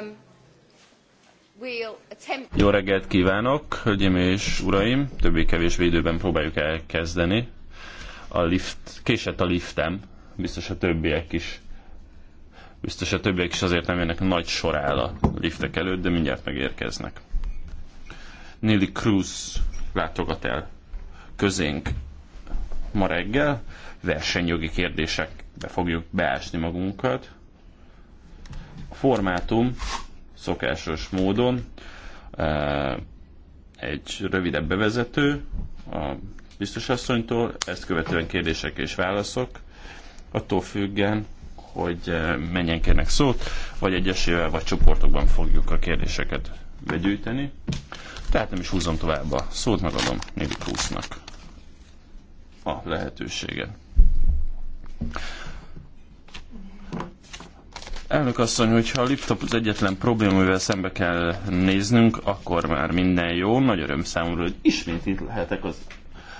Um, Jó reggelt kívánok, hölgyeim és uraim! Többé-kevésbé időben próbáljuk elkezdeni. A lift, késett a liftem, biztos a többiek is. Biztos a többiek is azért nem jönnek nagy sor a liftek előtt, de mindjárt megérkeznek. Nili Cruz látogat el közénk ma reggel, versenyjogi kérdésekbe fogjuk beásni magunkat formátum szokásos módon e, egy rövidebb bevezető a biztosasszonytól, ezt követően kérdések és válaszok, attól függen, hogy e, menjen kérnek szót, vagy egyesével, vagy csoportokban fogjuk a kérdéseket begyűjteni. Tehát nem is húzom tovább a szót, megadom Névi Krusznak a lehetőséget. Elnök asszony, hogyha a Liptop az egyetlen probléma, amivel szembe kell néznünk, akkor már minden jó. Nagy öröm számomra, hogy ismét itt lehetek az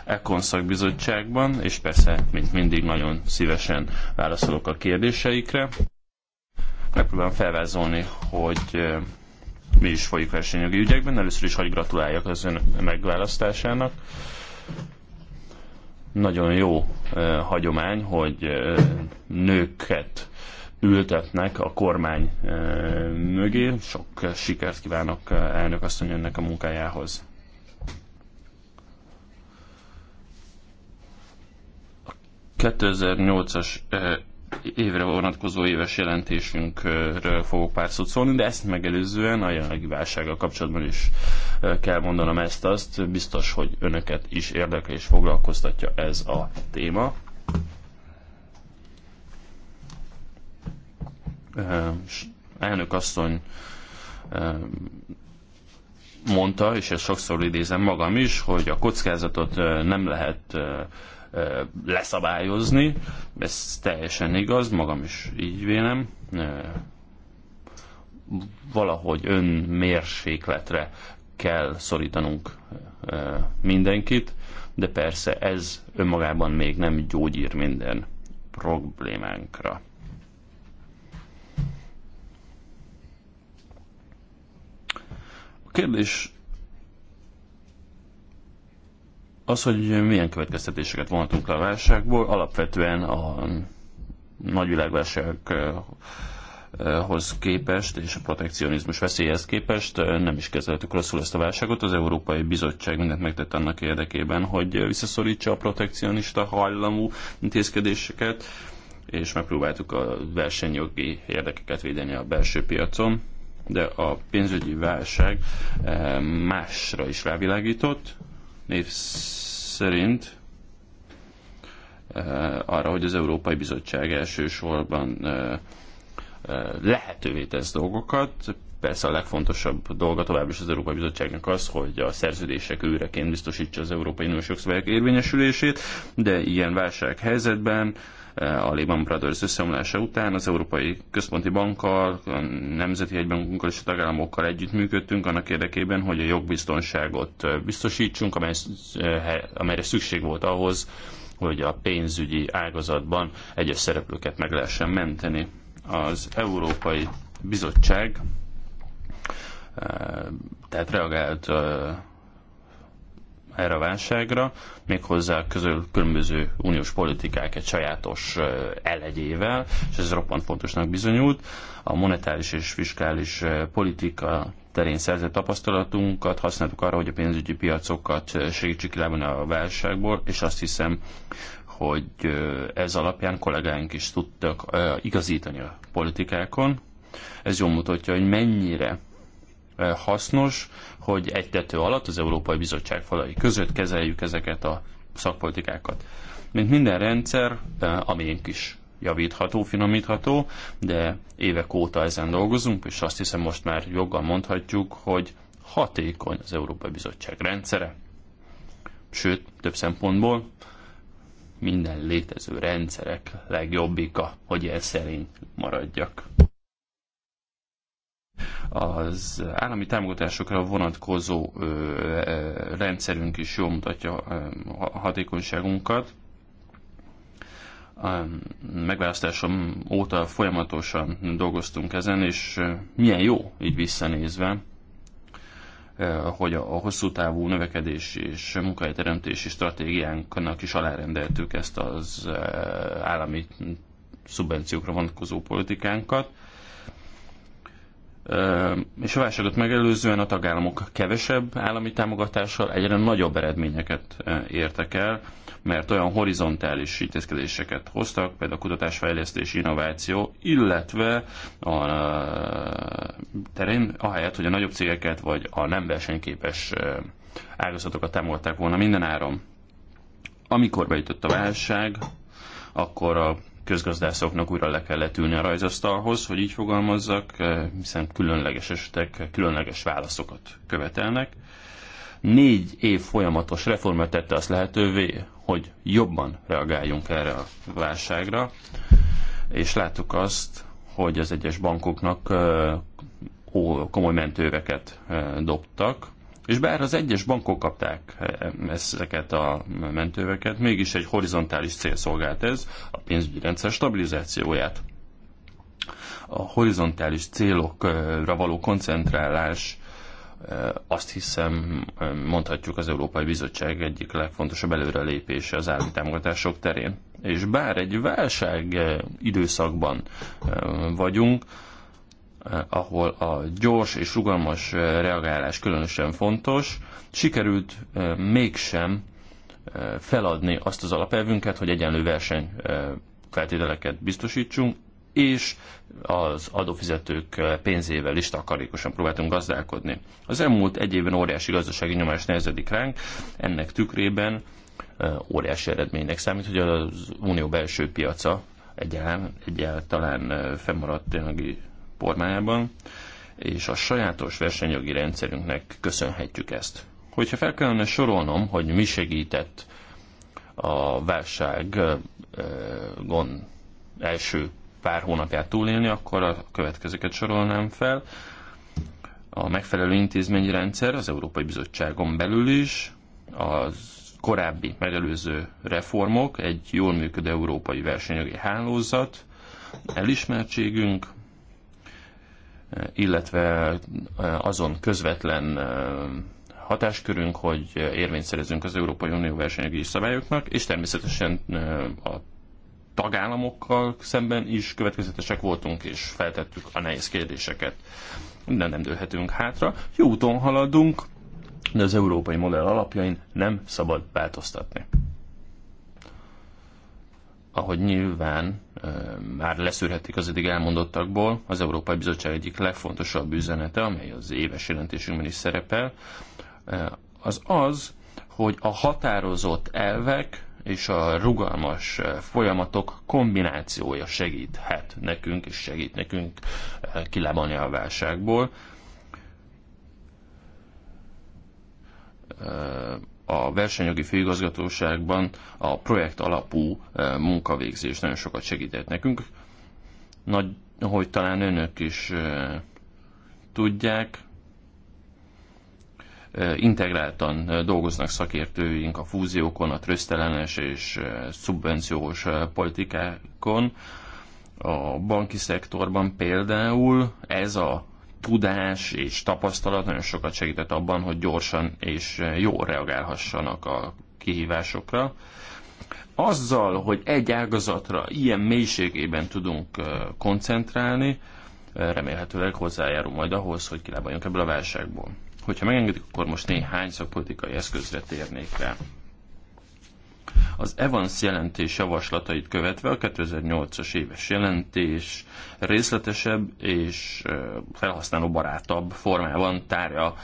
Econ szakbizottságban, és persze, mint mindig, nagyon szívesen válaszolok a kérdéseikre. Megpróbálom felvázolni, hogy mi is folyik versenyjogi ügyekben. Először is hagy gratuláljak az ön megválasztásának. Nagyon jó eh, hagyomány, hogy eh, nőket ültetnek a kormány eh, mögé. Sok sikert kívánok eh, elnök asszony önnek a munkájához. A 2008-as eh, évre vonatkozó éves jelentésünkről fogok pár szót szólni, de ezt megelőzően a jelenlegi válsággal kapcsolatban is kell mondanom ezt-azt. Biztos, hogy önöket is érdekel és foglalkoztatja ez a téma. elnök asszony mondta, és ezt sokszor idézem magam is, hogy a kockázatot nem lehet leszabályozni, ez teljesen igaz, magam is így vélem, valahogy önmérsékletre kell szorítanunk mindenkit, de persze ez önmagában még nem gyógyír minden problémánkra. kérdés az, hogy milyen következtetéseket vonhatunk le a válságból, alapvetően a nagyvilágválsághoz képest és a protekcionizmus veszélyhez képest nem is kezeltük rosszul ezt a válságot. Az Európai Bizottság mindent megtett annak érdekében, hogy visszaszorítsa a protekcionista hajlamú intézkedéseket, és megpróbáltuk a versenyjogi érdekeket védeni a belső piacon de a pénzügyi válság eh, másra is rávilágított, név szerint eh, arra, hogy az Európai Bizottság elsősorban eh, lehetővé tesz dolgokat. Persze a legfontosabb dolga tovább is az Európai Bizottságnak az, hogy a szerződések őreként biztosítsa az Európai Uniós jogszabályok érvényesülését, de ilyen válsághelyzetben Eh, a Lehman Brothers összeomlása után az Európai Központi Bankkal, a Nemzeti Egybankunkkal és a tagállamokkal együttműködtünk annak érdekében, hogy a jogbiztonságot eh, biztosítsunk, amely, eh, amelyre szükség volt ahhoz, hogy a pénzügyi ágazatban egyes szereplőket meg lehessen menteni. Az Európai Bizottság tehát reagált erre a válságra, méghozzá közül különböző uniós politikák egy sajátos elegyével, és ez roppant fontosnak bizonyult. A monetáris és fiskális politika terén szerzett tapasztalatunkat használtuk arra, hogy a pénzügyi piacokat segítsük kilábani a válságból, és azt hiszem, hogy ez alapján kollégáink is tudtak igazítani a politikákon. Ez jól mutatja, hogy mennyire hasznos, hogy egy tető alatt az Európai Bizottság falai között kezeljük ezeket a szakpolitikákat. Mint minden rendszer, a miénk is javítható, finomítható, de évek óta ezen dolgozunk, és azt hiszem most már joggal mondhatjuk, hogy hatékony az Európai Bizottság rendszere. Sőt, több szempontból minden létező rendszerek legjobbika, hogy ilyen szerint maradjak. Az állami támogatásokra vonatkozó rendszerünk is jól mutatja a hatékonyságunkat. A megválasztásom óta folyamatosan dolgoztunk ezen, és milyen jó így visszanézve, hogy a hosszú távú növekedés és munkahelyteremtési stratégiánknak is alárendeltük ezt az állami szubvenciókra vonatkozó politikánkat és a válságot megelőzően a tagállamok kevesebb állami támogatással egyre nagyobb eredményeket értek el, mert olyan horizontális intézkedéseket hoztak, például a kutatásfejlesztés, innováció, illetve a terén, ahelyett, hogy a nagyobb cégeket vagy a nem versenyképes ágazatokat támogatták volna minden áron. Amikor beütött a válság, akkor a közgazdászoknak újra le kellett ülni a rajzasztalhoz, hogy így fogalmazzak, eh, hiszen különleges esetek különleges válaszokat követelnek. Négy év folyamatos reforma tette azt lehetővé, hogy jobban reagáljunk erre a válságra, és láttuk azt, hogy az egyes bankoknak eh, komoly mentőveket eh, dobtak, és bár az egyes bankok kapták ezeket a mentőveket, mégis egy horizontális cél szolgált ez, a pénzügyi rendszer stabilizációját. A horizontális célokra való koncentrálás eh, azt hiszem eh, mondhatjuk az Európai Bizottság egyik legfontosabb előrelépése az állami támogatások terén. És bár egy válság eh, időszakban vagyunk, ahol a gyors és rugalmas reagálás különösen fontos, sikerült mégsem feladni azt az alapelvünket, hogy egyenlő verseny feltételeket biztosítsunk, és az adófizetők pénzével is takarékosan próbáltunk gazdálkodni. Az elmúlt egy évben óriási gazdasági nyomás nehezedik ránk, ennek tükrében óriási eredménynek számít, hogy az unió belső piaca egyáltalán, fennmaradt formájában, és a sajátos versenyjogi rendszerünknek köszönhetjük ezt. Hogyha fel kellene sorolnom, hogy mi segített a gond első pár hónapját túlélni, akkor a következőket sorolnám fel. A megfelelő intézményi rendszer az Európai Bizottságon belül is, az korábbi megelőző reformok, egy jól működő európai versenyjogi hálózat, elismertségünk, Eh, illetve eh, azon közvetlen eh, hatáskörünk, hogy érvényt szerezünk az Európai Unió versenyügyi szabályoknak, és természetesen a tagállamokkal szemben is következetesek voltunk, és feltettük a nehéz kérdéseket. De nem dőlhetünk hátra. Jó úton haladunk, de az európai modell alapjain nem szabad változtatni ahogy nyilván már leszűrhetik az eddig elmondottakból, az Európai Bizottság egyik legfontosabb üzenete, amely az éves jelentésünkben is szerepel, az az, hogy a határozott elvek és a rugalmas folyamatok kombinációja segíthet nekünk, és segít nekünk kilábalni a válságból a versenyjogi főigazgatóságban a projekt alapú e, munkavégzés nagyon sokat segített nekünk. Nagy, hogy talán önök is e, tudják, e, integráltan dolgoznak szakértőink a fúziókon, a trösztelenes és szubvenciós politikákon. A banki szektorban például ez a tudás és tapasztalat nagyon sokat segített abban, hogy gyorsan és jól reagálhassanak a kihívásokra. Azzal, hogy egy ágazatra ilyen mélységében tudunk koncentrálni, remélhetőleg hozzájárul majd ahhoz, hogy kilábaljunk ebből a válságból. Hogyha megengedik, akkor most néhány szakpolitikai eszközre térnék rá. Az Evans jelentés javaslatait követve a 2008-as éves jelentés részletesebb és felhasználó barátabb formában tárja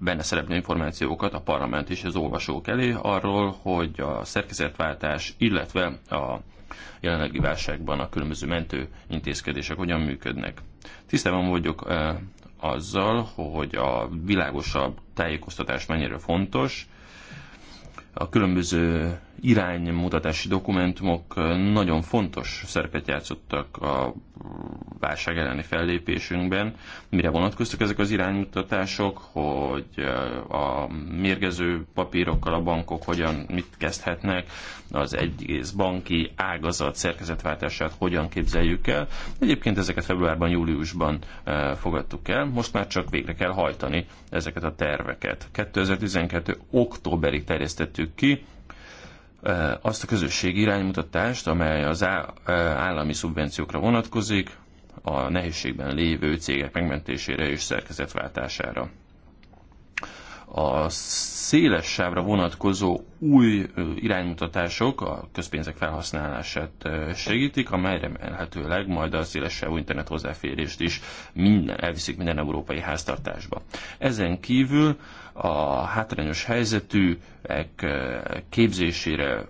benne szereplő információkat a parlament és az olvasók elé arról, hogy a szerkezetváltás, illetve a jelenlegi válságban a különböző mentő intézkedések hogyan működnek. Tisztában vagyok azzal, hogy a világosabb tájékoztatás mennyire fontos, a különböző iránymutatási dokumentumok nagyon fontos szerepet játszottak a válság elleni fellépésünkben. Mire vonatkoztak ezek az iránymutatások, hogy a mérgező papírokkal a bankok hogyan, mit kezdhetnek, az egész banki ágazat szerkezetváltását hogyan képzeljük el. Egyébként ezeket februárban, júliusban e, fogadtuk el, most már csak végre kell hajtani ezeket a terveket. 2012. októberig terjesztettük ki, azt a közösségi iránymutatást, amely az állami szubvenciókra vonatkozik, a nehézségben lévő cégek megmentésére és szerkezetváltására. A széles sávra vonatkozó új iránymutatások a közpénzek felhasználását segítik, amely remélhetőleg majd a széles sávú internet hozzáférést is minden, elviszik minden európai háztartásba. Ezen kívül a hátrányos helyzetűek eh, képzésére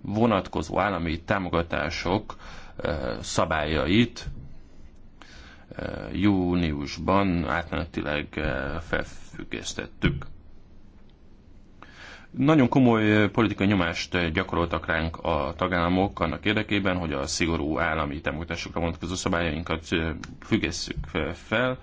vonatkozó állami támogatások eh, szabályait eh, júniusban átmenetileg felfüggesztettük. Nagyon komoly politikai nyomást gyakoroltak ránk a tagállamok annak érdekében, hogy a szigorú állami támogatásokra vonatkozó szabályainkat függesszük fel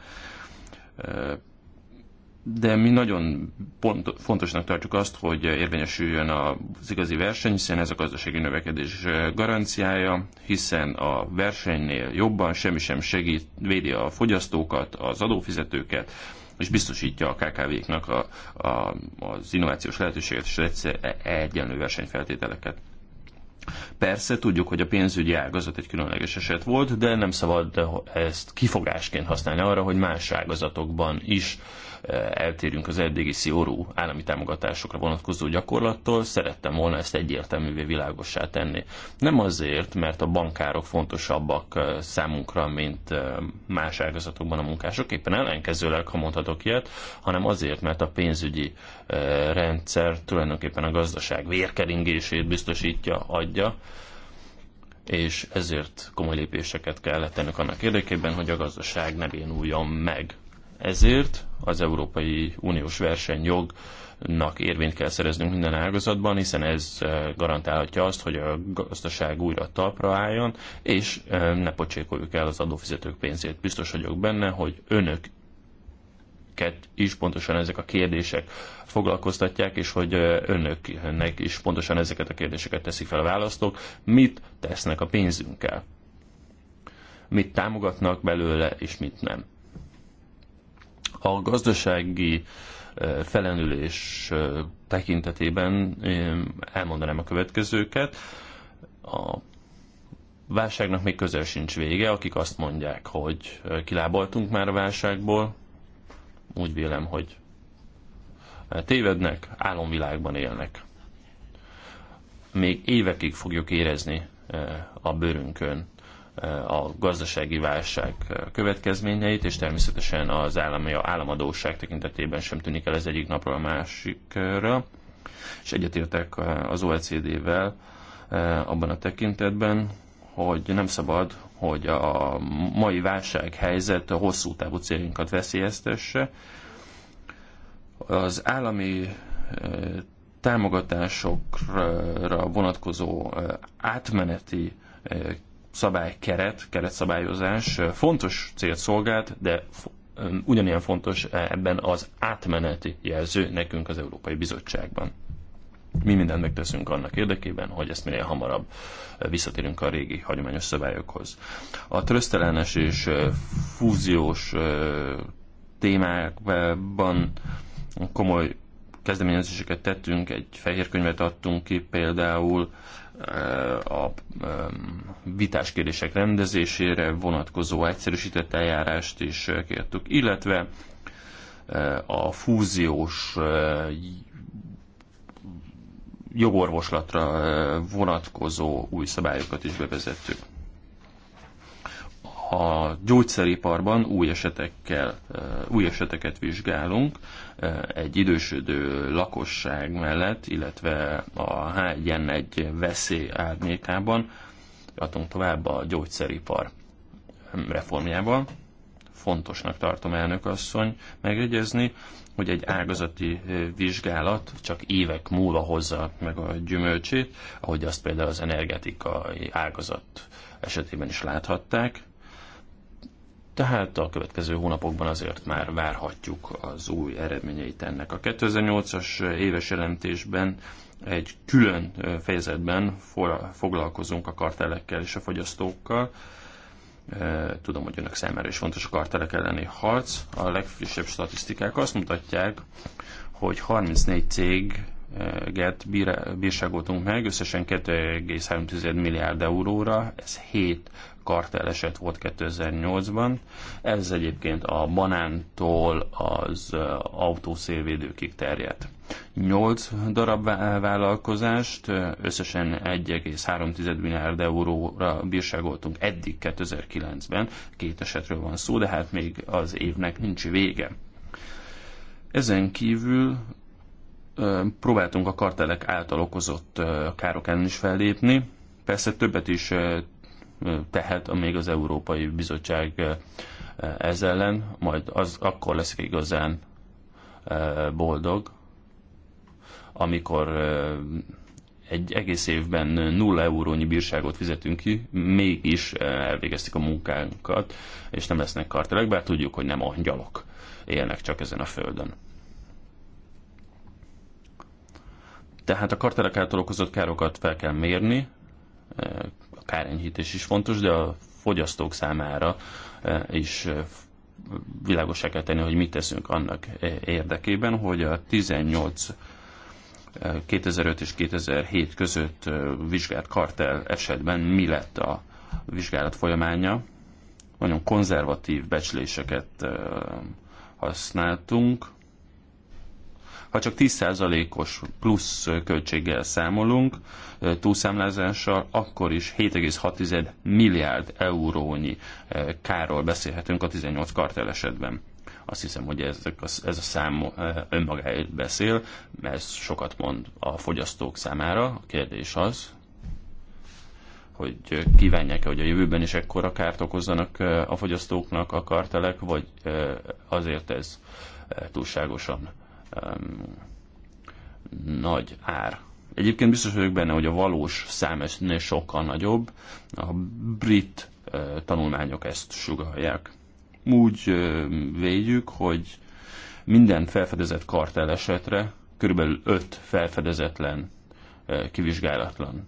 de mi nagyon pont, fontosnak tartjuk azt, hogy érvényesüljön az igazi verseny, hiszen ez a gazdasági növekedés garanciája, hiszen a versenynél jobban semmi sem segít, védi a fogyasztókat, az adófizetőket, és biztosítja a KKV-knak a, a, az innovációs lehetőséget és egyszer e, egyenlő versenyfeltételeket. Persze tudjuk, hogy a pénzügyi ágazat egy különleges eset volt, de nem szabad ezt kifogásként használni arra, hogy más ágazatokban is uh, Eh, eltérünk az eddigi szigorú állami támogatásokra vonatkozó gyakorlattól, szerettem volna ezt egyértelművé világossá tenni. Nem azért, mert a bankárok fontosabbak eh, számunkra, mint eh, más ágazatokban a munkások, éppen ellenkezőleg, ha mondhatok ilyet, hanem azért, mert a pénzügyi rendszer tulajdonképpen a gazdaság vérkeringését biztosítja, adja, és ezért komoly lépéseket kell tennünk annak érdekében, hogy a gazdaság ne bénuljon meg. Ezért az Európai Uniós versenyjognak érvényt kell szereznünk minden ágazatban, hiszen ez eh, garantálhatja azt, hogy a gazdaság újra talpra álljon, és eh, ne pocsékoljuk el az adófizetők pénzét. Biztos vagyok benne, hogy önök is pontosan ezek a kérdések foglalkoztatják, és hogy eh, önöknek is pontosan ezeket a kérdéseket teszik fel a választók. Mit tesznek a pénzünkkel? Mit támogatnak belőle, és mit nem? A gazdasági e, felenülés e, tekintetében e, elmondanám a következőket. A válságnak még közel sincs vége, akik azt mondják, hogy kilábaltunk már a válságból, úgy vélem, hogy tévednek, álomvilágban élnek. Még évekig fogjuk érezni a bőrünkön a gazdasági válság következményeit, és természetesen az állami, a államadóság tekintetében sem tűnik el ez egyik napról a másikra. És egyetértek eh, az OECD-vel eh, abban a tekintetben, hogy nem szabad, hogy a mai válsághelyzet a hosszú távú céljainkat veszélyeztesse. Az állami eh, támogatásokra vonatkozó átmeneti szabálykeret, keretszabályozás fontos célt szolgált, de ugyanilyen fontos ebben az átmeneti jelző nekünk az Európai Bizottságban. Mi mindent megteszünk annak érdekében, hogy ezt minél hamarabb visszatérünk a régi hagyományos szabályokhoz. A trösztelenes és fúziós témákban komoly kezdeményezéseket tettünk, egy fehér könyvet adtunk ki például a vitás kérdések rendezésére vonatkozó egyszerűsített eljárást is kértük, illetve e, a fúziós e, jogorvoslatra e, vonatkozó új szabályokat is bevezettük. A gyógyszeriparban új, esetekkel, új eseteket vizsgálunk, egy idősödő lakosság mellett, illetve a H1N1 veszély árnyékában adunk tovább a gyógyszeripar reformjával. Fontosnak tartom elnök asszony megjegyezni, hogy egy ágazati vizsgálat csak évek múlva hozza meg a gyümölcsét, ahogy azt például az energetikai ágazat esetében is láthatták. Tehát a következő hónapokban azért már várhatjuk az új eredményeit ennek. A 2008-as éves jelentésben egy külön fejezetben foglalkozunk a kartelekkel és a fogyasztókkal. Tudom, hogy önök számára is fontos a kartelek elleni harc. A legfrissebb statisztikák azt mutatják, hogy 34 cég get bírságoltunk meg, összesen 2,3 milliárd euróra, ez 7 karteleset volt 2008-ban. Ez egyébként a banántól az autószélvédőkig terjedt. 8 darab vállalkozást, összesen 1,3 milliárd euróra bírságoltunk eddig 2009-ben. Két esetről van szó, de hát még az évnek nincs vége. Ezen kívül próbáltunk a kartelek által okozott károk ellen is fellépni. Persze többet is tehet még az Európai Bizottság ez ellen, majd az akkor lesz igazán boldog, amikor egy egész évben nulla eurónyi bírságot fizetünk ki, mégis elvégeztik a munkánkat, és nem lesznek kartelek, bár tudjuk, hogy nem angyalok élnek csak ezen a földön. Tehát a kartelek által okozott károkat fel kell mérni, kárenyhítés is fontos, de a fogyasztók számára eh, is eh, világosá kell tenni, hogy mit teszünk annak eh, érdekében, hogy a 18 2005 és 2007 között vizsgált kartel esetben mi lett a vizsgálat folyamánya. Nagyon konzervatív becsléseket használtunk, ha csak 10%-os plusz költséggel számolunk, túlszámlázással, akkor is 7,6 milliárd eurónyi kárról beszélhetünk a 18 kartel esetben. Azt hiszem, hogy ezek a, ez a szám önmagáért beszél, mert ez sokat mond a fogyasztók számára. A kérdés az, hogy kívánják-e, hogy a jövőben is ekkora kárt okozzanak a fogyasztóknak a kartelek, vagy azért ez túlságosan um, nagy ár. Egyébként biztos vagyok benne, hogy a valós szám ennél sokkal nagyobb. A brit uh, tanulmányok ezt sugalják. Úgy uh, védjük, hogy minden felfedezett kartel esetre körülbelül 5 felfedezetlen, uh, kivizsgálatlan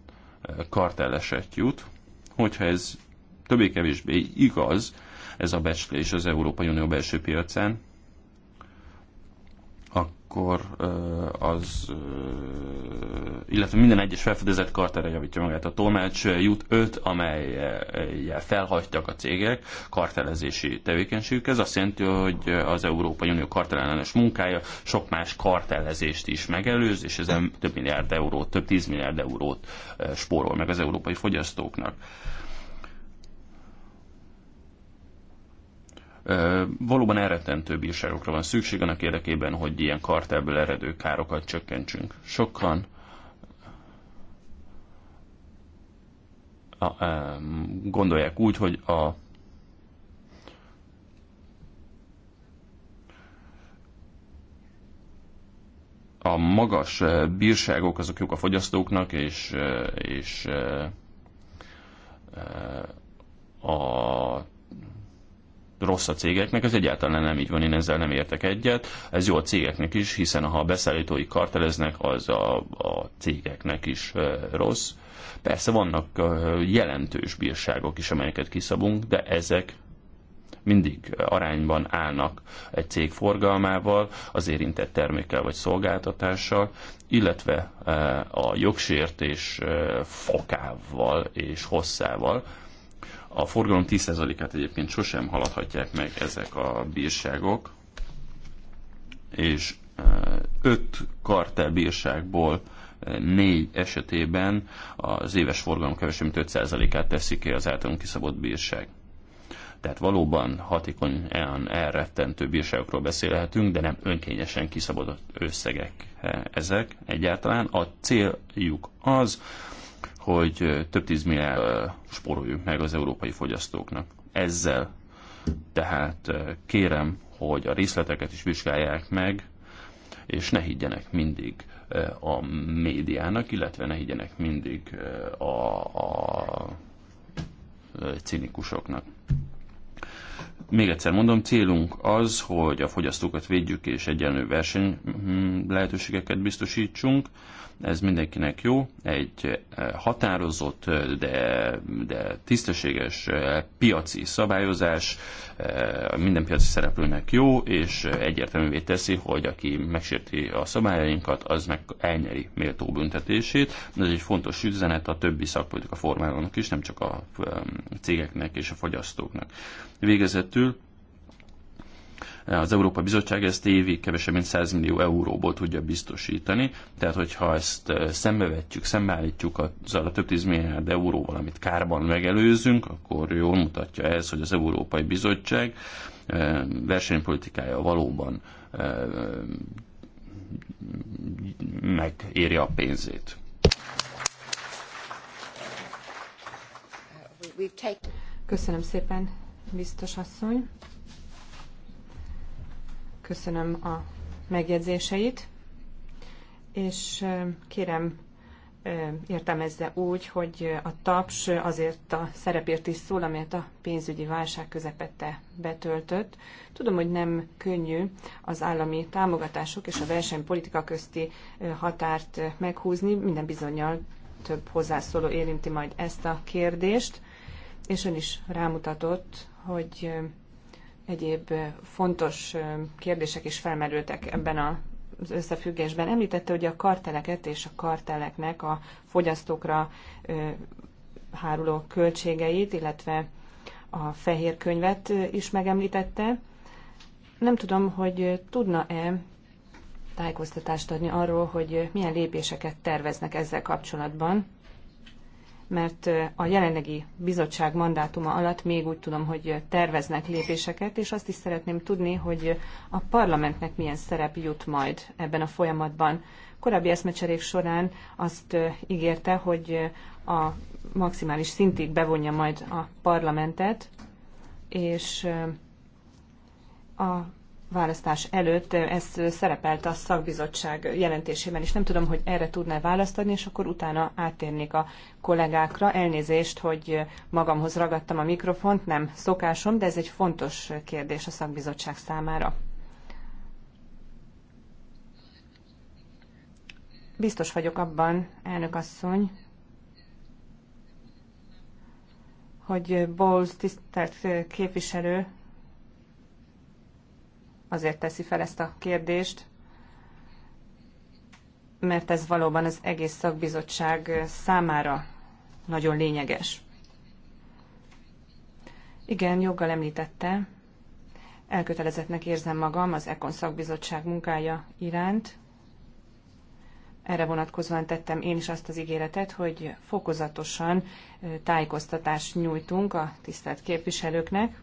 uh, kartel eset jut. Hogyha ez többé-kevésbé igaz, ez a becslés az Európai Unió belső piacán, akkor az, illetve minden egyes felfedezett karterre javítja magát a tolmács, jut 5, amelyel felhagytak a cégek kartelezési tevékenységük. Ez azt jelenti, hogy az Európai Unió kartelellenes munkája sok más kartelezést is megelőz, és ezen több milliárd eurót, több tíz milliárd eurót spórol meg az európai fogyasztóknak. valóban elrettentő bírságokra van szükség annak érdekében, hogy ilyen kartelből eredő károkat csökkentsünk. Sokan gondolják úgy, hogy a a magas bírságok azok jók a fogyasztóknak, és, és a rossz a cégeknek, ez egyáltalán nem így van, én ezzel nem értek egyet. Ez jó a cégeknek is, hiszen ha a beszállítói karteleznek, az a, a cégeknek is rossz. Persze vannak jelentős bírságok is, amelyeket kiszabunk, de ezek mindig arányban állnak egy cég forgalmával, az érintett termékkel vagy szolgáltatással, illetve a jogsértés fokával és hosszával. A forgalom 10%-át egyébként sosem haladhatják meg ezek a bírságok, és e, öt kartel bírságból e, négy esetében az éves forgalom kevesebb mint 5%-át teszik ki az általunk kiszabott bírság. Tehát valóban hatékonyan elrettentő bírságokról beszélhetünk, de nem önkényesen kiszabadott összegek e, ezek egyáltalán. A céljuk az, hogy több tízmilliárd spóroljuk meg az európai fogyasztóknak. Ezzel tehát kérem, hogy a részleteket is vizsgálják meg, és ne higgyenek mindig a médiának, illetve ne higgyenek mindig a, a cinikusoknak. Még egyszer mondom, célunk az, hogy a fogyasztókat védjük és egyenlő verseny mm, lehetőségeket biztosítsunk ez mindenkinek jó, egy eh, határozott, eh, de, de tisztességes eh, piaci szabályozás minden piaci szereplőnek jó, és egyértelművé teszi, hogy aki megsérti a szabályainkat, az meg elnyeri méltó büntetését. Ez egy fontos üzenet a többi szakpolitika formálónak is, nem csak a cégeknek és a fogyasztóknak. Végezetül az Európa Bizottság ezt évi kevesebb mint 100 millió euróból tudja biztosítani, tehát hogyha ezt szembevetjük, szembeállítjuk azzal a több tízmilliárd euróval, amit kárban megelőzünk, akkor jól mutatja ez, hogy az Európai Bizottság versenypolitikája valóban megéri a pénzét. Köszönöm szépen, biztos asszony köszönöm a megjegyzéseit, és kérem, értelmezze úgy, hogy a taps azért a szerepért is szól, amelyet a pénzügyi válság közepette betöltött. Tudom, hogy nem könnyű az állami támogatások és a versenypolitika közti határt meghúzni, minden bizonyal több hozzászóló érinti majd ezt a kérdést, és ön is rámutatott, hogy egyéb fontos kérdések is felmerültek ebben a az összefüggésben említette, hogy a karteleket és a karteleknek a fogyasztókra háruló költségeit, illetve a fehér könyvet is megemlítette. Nem tudom, hogy tudna-e tájékoztatást adni arról, hogy milyen lépéseket terveznek ezzel kapcsolatban, mert a jelenlegi bizottság mandátuma alatt még úgy tudom, hogy terveznek lépéseket, és azt is szeretném tudni, hogy a parlamentnek milyen szerep jut majd ebben a folyamatban. Korábbi eszmecserék során azt ígérte, hogy a maximális szintig bevonja majd a parlamentet, és a választás előtt eh, ez szerepelt a szakbizottság jelentésében is. Nem tudom, hogy erre tudná választ adni, és akkor utána átérnék a kollégákra. Elnézést, hogy magamhoz ragadtam a mikrofont, nem szokásom, de ez egy fontos kérdés a szakbizottság számára. Biztos vagyok abban, elnök asszony, hogy Bowles tisztelt képviselő azért teszi fel ezt a kérdést, mert ez valóban az egész szakbizottság számára nagyon lényeges. Igen, joggal említette, elkötelezettnek érzem magam az Ekon szakbizottság munkája iránt. Erre vonatkozóan tettem én is azt az ígéretet, hogy fokozatosan tájékoztatást nyújtunk a tisztelt képviselőknek,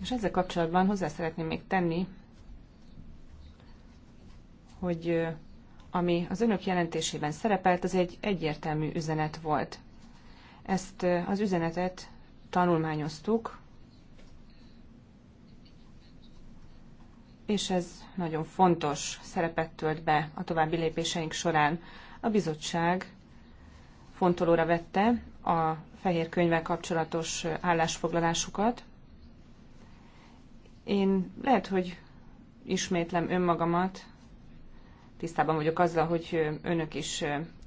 és ezzel kapcsolatban hozzá szeretném még tenni, hogy ami az önök jelentésében szerepelt, az egy egyértelmű üzenet volt. Ezt az üzenetet tanulmányoztuk, és ez nagyon fontos szerepet tölt be a további lépéseink során. A bizottság fontolóra vette a fehér könyvvel kapcsolatos állásfoglalásukat, én lehet, hogy ismétlem önmagamat, tisztában vagyok azzal, hogy önök is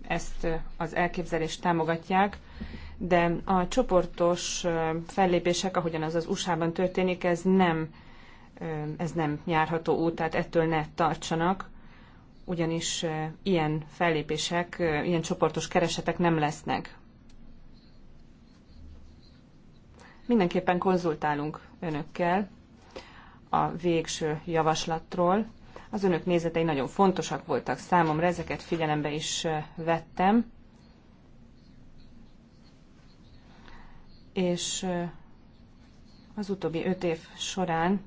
ezt az elképzelést támogatják, de a csoportos fellépések, ahogyan az az USA-ban történik, ez nem, ez nem járható út, tehát ettől ne tartsanak, ugyanis ilyen fellépések, ilyen csoportos keresetek nem lesznek. Mindenképpen konzultálunk önökkel, a végső javaslatról. Az önök nézetei nagyon fontosak voltak számomra, ezeket figyelembe is vettem. És az utóbbi öt év során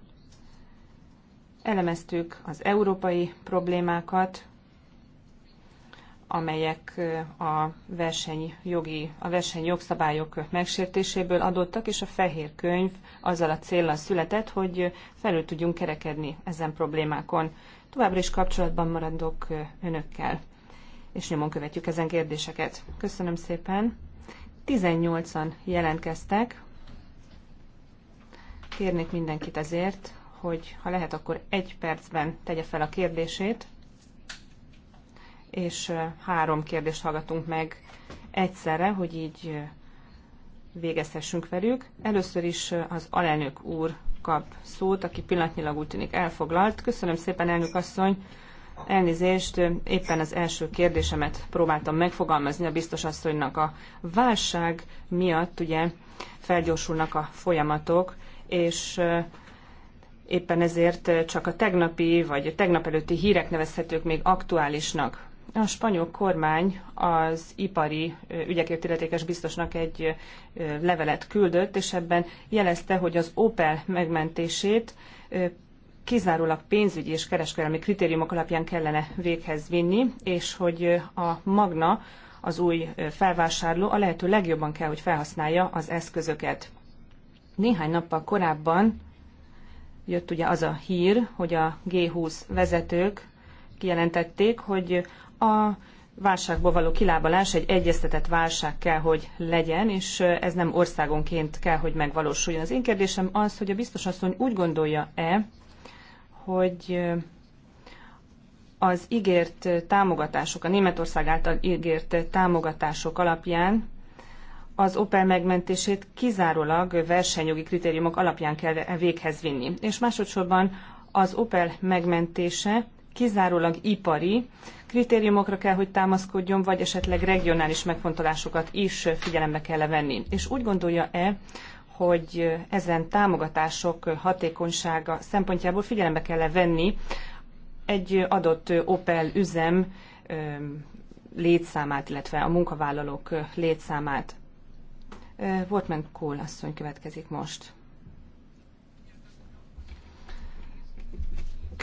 elemeztük az európai problémákat, amelyek a versenyjogi, a versenyjogszabályok megsértéséből adottak, és a fehér könyv azzal a célral született, hogy felül tudjunk kerekedni ezen problémákon. Továbbra is kapcsolatban maradok önökkel, és nyomon követjük ezen kérdéseket. Köszönöm szépen. 18-an jelentkeztek. Kérnék mindenkit ezért, hogy ha lehet, akkor egy percben tegye fel a kérdését és három kérdést hallgatunk meg egyszerre, hogy így végezhessünk velük. Először is az alelnök úr kap szót, aki pillanatnyilag úgy tűnik elfoglalt. Köszönöm szépen, elnök asszony! Elnézést, éppen az első kérdésemet próbáltam megfogalmazni a biztos asszonynak. A válság miatt ugye felgyorsulnak a folyamatok, és éppen ezért csak a tegnapi vagy a tegnap előtti hírek nevezhetők még aktuálisnak. A spanyol kormány az ipari ügyekért illetékes biztosnak egy levelet küldött, és ebben jelezte, hogy az Opel megmentését kizárólag pénzügyi és kereskedelmi kritériumok alapján kellene véghez vinni, és hogy a Magna, az új felvásárló a lehető legjobban kell, hogy felhasználja az eszközöket. Néhány nappal korábban jött ugye az a hír, hogy a G20 vezetők kijelentették, hogy a válságból való kilábalás egy egyeztetett válság kell, hogy legyen, és ez nem országonként kell, hogy megvalósuljon. Az én kérdésem az, hogy a biztos asszony úgy gondolja-e, hogy az ígért támogatások, a Németország által ígért támogatások alapján az Opel megmentését kizárólag versenyjogi kritériumok alapján kell véghez vinni. És másodszorban az Opel megmentése kizárólag ipari kritériumokra kell, hogy támaszkodjon, vagy esetleg regionális megfontolásokat is figyelembe kell -e venni. És úgy gondolja-e, hogy ezen támogatások hatékonysága szempontjából figyelembe kell -e venni egy adott Opel üzem létszámát, illetve a munkavállalók létszámát. Wortmann Kohl asszony következik most.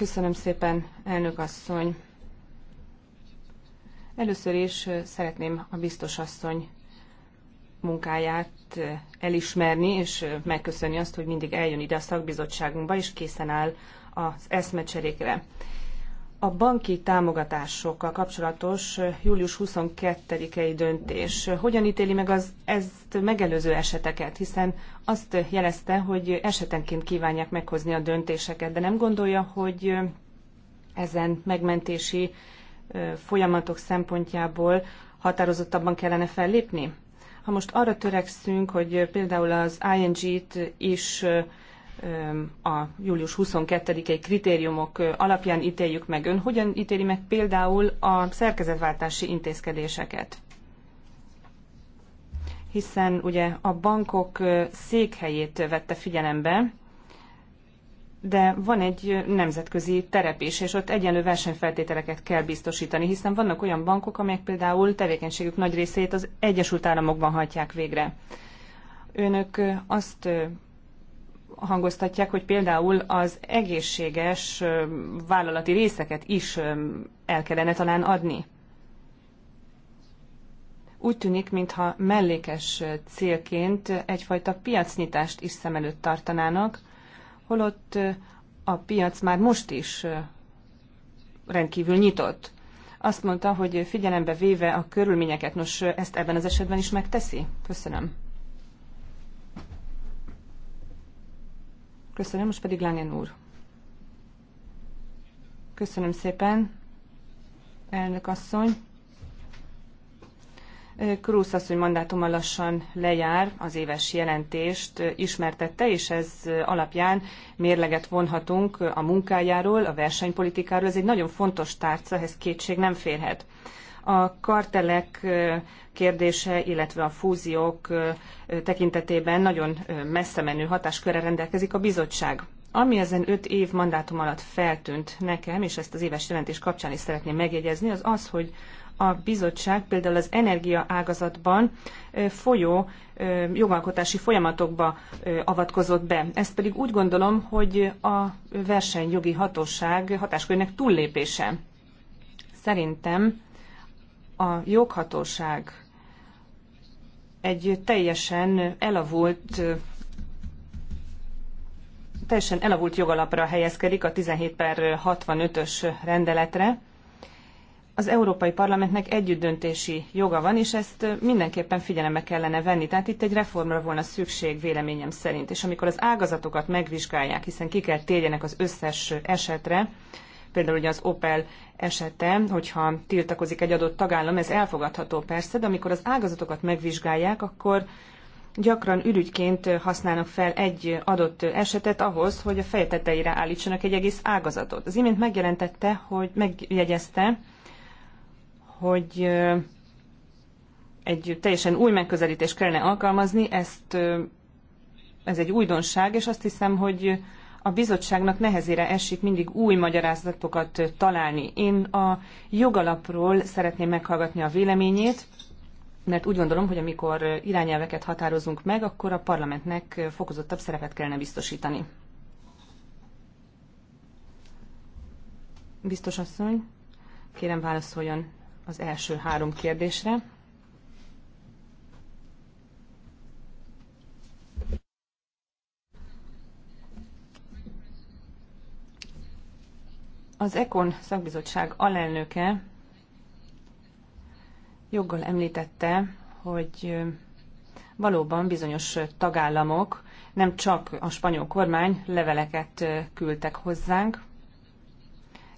Köszönöm szépen, elnök asszony. Először is szeretném a biztos asszony munkáját elismerni, és megköszönni azt, hogy mindig eljön ide a szakbizottságunkba, és készen áll az eszmecserékre a banki támogatásokkal kapcsolatos július 22-i döntés hogyan ítéli meg az ezt megelőző eseteket, hiszen azt jelezte, hogy esetenként kívánják meghozni a döntéseket, de nem gondolja, hogy ezen megmentési folyamatok szempontjából határozottabban kellene fellépni? Ha most arra törekszünk, hogy például az ING-t is a július 22-i kritériumok alapján ítéljük meg. Ön hogyan ítéli meg például a szerkezetváltási intézkedéseket? Hiszen ugye a bankok székhelyét vette figyelembe, de van egy nemzetközi terepés, és ott egyenlő versenyfeltételeket kell biztosítani, hiszen vannak olyan bankok, amelyek például tevékenységük nagy részét az Egyesült Államokban hajtják végre. Önök azt hangoztatják, hogy például az egészséges vállalati részeket is el kellene talán adni. Úgy tűnik, mintha mellékes célként egyfajta piacnyitást is szem előtt tartanának, holott a piac már most is rendkívül nyitott. Azt mondta, hogy figyelembe véve a körülményeket, nos, ezt ebben az esetben is megteszi? Köszönöm. Köszönöm, most pedig Langen úr. Köszönöm szépen, elnök asszony. Krusz asszony mandátuma lassan lejár, az éves jelentést ismertette, és ez alapján mérleget vonhatunk a munkájáról, a versenypolitikáról. Ez egy nagyon fontos tárca, ez kétség nem férhet a kartelek kérdése, illetve a fúziók tekintetében nagyon messze menő hatáskörre rendelkezik a bizottság. Ami ezen öt év mandátum alatt feltűnt nekem, és ezt az éves jelentés kapcsán is szeretném megjegyezni, az az, hogy a bizottság például az energia ágazatban folyó jogalkotási folyamatokba avatkozott be. Ezt pedig úgy gondolom, hogy a versenyjogi hatóság hatáskörének túllépése. Szerintem a joghatóság egy teljesen elavult teljesen elavult jogalapra helyezkedik a 17 per 65-ös rendeletre. Az Európai Parlamentnek együttdöntési joga van, és ezt mindenképpen figyelembe kellene venni. Tehát itt egy reformra volna szükség véleményem szerint. És amikor az ágazatokat megvizsgálják, hiszen ki kell térjenek az összes esetre, például ugye az Opel esete, hogyha tiltakozik egy adott tagállam, ez elfogadható persze, de amikor az ágazatokat megvizsgálják, akkor gyakran ürügyként használnak fel egy adott esetet ahhoz, hogy a feje tetejére állítsanak egy egész ágazatot. Az imént megjelentette, hogy megjegyezte, hogy egy teljesen új megközelítést kellene alkalmazni, ezt ez egy újdonság, és azt hiszem, hogy a bizottságnak nehezére esik mindig új magyarázatokat találni. Én a jogalapról szeretném meghallgatni a véleményét, mert úgy gondolom, hogy amikor irányelveket határozunk meg, akkor a parlamentnek fokozottabb szerepet kellene biztosítani. Biztos asszony, kérem válaszoljon az első három kérdésre. Az ekon szakbizottság alelnöke joggal említette, hogy valóban bizonyos tagállamok, nem csak a spanyol kormány leveleket küldtek hozzánk,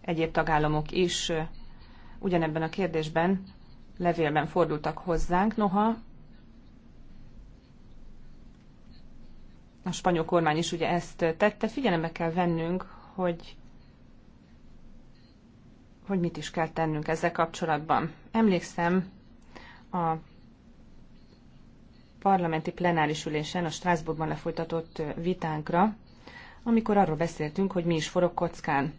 egyéb tagállamok is ugyanebben a kérdésben levélben fordultak hozzánk, noha a spanyol kormány is ugye ezt tette. Figyelembe kell vennünk, hogy hogy mit is kell tennünk ezzel kapcsolatban. Emlékszem a parlamenti plenáris ülésen, a Strasbourgban lefolytatott vitánkra, amikor arról beszéltünk, hogy mi is forog kockán.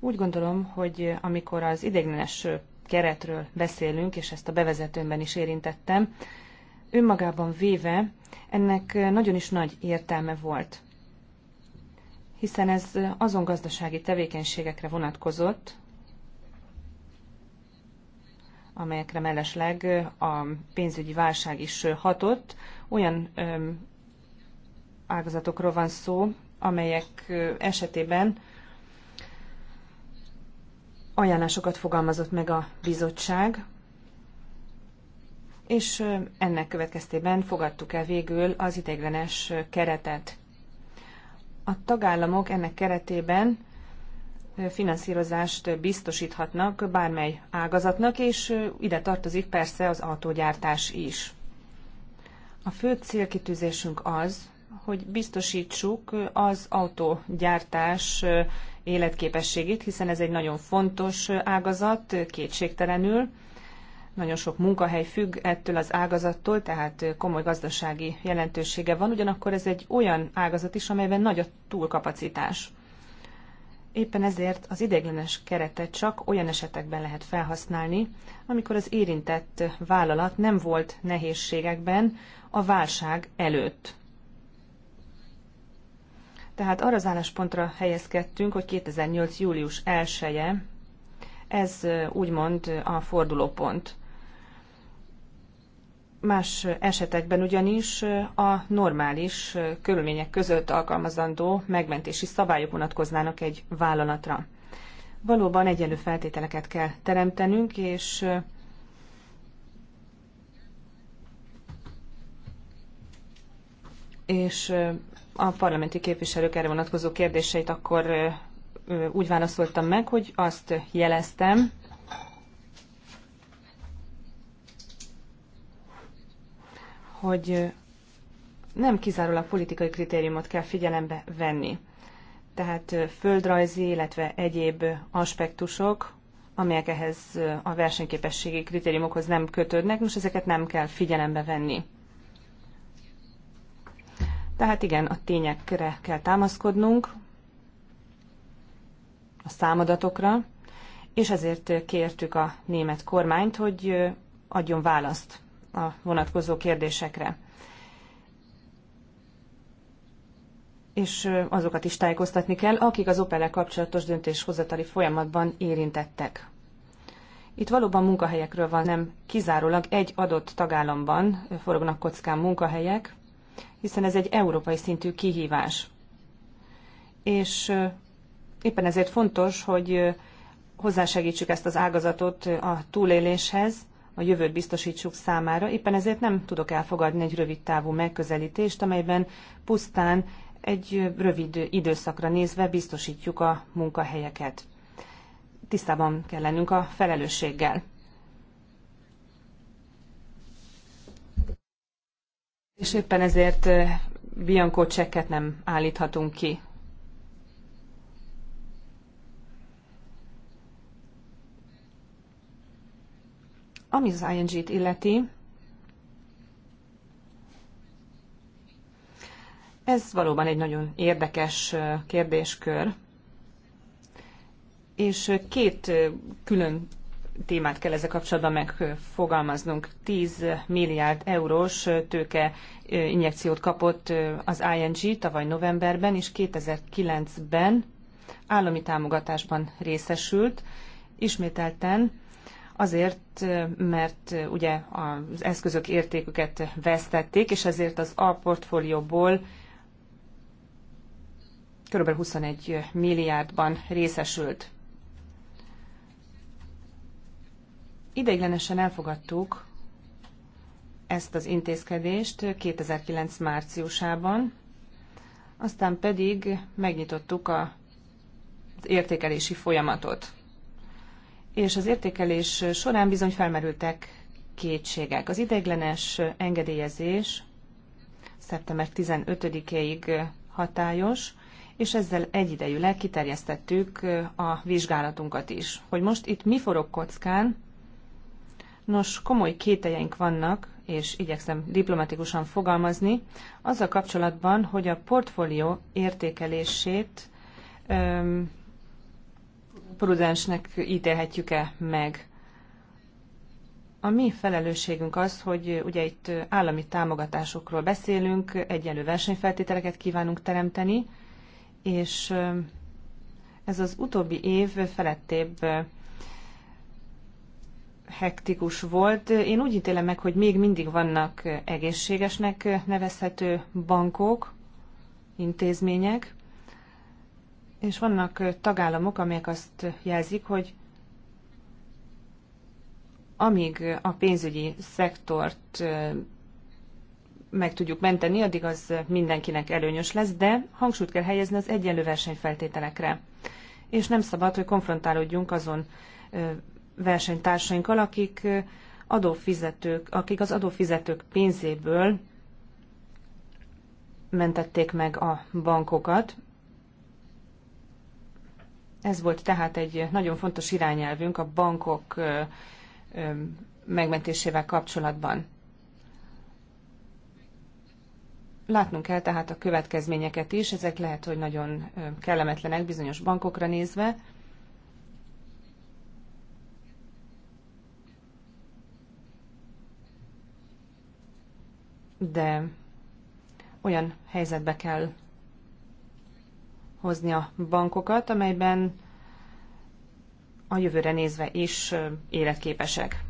Úgy gondolom, hogy amikor az idegenes keretről beszélünk, és ezt a bevezetőmben is érintettem, önmagában véve ennek nagyon is nagy értelme volt hiszen ez azon gazdasági tevékenységekre vonatkozott, amelyekre mellesleg a pénzügyi válság is hatott. Olyan ágazatokról van szó, amelyek esetében ajánlásokat fogalmazott meg a bizottság, és ennek következtében fogadtuk el végül az ideiglenes keretet a tagállamok ennek keretében finanszírozást biztosíthatnak bármely ágazatnak, és ide tartozik persze az autógyártás is. A fő célkitűzésünk az, hogy biztosítsuk az autógyártás életképességét, hiszen ez egy nagyon fontos ágazat, kétségtelenül, nagyon sok munkahely függ ettől az ágazattól, tehát komoly gazdasági jelentősége van, ugyanakkor ez egy olyan ágazat is, amelyben nagy a túlkapacitás. Éppen ezért az ideiglenes keretet csak olyan esetekben lehet felhasználni, amikor az érintett vállalat nem volt nehézségekben a válság előtt. Tehát arra az álláspontra helyezkedtünk, hogy 2008. július 1 -e, ez úgymond a fordulópont. Más esetekben ugyanis a normális körülmények között alkalmazandó megmentési szabályok vonatkoznának egy vállalatra. Valóban egyenlő feltételeket kell teremtenünk, és és a parlamenti képviselők erre vonatkozó kérdéseit akkor úgy válaszoltam meg, hogy azt jeleztem, hogy nem kizárólag politikai kritériumot kell figyelembe venni. Tehát földrajzi, illetve egyéb aspektusok, amelyek ehhez a versenyképességi kritériumokhoz nem kötődnek, most ezeket nem kell figyelembe venni. Tehát igen, a tényekre kell támaszkodnunk, a számadatokra, és ezért kértük a német kormányt, hogy adjon választ a vonatkozó kérdésekre. és azokat is tájékoztatni kell, akik az opel kapcsolatos döntéshozatali folyamatban érintettek. Itt valóban munkahelyekről van, nem kizárólag egy adott tagállamban forognak kockán munkahelyek, hiszen ez egy európai szintű kihívás. És éppen ezért fontos, hogy hozzásegítsük ezt az ágazatot a túléléshez, a jövőt biztosítsuk számára. Éppen ezért nem tudok elfogadni egy rövid távú megközelítést, amelyben pusztán egy rövid időszakra nézve biztosítjuk a munkahelyeket. Tisztában kell lennünk a felelősséggel. És éppen ezért eh, Bianco csekket nem állíthatunk ki. Ami az ING-t illeti, ez valóban egy nagyon érdekes kérdéskör, és két külön témát kell ezzel kapcsolatban megfogalmaznunk. 10 milliárd eurós tőke injekciót kapott az ING tavaly novemberben, és 2009-ben állami támogatásban részesült. Ismételten azért, mert ugye az eszközök értéküket vesztették, és ezért az A portfólióból kb. 21 milliárdban részesült. Ideiglenesen elfogadtuk ezt az intézkedést 2009 márciusában, aztán pedig megnyitottuk az értékelési folyamatot és az értékelés során bizony felmerültek kétségek. Az ideiglenes engedélyezés szeptember 15-ig hatályos, és ezzel egyidejűleg kiterjesztettük a vizsgálatunkat is. Hogy most itt mi forog kockán, nos, komoly kételjeink vannak, és igyekszem diplomatikusan fogalmazni, azzal kapcsolatban, hogy a portfólió értékelését öm, prudensnek ítélhetjük-e meg. A mi felelősségünk az, hogy ugye itt állami támogatásokról beszélünk, egyenlő versenyfeltételeket kívánunk teremteni, és ez az utóbbi év felettébb hektikus volt. Én úgy ítélem meg, hogy még mindig vannak egészségesnek nevezhető bankok, intézmények, és vannak tagállamok, amelyek azt jelzik, hogy amíg a pénzügyi szektort meg tudjuk menteni, addig az mindenkinek előnyös lesz, de hangsúlyt kell helyezni az egyenlő versenyfeltételekre. És nem szabad, hogy konfrontálódjunk azon versenytársainkkal, akik, adófizetők, akik az adófizetők pénzéből mentették meg a bankokat, ez volt tehát egy nagyon fontos irányelvünk a bankok megmentésével kapcsolatban. Látnunk kell tehát a következményeket is, ezek lehet, hogy nagyon kellemetlenek bizonyos bankokra nézve, de olyan helyzetbe kell hozni a bankokat, amelyben a jövőre nézve is életképesek.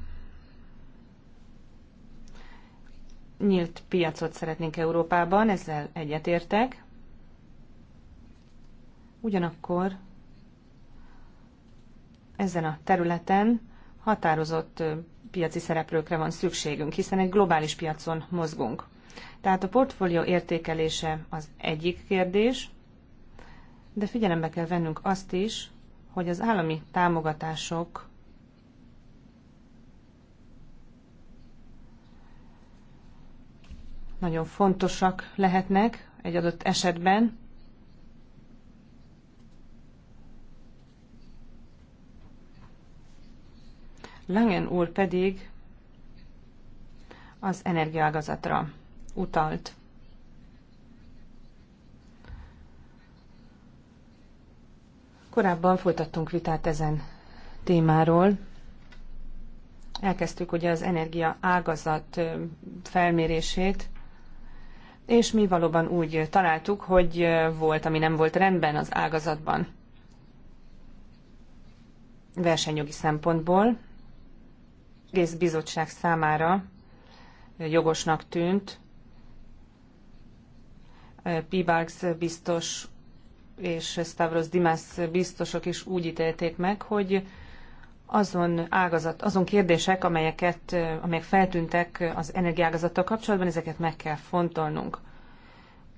Nyílt piacot szeretnénk Európában, ezzel egyetértek. Ugyanakkor ezen a területen határozott piaci szereplőkre van szükségünk, hiszen egy globális piacon mozgunk. Tehát a portfólió értékelése az egyik kérdés, de figyelembe kell vennünk azt is, hogy az állami támogatások nagyon fontosak lehetnek egy adott esetben, Langen úr pedig az energiaágazatra utalt. Korábban folytattunk vitát ezen témáról. Elkezdtük ugye az energia ágazat felmérését, és mi valóban úgy találtuk, hogy volt, ami nem volt rendben az ágazatban. Versenyjogi szempontból egész bizottság számára jogosnak tűnt, Pibarks biztos és Stavros Dimas biztosok is úgy ítélték meg, hogy azon ágazat, azon kérdések, amelyeket, amelyek feltűntek az energiágazattal kapcsolatban, ezeket meg kell fontolnunk.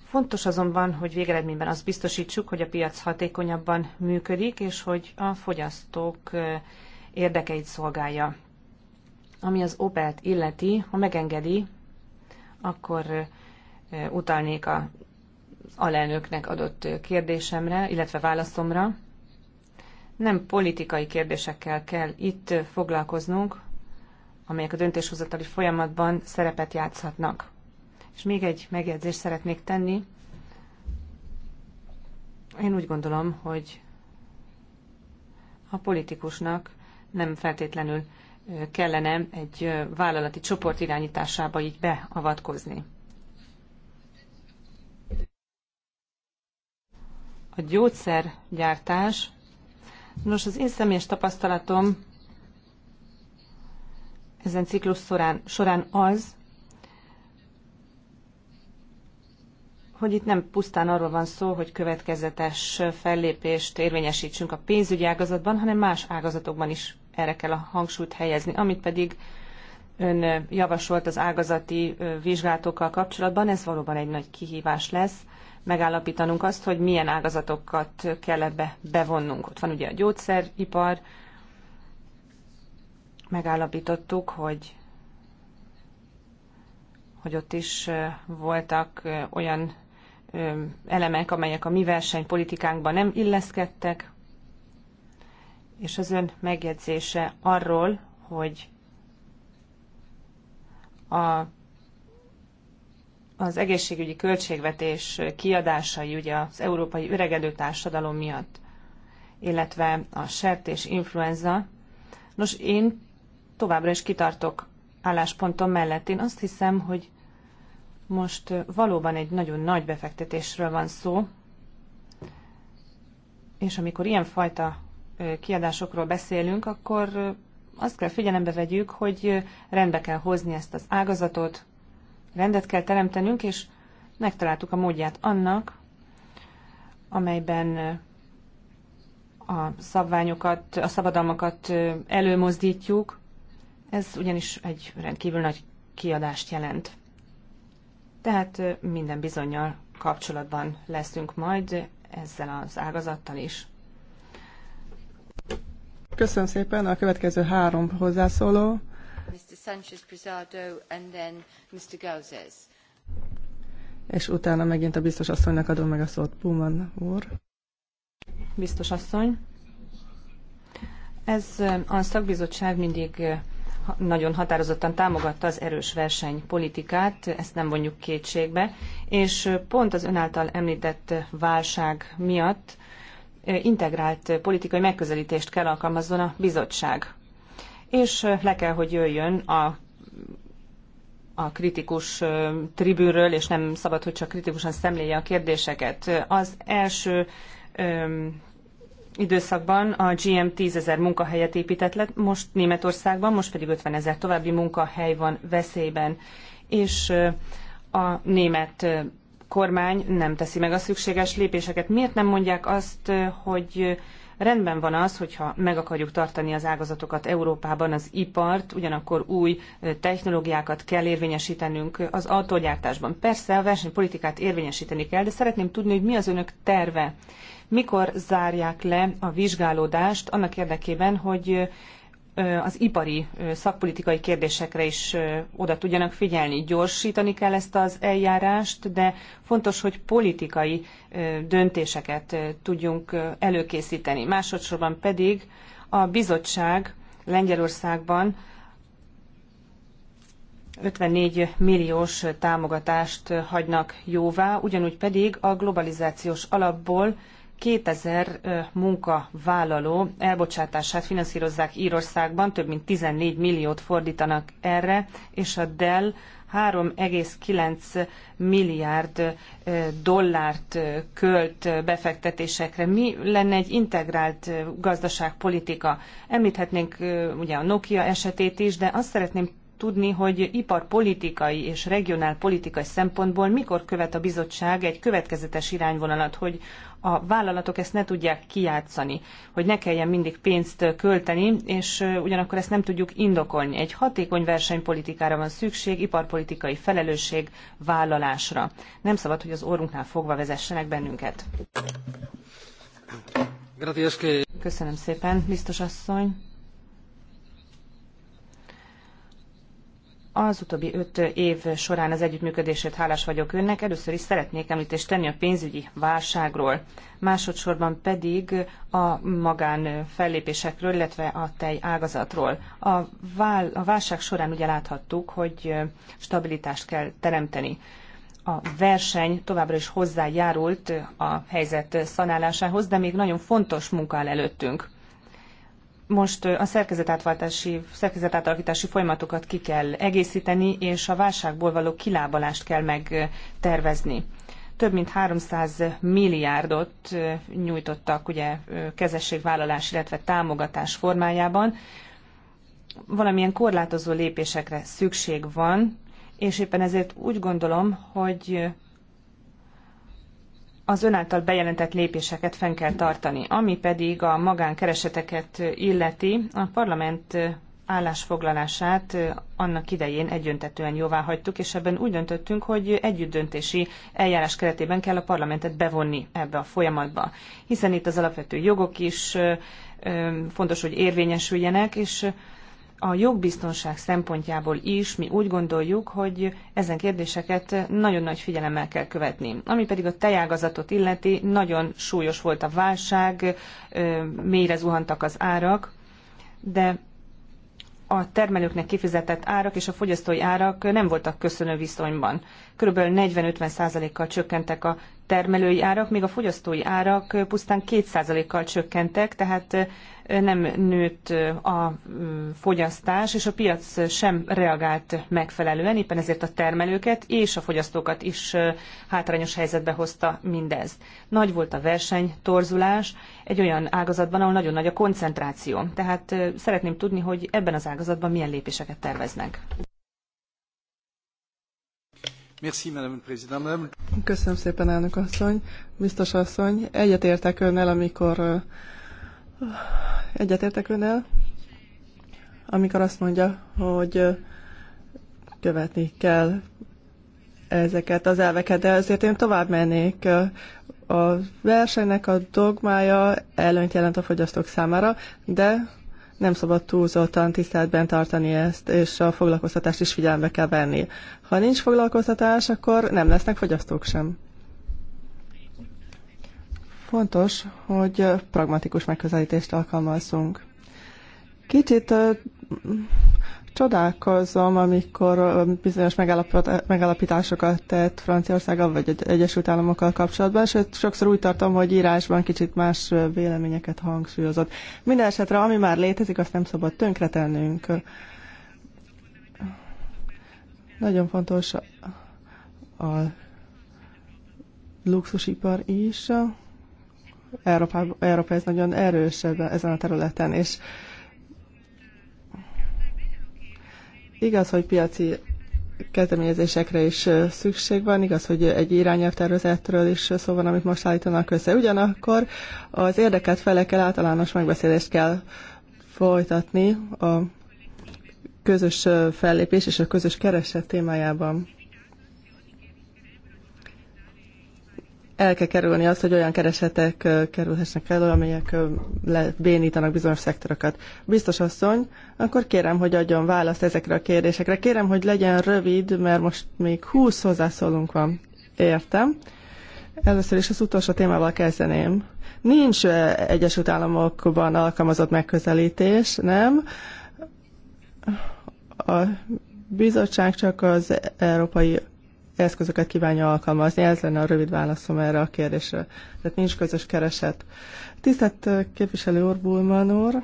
Fontos azonban, hogy végeredményben azt biztosítsuk, hogy a piac hatékonyabban működik, és hogy a fogyasztók érdekeit szolgálja. Ami az Opelt illeti, ha megengedi, akkor utalnék a alelnöknek adott kérdésemre, illetve válaszomra. Nem politikai kérdésekkel kell itt foglalkoznunk, amelyek a döntéshozatali folyamatban szerepet játszhatnak. És még egy megjegyzést szeretnék tenni. Én úgy gondolom, hogy a politikusnak nem feltétlenül kellene egy vállalati csoport irányításába így beavatkozni. a gyógyszergyártás. Nos, az én személyes tapasztalatom ezen ciklus során, során az, hogy itt nem pusztán arról van szó, hogy következetes fellépést érvényesítsünk a pénzügyi ágazatban, hanem más ágazatokban is erre kell a hangsúlyt helyezni, amit pedig ön javasolt az ágazati vizsgálatokkal kapcsolatban, ez valóban egy nagy kihívás lesz, megállapítanunk azt, hogy milyen ágazatokat kell ebbe bevonnunk. Ott van ugye a gyógyszeripar, megállapítottuk, hogy hogy ott is voltak olyan elemek, amelyek a mi versenypolitikánkban nem illeszkedtek, és az ön megjegyzése arról, hogy a az egészségügyi költségvetés kiadásai ugye az európai öregedő társadalom miatt, illetve a sertés influenza. Nos, én továbbra is kitartok álláspontom mellett. Én azt hiszem, hogy most valóban egy nagyon nagy befektetésről van szó, és amikor ilyenfajta kiadásokról beszélünk, akkor azt kell figyelembe vegyük, hogy rendbe kell hozni ezt az ágazatot, rendet kell teremtenünk, és megtaláltuk a módját annak, amelyben eh, a szabványokat, a szabadalmakat eh, előmozdítjuk. Ez ugyanis egy rendkívül nagy kiadást jelent. Tehát eh, minden bizonyal kapcsolatban leszünk majd ezzel az ágazattal is. Köszönöm szépen a következő három hozzászóló. Sanchez Prisado, and then Mr. Gauzes. És utána megint a biztos asszonynak adom meg a szót. Puman úr. Biztos asszony. Ez a szakbizottság mindig nagyon határozottan támogatta az erős versenypolitikát, ezt nem vonjuk kétségbe, és pont az ön által említett válság miatt integrált politikai megközelítést kell alkalmazzon a bizottság és le kell, hogy jöjjön a a kritikus tribűről, és nem szabad, hogy csak kritikusan szemlélje a kérdéseket. Az első öm, időszakban a GM 10 ezer munkahelyet épített le, most Németországban, most pedig 50 ezer további munkahely van veszélyben, és a német kormány nem teszi meg a szükséges lépéseket. Miért nem mondják azt, hogy Rendben van az, hogyha meg akarjuk tartani az ágazatokat Európában, az ipart, ugyanakkor új technológiákat kell érvényesítenünk az autógyártásban. Persze a versenypolitikát érvényesíteni kell, de szeretném tudni, hogy mi az önök terve. Mikor zárják le a vizsgálódást annak érdekében, hogy az ipari szakpolitikai kérdésekre is oda tudjanak figyelni. Gyorsítani kell ezt az eljárást, de fontos, hogy politikai döntéseket tudjunk előkészíteni. Másodszorban pedig a bizottság Lengyelországban 54 milliós támogatást hagynak jóvá, ugyanúgy pedig a globalizációs alapból 2000 munkavállaló elbocsátását finanszírozzák Írországban, több mint 14 milliót fordítanak erre, és a Dell 3,9 milliárd dollárt költ befektetésekre. Mi lenne egy integrált gazdaságpolitika? Említhetnénk ugye a Nokia esetét is, de azt szeretném tudni, hogy iparpolitikai és regionálpolitikai szempontból mikor követ a bizottság egy következetes irányvonalat, hogy a vállalatok ezt ne tudják kijátszani, hogy ne kelljen mindig pénzt költeni, és ugyanakkor ezt nem tudjuk indokolni. Egy hatékony versenypolitikára van szükség, iparpolitikai felelősség vállalásra. Nem szabad, hogy az orrunknál fogva vezessenek bennünket. Köszönöm szépen, biztos asszony. Az utóbbi öt év során az együttműködését hálás vagyok önnek. Először is szeretnék említést tenni a pénzügyi válságról, másodszorban pedig a magán fellépésekről, illetve a tej ágazatról. A, vál, a válság során ugye láthattuk, hogy stabilitást kell teremteni. A verseny továbbra is hozzájárult a helyzet szanálásához, de még nagyon fontos munka áll előttünk most a szerkezetátváltási, szerkezetátalakítási folyamatokat ki kell egészíteni, és a válságból való kilábalást kell megtervezni. Több mint 300 milliárdot nyújtottak ugye kezességvállalás, illetve támogatás formájában. Valamilyen korlátozó lépésekre szükség van, és éppen ezért úgy gondolom, hogy az ön által bejelentett lépéseket fenn kell tartani. Ami pedig a magánkereseteket illeti, a parlament állásfoglalását annak idején egyöntetően jóvá hagytuk, és ebben úgy döntöttünk, hogy együttdöntési eljárás keretében kell a parlamentet bevonni ebbe a folyamatba. Hiszen itt az alapvető jogok is fontos, hogy érvényesüljenek, és a jogbiztonság szempontjából is mi úgy gondoljuk, hogy ezen kérdéseket nagyon nagy figyelemmel kell követni. Ami pedig a tejágazatot illeti, nagyon súlyos volt a válság, mélyre zuhantak az árak, de a termelőknek kifizetett árak és a fogyasztói árak nem voltak köszönő viszonyban. Körülbelül 40-50%-kal csökkentek a termelői árak, míg a fogyasztói árak pusztán 2%-kal csökkentek, tehát nem nőtt a mm, fogyasztás, és a piac sem reagált megfelelően, éppen ezért a termelőket és a fogyasztókat is hátrányos helyzetbe hozta mindez. Nagy volt a verseny, torzulás egy olyan ágazatban, ahol nagyon nagy a koncentráció. Tehát szeretném tudni, hogy ebben az ágazatban milyen lépéseket terveznek. Köszönöm szépen, elnök asszony, biztos asszony. Egyetértek önnel, amikor Egyetértek önnel, amikor azt mondja, hogy követni kell ezeket az elveket, de azért én tovább mennék. A versenynek a dogmája előnyt jelent a fogyasztók számára, de nem szabad túlzottan tiszteletben tartani ezt, és a foglalkoztatást is figyelembe kell venni. Ha nincs foglalkoztatás, akkor nem lesznek fogyasztók sem. Fontos, hogy pragmatikus megközelítést alkalmazzunk. Kicsit csodálkozom, amikor bizonyos megállapításokat tett Franciaországgal vagy egy Egyesült Államokkal kapcsolatban, sőt, sokszor úgy tartom, hogy írásban kicsit más véleményeket hangsúlyozott. Minden esetre, ami már létezik, azt nem szabad tönkretennünk. Nagyon fontos a luxusipar is. Európa, Európa ez nagyon erős ezen a területen, és igaz, hogy piaci kezdeményezésekre is szükség van, igaz, hogy egy irányelvtervezetről is szó van, amit most állítanak össze. Ugyanakkor az érdekelt felekkel általános megbeszélést kell folytatni a közös fellépés és a közös kereset témájában. el kell kerülni azt, hogy olyan keresetek kerülhessenek elő, amelyek bénítanak bizonyos szektorokat. Biztos asszony, akkor kérem, hogy adjon választ ezekre a kérdésekre. Kérem, hogy legyen rövid, mert most még 20 hozzászólunk van. Értem. Először is az utolsó témával kezdeném. Nincs Egyesült Államokban alkalmazott megközelítés, nem? A bizottság csak az európai eszközöket kívánja alkalmazni. Ez lenne a rövid válaszom erre a kérdésre. Tehát nincs közös kereset. Tisztelt képviselő úr, Bulman úr,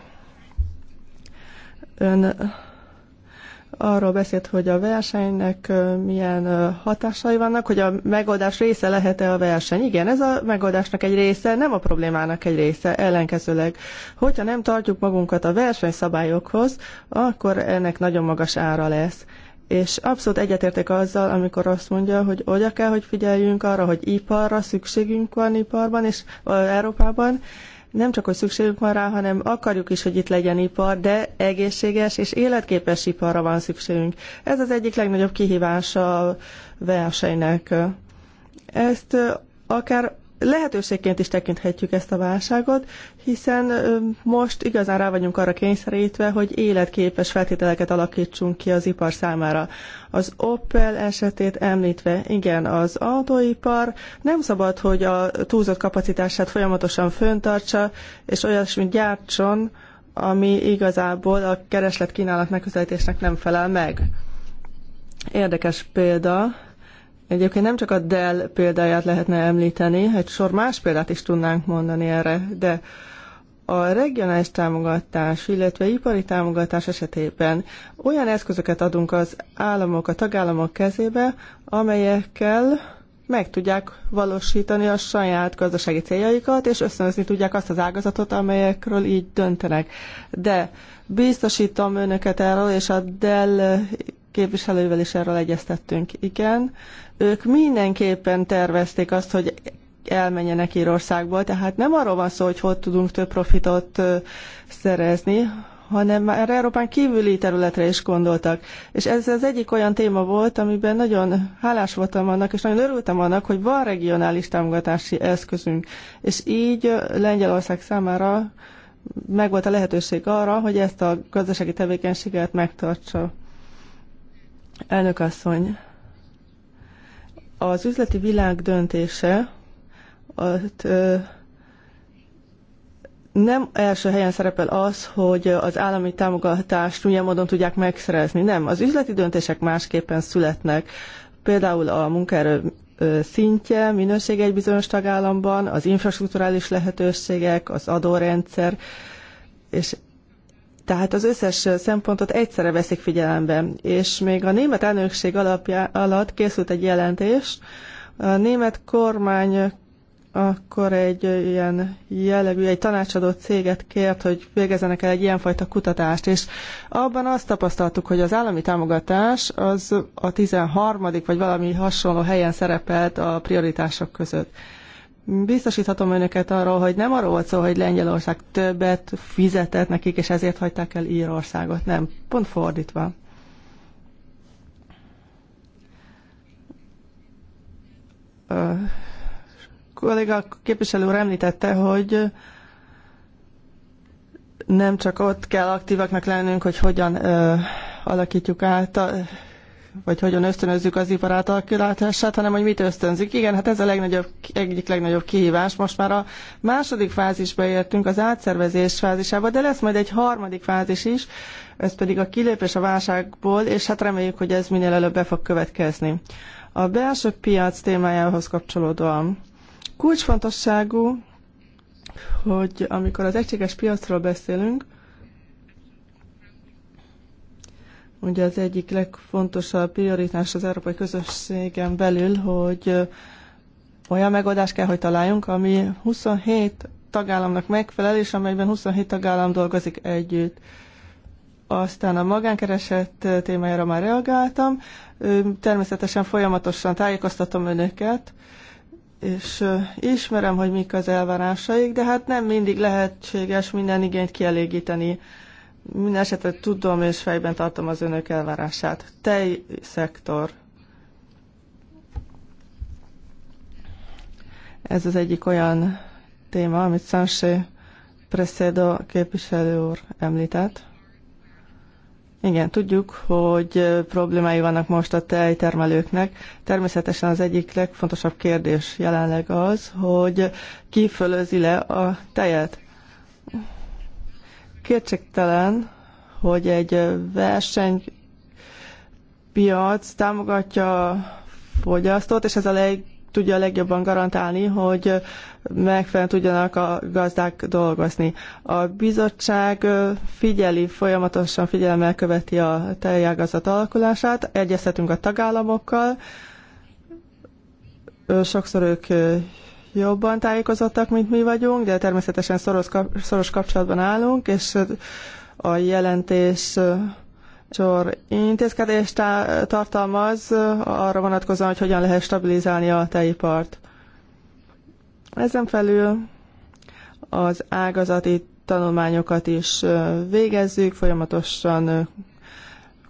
ön arról beszélt, hogy a versenynek milyen hatásai vannak, hogy a megoldás része lehet-e a verseny. Igen, ez a megoldásnak egy része, nem a problémának egy része, ellenkezőleg. Hogyha nem tartjuk magunkat a versenyszabályokhoz, akkor ennek nagyon magas ára lesz és abszolút egyetértek azzal, amikor azt mondja, hogy oda kell, hogy figyeljünk arra, hogy iparra szükségünk van iparban és Európában, nem csak, hogy szükségünk van rá, hanem akarjuk is, hogy itt legyen ipar, de egészséges és életképes iparra van szükségünk. Ez az egyik legnagyobb kihívása a versenynek. Ezt akár lehetőségként is tekinthetjük ezt a válságot, hiszen most igazán rá vagyunk arra kényszerítve, hogy életképes feltételeket alakítsunk ki az ipar számára. Az Opel esetét említve, igen, az autóipar nem szabad, hogy a túlzott kapacitását folyamatosan föntartsa, és olyasmit gyártson, ami igazából a kereslet-kínálat megközelítésnek nem felel meg. Érdekes példa, Egyébként nem csak a Dell példáját lehetne említeni, egy sor más példát is tudnánk mondani erre, de a regionális támogatás, illetve ipari támogatás esetében olyan eszközöket adunk az államok, a tagállamok kezébe, amelyekkel meg tudják valósítani a saját gazdasági céljaikat, és összönözni tudják azt az ágazatot, amelyekről így döntenek. De biztosítom önöket erről, és a Dell képviselővel is erről egyeztettünk. Igen, ők mindenképpen tervezték azt, hogy elmenjenek Írországból, tehát nem arról van szó, hogy hogy tudunk több profitot szerezni, hanem már Európán kívüli területre is gondoltak. És ez az egyik olyan téma volt, amiben nagyon hálás voltam annak, és nagyon örültem annak, hogy van regionális támogatási eszközünk. És így Lengyelország számára megvolt a lehetőség arra, hogy ezt a gazdasági tevékenységet megtartsa. Elnök asszony, az üzleti világ döntése ott, ö, nem első helyen szerepel az, hogy az állami támogatást milyen módon tudják megszerezni. Nem, az üzleti döntések másképpen születnek. Például a munkaerő szintje, minősége egy bizonyos tagállamban, az infrastruktúrális lehetőségek, az adórendszer, és tehát az összes szempontot egyszerre veszik figyelembe. És még a német elnökség alapja, alatt készült egy jelentés. A német kormány akkor egy ilyen jellegű, egy tanácsadó céget kért, hogy végezzenek el egy ilyenfajta kutatást, és abban azt tapasztaltuk, hogy az állami támogatás az a 13. vagy valami hasonló helyen szerepelt a prioritások között. Biztosíthatom önöket arról, hogy nem arról volt szó, hogy Lengyelország többet fizetett nekik, és ezért hagyták el Írországot. Nem, pont fordítva. A kolléga képviselő úr említette, hogy nem csak ott kell aktívaknak lennünk, hogy hogyan ö, alakítjuk át a vagy hogyan ösztönözzük az ipar átalakulását, hanem hogy mit ösztönzik. Igen, hát ez a legnagyobb, egyik legnagyobb kihívás. Most már a második fázisba értünk, az átszervezés fázisába, de lesz majd egy harmadik fázis is, ez pedig a kilépés a válságból, és hát reméljük, hogy ez minél előbb be fog következni. A belső piac témájához kapcsolódóan kulcsfontosságú, hogy amikor az egységes piacról beszélünk, Ugye az egyik legfontosabb prioritás az európai közösségen belül, hogy olyan megoldást kell, hogy találjunk, ami 27 tagállamnak megfelel, és amelyben 27 tagállam dolgozik együtt. Aztán a magánkereset témájára már reagáltam. Természetesen folyamatosan tájékoztatom önöket, és ismerem, hogy mik az elvárásaik, de hát nem mindig lehetséges minden igényt kielégíteni. Mindenesetre tudom és fejben tartom az önök elvárását. Tej szektor. Ez az egyik olyan téma, amit Sansé Presedo képviselő úr említett. Igen, tudjuk, hogy problémái vannak most a tejtermelőknek. Természetesen az egyik legfontosabb kérdés jelenleg az, hogy ki fölözi le a tejet. Kétségtelen, hogy egy versenypiac támogatja a fogyasztót, és ez a leg, tudja a legjobban garantálni, hogy megfelelően tudjanak a gazdák dolgozni. A bizottság figyeli, folyamatosan figyelemmel követi a teljágazat alakulását, egyeztetünk a tagállamokkal, sokszor ők jobban tájékozottak, mint mi vagyunk, de természetesen szoros, kap, szoros kapcsolatban állunk, és a jelentés sor intézkedést tartalmaz arra vonatkozóan, hogy hogyan lehet stabilizálni a tejipart. Ezen felül az ágazati tanulmányokat is végezzük, folyamatosan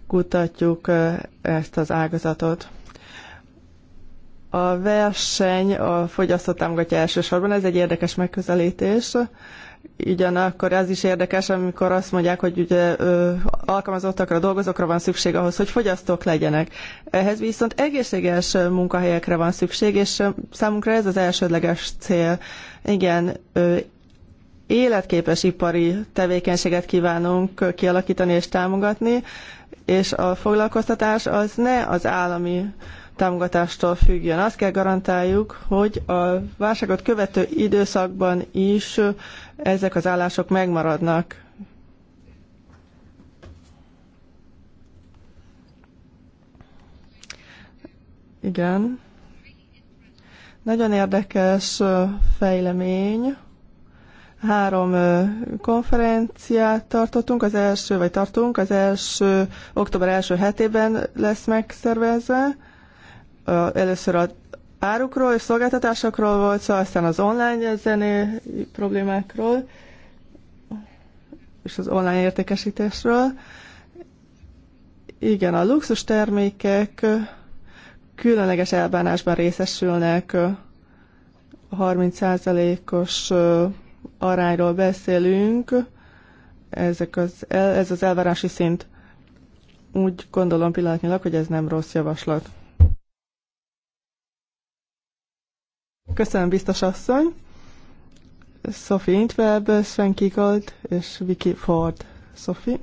kutatjuk ezt az ágazatot. A verseny a fogyasztó támogatja elsősorban, ez egy érdekes megközelítés. Ugyanakkor az is érdekes, amikor azt mondják, hogy ugye ö, alkalmazottakra, dolgozókra van szükség ahhoz, hogy fogyasztók legyenek. Ehhez viszont egészséges munkahelyekre van szükség, és számunkra ez az elsődleges cél. Igen, ö, életképes ipari tevékenységet kívánunk kialakítani és támogatni, és a foglalkoztatás az ne az állami támogatástól függjön. Azt kell garantáljuk, hogy a válságot követő időszakban is ezek az állások megmaradnak. Igen. Nagyon érdekes fejlemény. Három konferenciát tartottunk, az első, vagy tartunk, az első október első hetében lesz megszervezve először az árukról és szolgáltatásokról volt szó, aztán az online zené problémákról, és az online értékesítésről. Igen, a luxus termékek különleges elbánásban részesülnek, 30%-os arányról beszélünk, ezek az, el ez az elvárási szint. Úgy gondolom pillanatnyilag, hogy ez nem rossz javaslat. Köszönöm, biztos asszony. Sophie Intveld, Sven Kigold és Vicky Ford. Sophie.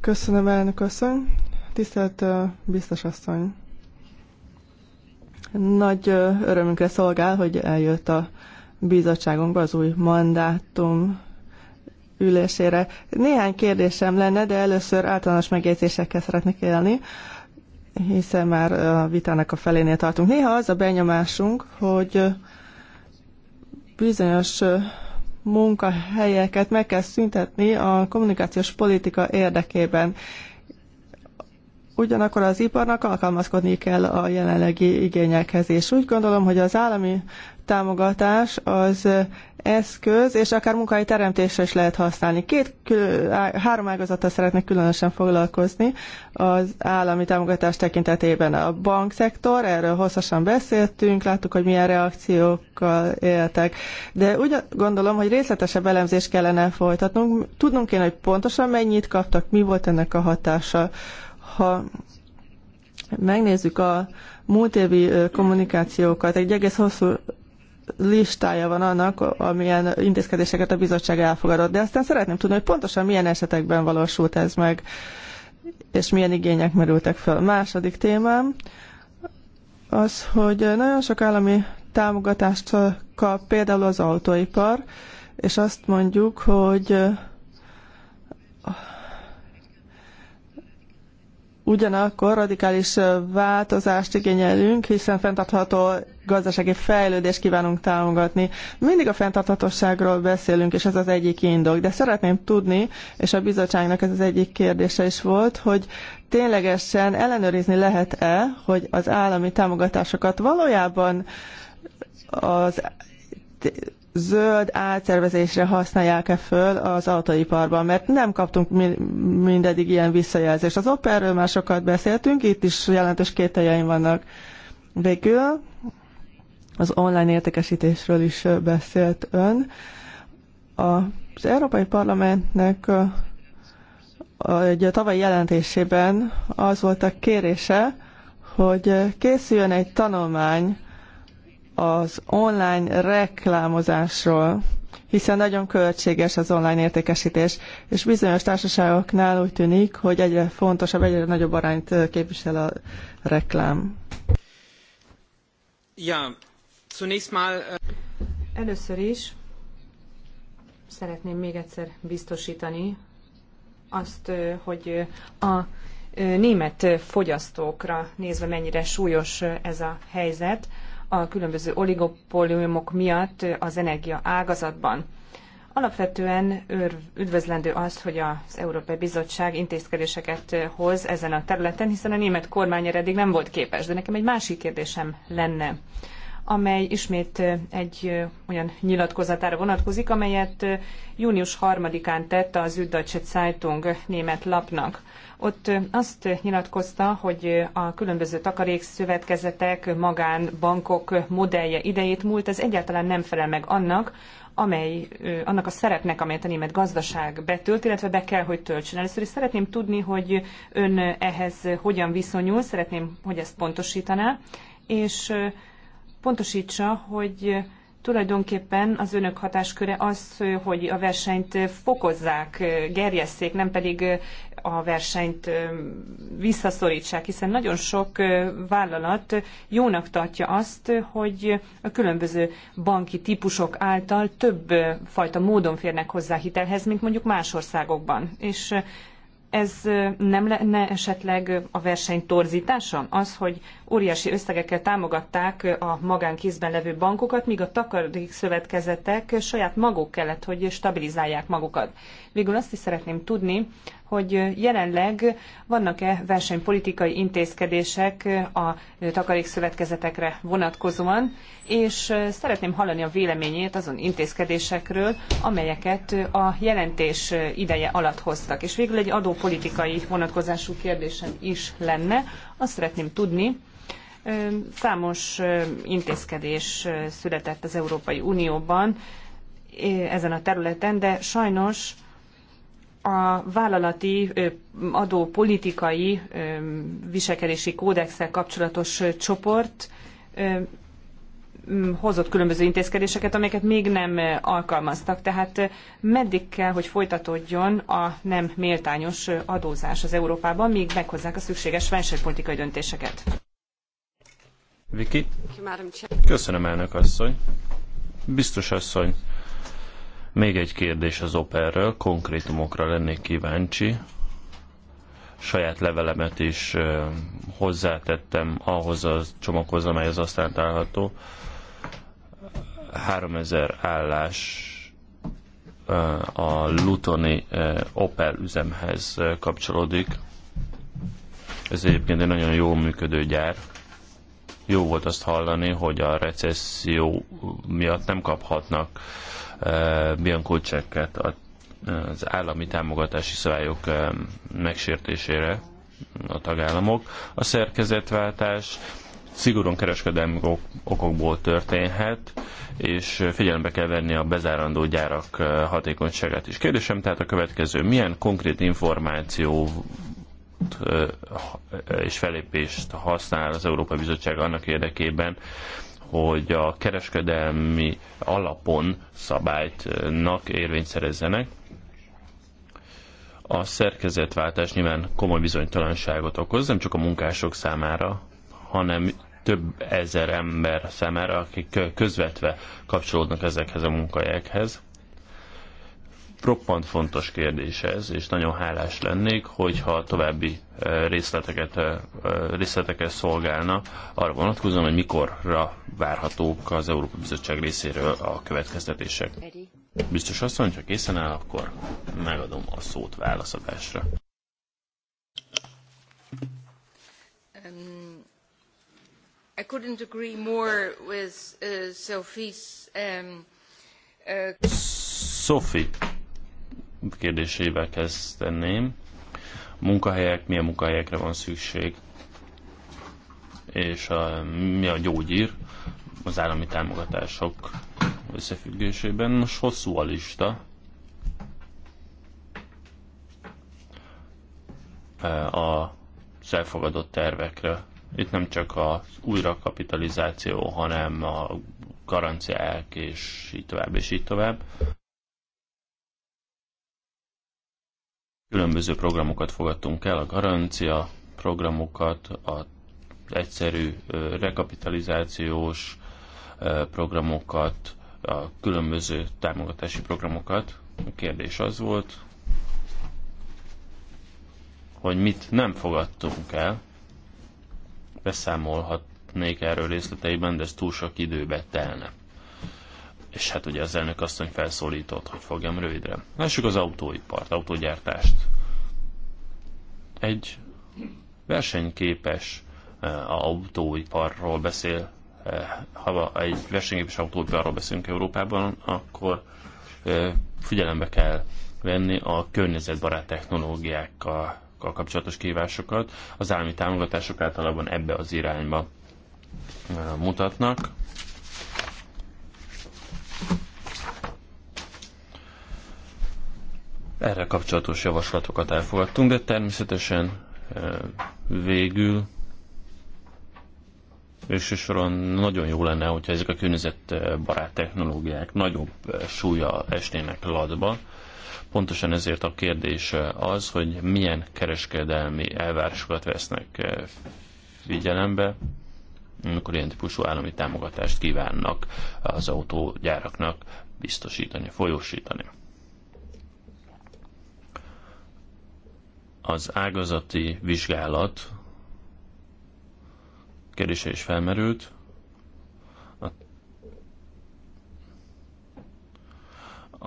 Köszönöm, elnök asszony. Tisztelt biztos asszony. Nagy örömünkre szolgál, hogy eljött a bizottságunkba az új mandátum ülésére. Néhány kérdésem lenne, de először általános megjegyzésekkel szeretnék élni hiszen már a vitának a felénél tartunk. Néha az a benyomásunk, hogy bizonyos munkahelyeket meg kell szüntetni a kommunikációs politika érdekében. Ugyanakkor az iparnak alkalmazkodni kell a jelenlegi igényekhez, és úgy gondolom, hogy az állami támogatás az eszköz, és akár munkai teremtésre is lehet használni. Két, kül, három ágazattal szeretnék különösen foglalkozni az állami támogatás tekintetében. A bankszektor, erről hosszasan beszéltünk, láttuk, hogy milyen reakciókkal éltek, de úgy gondolom, hogy részletesebb elemzést kellene folytatnunk. Tudnunk kéne, hogy pontosan mennyit kaptak, mi volt ennek a hatása. Ha megnézzük a múlt évi kommunikációkat, egy egész hosszú listája van annak, amilyen intézkedéseket a bizottság elfogadott. De aztán szeretném tudni, hogy pontosan milyen esetekben valósult ez meg, és milyen igények merültek fel. Második témám az, hogy nagyon sok állami támogatást kap például az autóipar, és azt mondjuk, hogy Ugyanakkor radikális változást igényelünk, hiszen fenntartható gazdasági fejlődést kívánunk támogatni. Mindig a fenntarthatóságról beszélünk, és ez az egyik indok. De szeretném tudni, és a bizottságnak ez az egyik kérdése is volt, hogy ténylegesen ellenőrizni lehet-e, hogy az állami támogatásokat valójában az zöld átszervezésre használják-e föl az autóiparban, mert nem kaptunk mindeddig ilyen visszajelzést. Az operről már sokat beszéltünk, itt is jelentős kételjeim vannak. Végül az online értékesítésről is beszélt ön. Az Európai Parlamentnek egy a tavalyi jelentésében az volt a kérése, hogy készüljön egy tanulmány az online reklámozásról, hiszen nagyon költséges az online értékesítés, és bizonyos társaságoknál úgy tűnik, hogy egyre fontosabb, egyre nagyobb arányt képvisel a reklám. Ja, zunächst mal... Äh, Először is szeretném még egyszer biztosítani azt, hogy a német fogyasztókra nézve mennyire súlyos ez a helyzet a különböző oligopóliumok miatt az energia ágazatban. Alapvetően üdvözlendő az, hogy az Európai Bizottság intézkedéseket hoz ezen a területen, hiszen a német kormány eddig nem volt képes. De nekem egy másik kérdésem lenne, amely ismét egy olyan nyilatkozatára vonatkozik, amelyet június 3-án tett az Süddeutsche Zeitung német lapnak. Ott azt nyilatkozta, hogy a különböző takarékszövetkezetek, magánbankok modellje idejét múlt, ez egyáltalán nem felel meg annak, amely, annak a szerepnek, amelyet a német gazdaság betölt, illetve be kell, hogy töltsön. Először is szeretném tudni, hogy ön ehhez hogyan viszonyul, szeretném, hogy ezt pontosítaná, és pontosítsa, hogy Tulajdonképpen az önök hatásköre az, hogy a versenyt fokozzák, gerjesszék, nem pedig a versenyt visszaszorítsák, hiszen nagyon sok vállalat jónak tartja azt, hogy a különböző banki típusok által több fajta módon férnek hozzá hitelhez, mint mondjuk más országokban. És ez nem lenne esetleg a verseny torzítása? Az, hogy óriási összegekkel támogatták a magánkézben levő bankokat, míg a takarékszövetkezetek szövetkezetek saját maguk kellett, hogy stabilizálják magukat. Végül azt is szeretném tudni, hogy jelenleg vannak-e versenypolitikai intézkedések a takarékszövetkezetekre vonatkozóan, és szeretném hallani a véleményét azon intézkedésekről, amelyeket a jelentés ideje alatt hoztak. És végül egy adópolitikai vonatkozású kérdésem is lenne. Azt szeretném tudni, Számos intézkedés született az Európai Unióban eh, ezen a területen, de sajnos a vállalati adópolitikai viselkedési kódexsel kapcsolatos csoport hozott különböző intézkedéseket, amelyeket még nem alkalmaztak. Tehát meddig kell, hogy folytatódjon a nem méltányos adózás az Európában, míg meghozzák a szükséges versenypolitikai döntéseket? Viki? Köszönöm, elnök asszony. Biztos asszony, még egy kérdés az operről, konkrétumokra lennék kíváncsi. Saját levelemet is hozzátettem ahhoz a csomaghoz, amely az aztán található. 3000 állás a Lutoni Opel üzemhez kapcsolódik. Ez egyébként egy nagyon jó működő gyár. Jó volt azt hallani, hogy a recesszió miatt nem kaphatnak bianco az állami támogatási szabályok megsértésére a tagállamok. A szerkezetváltás szigorúan kereskedelmi okokból történhet, és figyelembe kell venni a bezárandó gyárak hatékonyságát is. Kérdésem tehát a következő. Milyen konkrét információ és felépést használ az Európai Bizottság annak érdekében, hogy a kereskedelmi alapon szabálytnak érvényt szerezzenek. A szerkezetváltás nyilván komoly bizonytalanságot okoz, nem csak a munkások számára, hanem több ezer ember számára, akik közvetve kapcsolódnak ezekhez a munkahelyekhez. Roppant fontos kérdés ez, és nagyon hálás lennék, hogyha további részleteket, részleteket szolgálna arra vonatkozom, hogy mikorra várhatók az Európai Bizottság részéről a következtetések. Biztos asszony, ha készen áll, akkor megadom a szót válaszadásra. Um, I couldn't agree more with uh, Sophie's um, uh... Sophie kérdésével kezdeném munkahelyek, milyen munkahelyekre van szükség, és a, mi a gyógyír az állami támogatások összefüggésében. Most hosszú a lista. E, a elfogadott tervekre. Itt nem csak az újrakapitalizáció, hanem a garanciák, és így tovább, és így tovább. Különböző programokat fogadtunk el, a garancia programokat, a egyszerű rekapitalizációs programokat, a különböző támogatási programokat. A kérdés az volt, hogy mit nem fogadtunk el. Beszámolhatnék erről részleteiben, de ez túl sok időbe telne és hát ugye az elnök asszony felszólított, hogy fogjam rövidre. Lássuk az autóipart, autógyártást. Egy versenyképes eh, autóiparról beszél, eh, ha egy versenyképes autóiparról beszélünk Európában, akkor eh, figyelembe kell venni a környezetbarát technológiákkal kapcsolatos kívásokat. Az állami támogatások általában ebbe az irányba mutatnak. Erre kapcsolatos javaslatokat elfogadtunk, de természetesen végül végső soron nagyon jó lenne, hogyha ezek a környezetbarát technológiák nagyobb súlya esnének ladba. Pontosan ezért a kérdés az, hogy milyen kereskedelmi elvárásokat vesznek figyelembe, amikor ilyen típusú állami támogatást kívánnak az autógyáraknak biztosítani, folyósítani. Az ágazati vizsgálat kérdése is felmerült. A,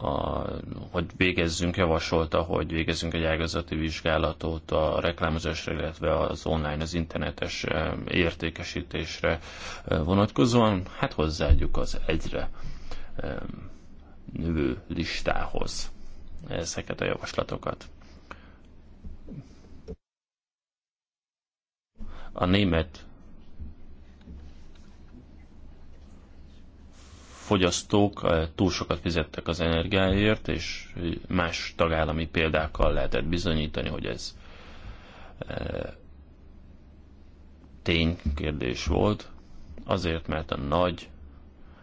a, hogy végezzünk, javasolta, hogy végezzünk egy ágazati vizsgálatot a reklámozásra, illetve az online, az internetes értékesítésre vonatkozóan. Hát hozzáadjuk az egyre növő listához ezeket a javaslatokat. a német fogyasztók eh, túl sokat fizettek az energiáért, és más tagállami példákkal lehetett bizonyítani, hogy ez eh, ténykérdés volt, azért, mert a nagy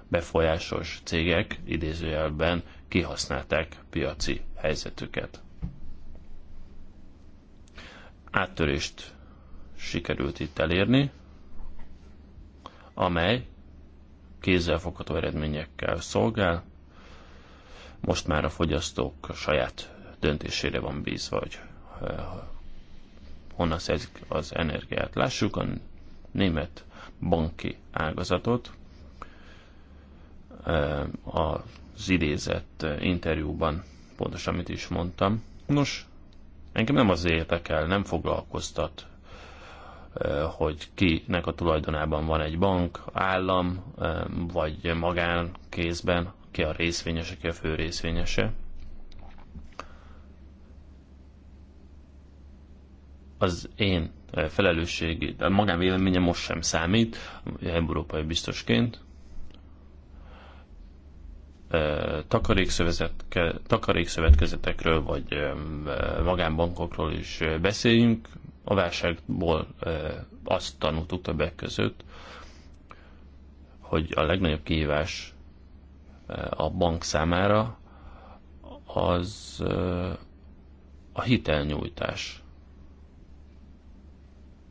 befolyásos cégek idézőjelben kihasználták piaci helyzetüket. Áttörést sikerült itt elérni, amely kézzelfogható eredményekkel szolgál. Most már a fogyasztók saját döntésére van bízva, hogy eh, honnan szerzik az energiát. Lássuk a német banki ágazatot. Eh, az idézett interjúban pontosan mit is mondtam. Nos, engem nem az érdekel, nem foglalkoztat hogy kinek a tulajdonában van egy bank, állam, vagy magán kézben, ki a részvényese, ki a fő részvényese. Az én felelősségi, a magán véleménye most sem számít, európai biztosként. Takarékszövetkezetekről vagy magánbankokról is beszéljünk, a válságból azt tanultuk többek között, hogy a legnagyobb kihívás a bank számára az a hitelnyújtás.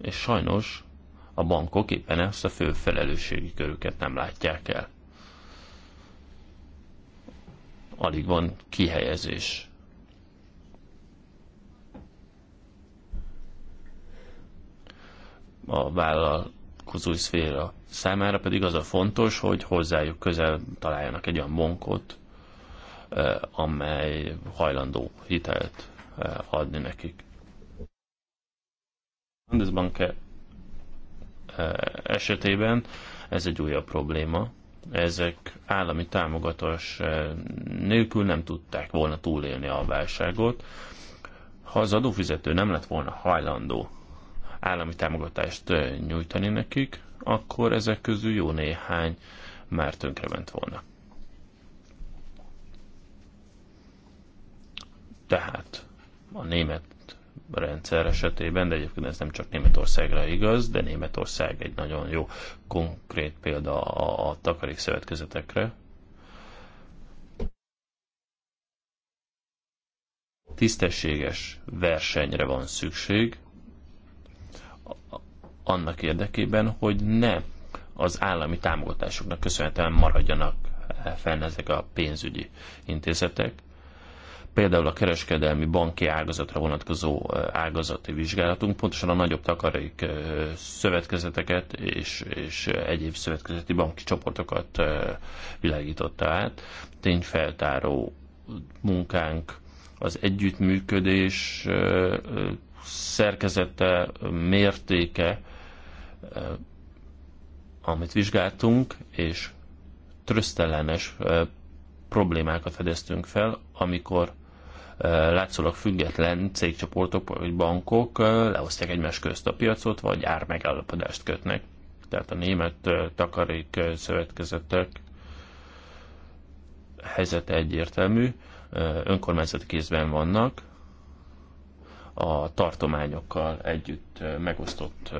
És sajnos a bankok éppen ezt a fő felelősségi körüket nem látják el. Alig van kihelyezés a vállalkozói szféra számára pedig az a fontos, hogy hozzájuk közel találjanak egy olyan bankot, amely hajlandó hitelt adni nekik. Landesbanke esetében ez egy újabb probléma. Ezek állami támogatás nélkül nem tudták volna túlélni a válságot. Ha az adófizető nem lett volna hajlandó állami támogatást nyújtani nekik, akkor ezek közül jó néhány már tönkrement volna. Tehát a német rendszer esetében, de egyébként ez nem csak Németországra igaz, de Németország egy nagyon jó konkrét példa a, a takarék szövetkezetekre. Tisztességes versenyre van szükség, annak érdekében, hogy ne az állami támogatásoknak köszönhetően maradjanak fenn ezek a pénzügyi intézetek. Például a kereskedelmi banki ágazatra vonatkozó ágazati vizsgálatunk pontosan a nagyobb takarék szövetkezeteket és, és egyéb szövetkezeti banki csoportokat világította át. Tényfeltáró munkánk az együttműködés szerkezete, mértéke, eh, amit vizsgáltunk, és trösztellenes eh, problémákat fedeztünk fel, amikor eh, látszólag független cégcsoportok vagy bankok leosztják egymás közt a piacot, vagy ármegállapodást kötnek. Tehát a német takarék szövetkezetek helyzete egyértelmű, önkormányzati kézben vannak, a tartományokkal együtt megosztott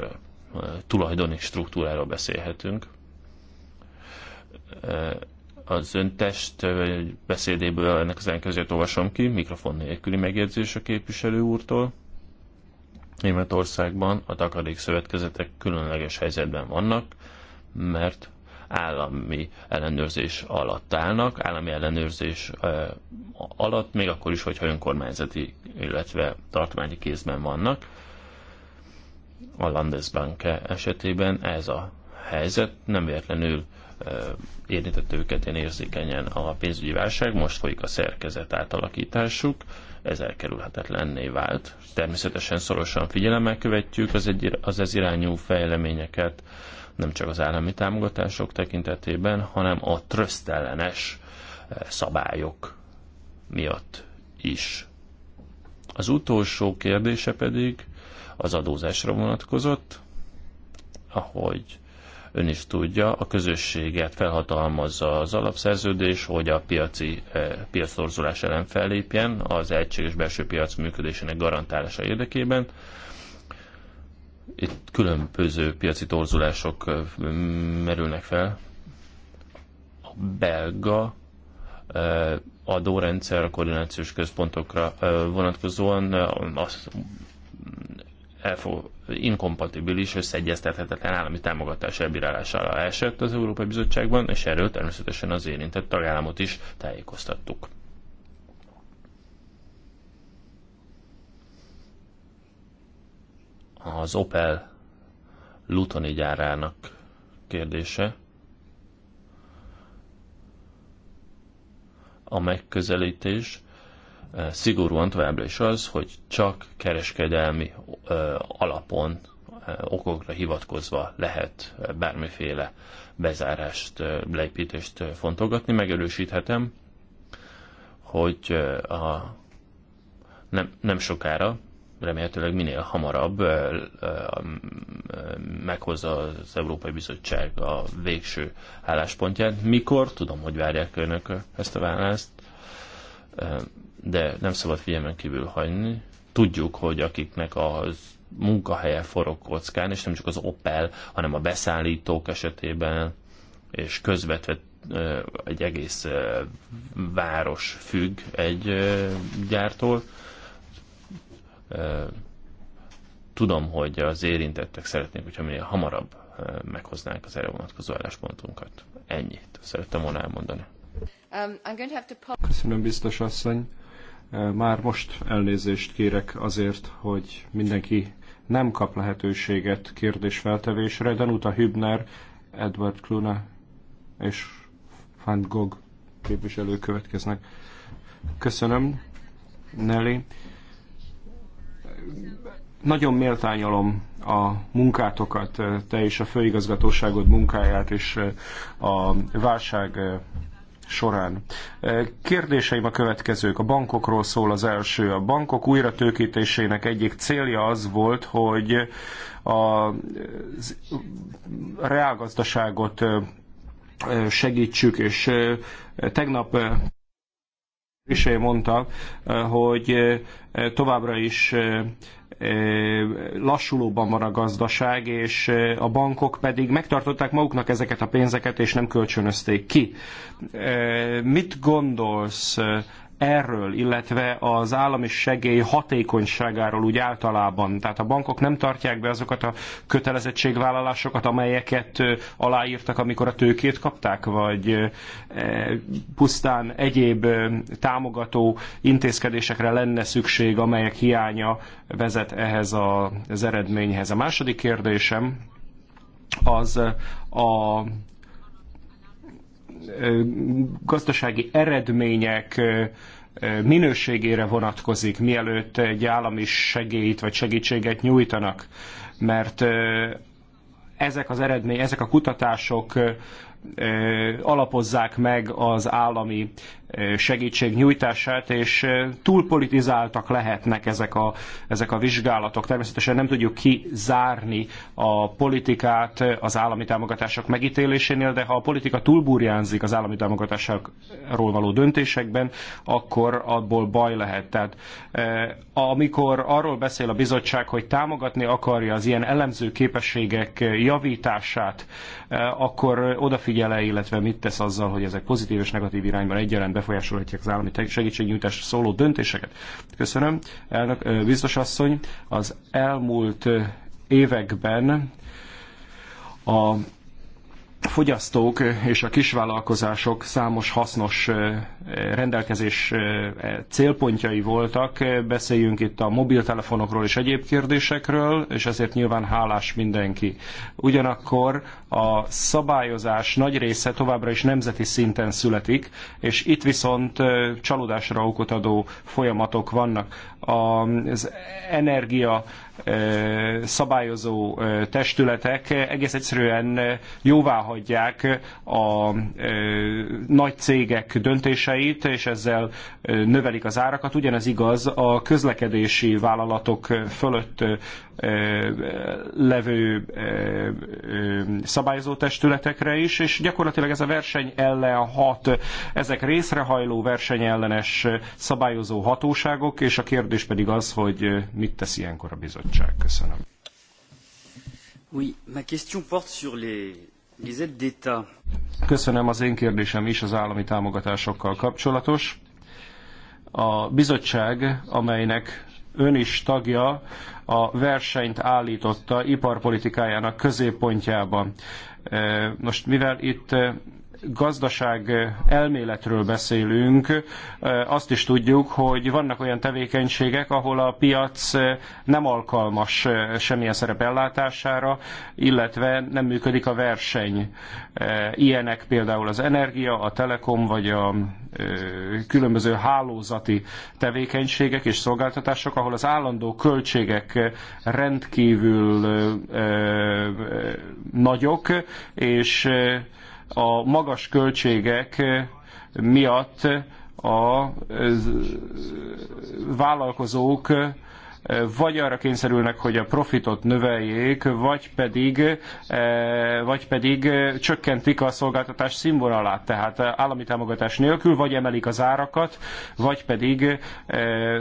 tulajdoni struktúráról beszélhetünk. Az öntest beszédéből ennek az ellenkezőjét olvasom ki, mikrofon nélküli megjegyzés a képviselő úrtól. Németországban a takarék szövetkezetek különleges helyzetben vannak, mert állami ellenőrzés alatt állnak, állami ellenőrzés alatt, még akkor is, hogyha önkormányzati, illetve tartományi kézben vannak. A Landesbank esetében ez a helyzet nem véletlenül érintett őket én érzékenyen a pénzügyi válság, most folyik a szerkezet átalakításuk, ez elkerülhetetlenné vált. Természetesen szorosan figyelemmel követjük az, egy, az ez irányú fejleményeket, nem csak az állami támogatások tekintetében, hanem a trösztellenes eh, szabályok miatt is. Az utolsó kérdése pedig az adózásra vonatkozott, ahogy ön is tudja, a közösséget felhatalmazza az alapszerződés, hogy a piaci eh, piactorzulás ellen fellépjen az egységes belső piac működésének garantálása érdekében. Itt különböző piaci torzulások merülnek fel. A belga adórendszer a koordinációs központokra vonatkozóan az elfog, inkompatibilis, összeegyeztethetetlen állami támogatás elbírálására esett az Európai Bizottságban, és erről természetesen az érintett tagállamot is tájékoztattuk. az Opel Lutoni gyárának kérdése. A megközelítés eh, szigorúan továbbra is az, hogy csak kereskedelmi eh, alapon, eh, okokra hivatkozva lehet bármiféle bezárást, leépítést fontolgatni. Megerősíthetem, hogy a nem, nem sokára remélhetőleg minél hamarabb meghozza az Európai Bizottság a végső álláspontját. Mikor? Tudom, hogy várják önök ezt a választ, de nem szabad figyelmen kívül hagyni. Tudjuk, hogy akiknek az munkahelye forog kockán, és nem csak az Opel, hanem a beszállítók esetében, és közvetve egy egész város függ egy gyártól, Tudom, hogy az érintettek szeretnék, hogyha minél hamarabb meghoznánk az erre vonatkozó álláspontunkat. Ennyit szerettem volna elmondani. Um, Köszönöm, biztos asszony. Már most elnézést kérek azért, hogy mindenki nem kap lehetőséget kérdésfeltevésre. Danuta Hübner, Edward Kluna és Van Gogh képviselők következnek. Köszönöm, Nelly. Nagyon méltányolom a munkátokat, te és a főigazgatóságod munkáját, és eh, a válság eh, során. Eh, kérdéseim a következők. A bankokról szól az első. A bankok újra tőkítésének egyik célja az volt, hogy a reálgazdaságot segítsük, és tegnap Trisé mondta, eh, hogy eh, továbbra is eh, lassulóban van a gazdaság, és a bankok pedig megtartották maguknak ezeket a pénzeket, és nem kölcsönözték ki. Mit gondolsz erről, illetve az állami segély hatékonyságáról úgy általában. Tehát a bankok nem tartják be azokat a kötelezettségvállalásokat, amelyeket aláírtak, amikor a tőkét kapták, vagy e, pusztán egyéb támogató intézkedésekre lenne szükség, amelyek hiánya vezet ehhez az eredményhez. A második kérdésem az a gazdasági eredmények minőségére vonatkozik, mielőtt egy állami segélyt vagy segítséget nyújtanak, mert ezek az eredmények, ezek a kutatások alapozzák meg az állami segítség nyújtását, és túlpolitizáltak lehetnek ezek a, ezek a vizsgálatok. Természetesen nem tudjuk kizárni a politikát az állami támogatások megítélésénél, de ha a politika túlburjánzik az állami támogatásokról való döntésekben, akkor abból baj lehet. Tehát amikor arról beszél a bizottság, hogy támogatni akarja az ilyen elemző képességek javítását, akkor odafigyele, illetve mit tesz azzal, hogy ezek pozitív és negatív irányban egyaránt befolyásolhatják az állami segítségnyújtásra szóló döntéseket. Köszönöm. Elnök, biztos asszony, az elmúlt években a a fogyasztók és a kisvállalkozások számos hasznos rendelkezés e, célpontjai voltak. Beszéljünk itt a mobiltelefonokról és egyéb kérdésekről, és ezért nyilván hálás mindenki. Ugyanakkor a szabályozás nagy része továbbra is nemzeti szinten születik, és itt viszont csalódásra okot adó folyamatok vannak. Az energia szabályozó testületek egész egyszerűen jóvá hagyják a nagy cégek döntéseit, és ezzel növelik az árakat. Ugyanez igaz a közlekedési vállalatok fölött levő szabályozó testületekre is, és gyakorlatilag ez a verseny ellen hat, ezek részrehajló versenyellenes szabályozó hatóságok, és a kérdés pedig az, hogy mit tesz ilyenkor a bizottság. Köszönöm. Oui, ma question porte sur les, les aides d'État. Köszönöm, az én kérdésem is az állami támogatásokkal kapcsolatos. A bizottság, amelynek ön is tagja, a versenyt állította iparpolitikájának középpontjába. Most mivel itt gazdaság eh, elméletről beszélünk, eh, azt is tudjuk, hogy vannak olyan tevékenységek, ahol a piac eh, nem alkalmas semmilyen szerep ellátására, illetve nem működik a verseny. Ilyenek például az energia, a telekom vagy a különböző hálózati tevékenységek és szolgáltatások, ahol az állandó költségek rendkívül nagyok, és a magas költségek eh, miatt a eh, vállalkozók eh, vagy arra kényszerülnek, hogy a profitot növeljék, vagy pedig, vagy pedig csökkentik a szolgáltatás színvonalát, tehát állami támogatás nélkül, vagy emelik az árakat, vagy pedig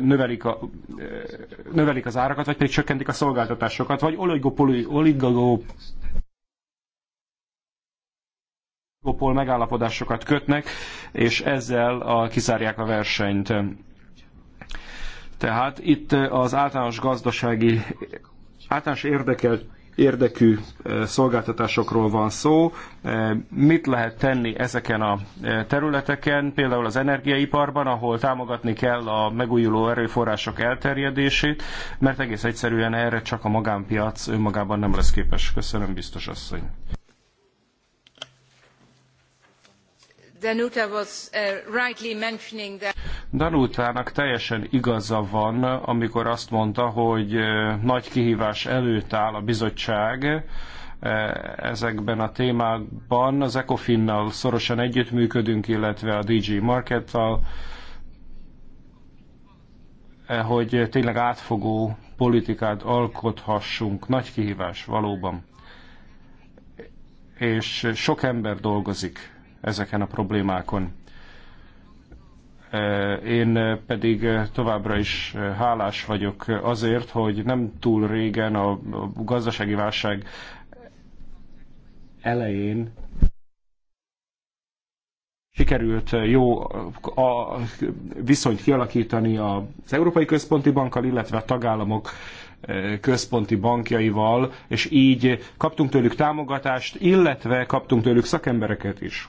növelik, a, növelik az árakat, vagy pedig csökkentik a szolgáltatásokat, vagy oligopoli, oligopoli oligopol megállapodásokat kötnek, és ezzel a, kizárják a versenyt. Tehát itt az általános gazdasági, általános érdekel, érdekű szolgáltatásokról van szó. Mit lehet tenni ezeken a területeken, például az energiaiparban, ahol támogatni kell a megújuló erőforrások elterjedését, mert egész egyszerűen erre csak a magánpiac önmagában nem lesz képes. Köszönöm, biztos asszony. Danuta uh, Danutának teljesen igaza van, amikor azt mondta, hogy uh, nagy kihívás előtt áll a bizottság, uh, ezekben a témákban. Az EKOFIN-nal szorosan együttműködünk, illetve a DG Markettal, eh, hogy tényleg átfogó politikát alkothassunk. Nagy kihívás valóban. És sok ember dolgozik ezeken a problémákon. Én pedig továbbra is hálás vagyok azért, hogy nem túl régen a gazdasági válság elején sikerült jó a viszonyt kialakítani az Európai Központi Bankkal, illetve a tagállamok központi bankjaival, és így kaptunk tőlük támogatást, illetve kaptunk tőlük szakembereket is.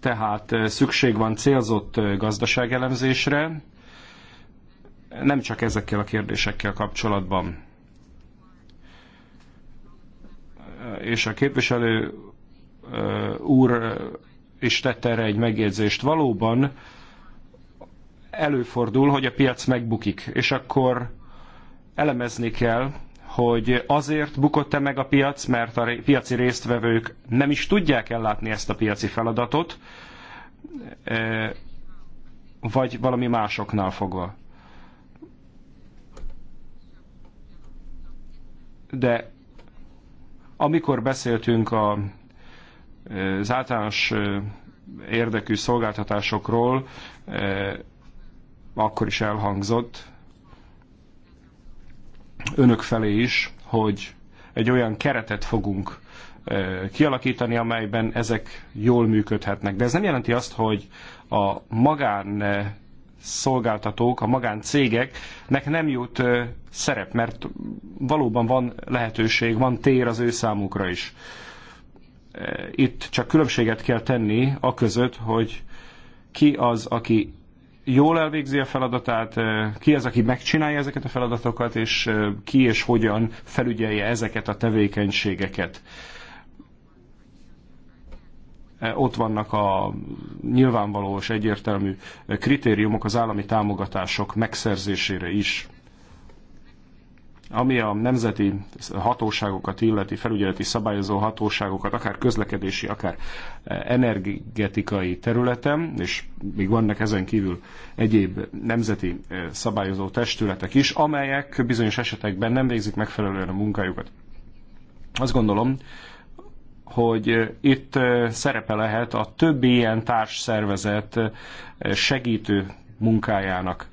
Tehát eh, szükség van célzott eh, gazdaságelemzésre, nem csak ezekkel a kérdésekkel kapcsolatban. Eh, és a képviselő úr is tette erre egy megjegyzést. Valóban előfordul, hogy a piac megbukik, és akkor elemezni kell, hogy azért bukott-e meg a piac, mert a piaci résztvevők nem is tudják ellátni ezt a piaci feladatot, e, vagy valami másoknál fogva. De amikor beszéltünk a, e, az általános e, érdekű szolgáltatásokról, akkor is elhangzott, önök felé is, hogy egy olyan keretet fogunk eh, kialakítani, amelyben ezek jól működhetnek. De ez nem jelenti azt, hogy a magán eh, szolgáltatók, a magáncégeknek nem jut eh, szerep, mert valóban van lehetőség, van tér az ő számukra is. Itt csak különbséget kell tenni a között, hogy ki az, aki jól elvégzi a feladatát, ki az, aki megcsinálja ezeket a feladatokat, és ki és hogyan felügyelje ezeket a tevékenységeket. Ott vannak a nyilvánvaló és egyértelmű kritériumok az állami támogatások megszerzésére is. Ami a nemzeti hatóságokat illeti, felügyeleti szabályozó hatóságokat, akár közlekedési, akár e, energetikai területen, és még vannak ezen kívül egyéb nemzeti e, szabályozó testületek is, amelyek bizonyos esetekben nem végzik megfelelően a munkájukat. Azt gondolom, hogy e, itt szerepe lehet a többi ilyen társszervezet segítő munkájának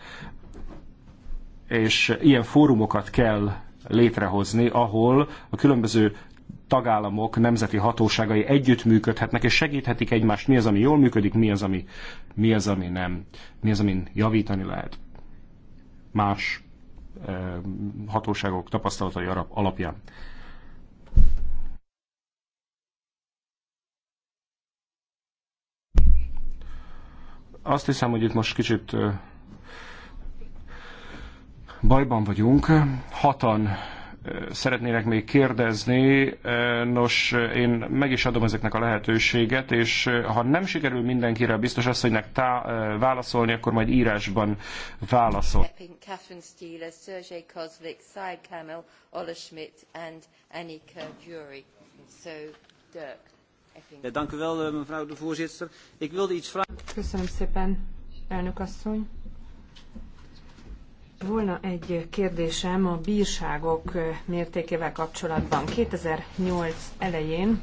és ilyen fórumokat kell létrehozni, ahol a különböző tagállamok nemzeti hatóságai együttműködhetnek, és segíthetik egymást, mi az, ami jól működik, mi az, ami, mi az, ami nem, mi az, amin javítani lehet. Más hatóságok tapasztalatai alapján. Azt hiszem, hogy itt most kicsit bajban vagyunk. Hatan szeretnének még kérdezni. Nos, én meg is adom ezeknek a lehetőséget, és ha nem sikerül mindenkire a biztos asszonynak tá- válaszolni, akkor majd írásban válaszol. Catherine Sergei Kozlik, Kamel, Ola Schmidt and Annika Jury. So, Dirk. Ja, dank u wel, eh, mevrouw de voorzitter. Ik wilde iets vragen. Köszönöm szépen, elnök asszony. Volna egy kérdésem a bírságok mértékével kapcsolatban. 2008 elején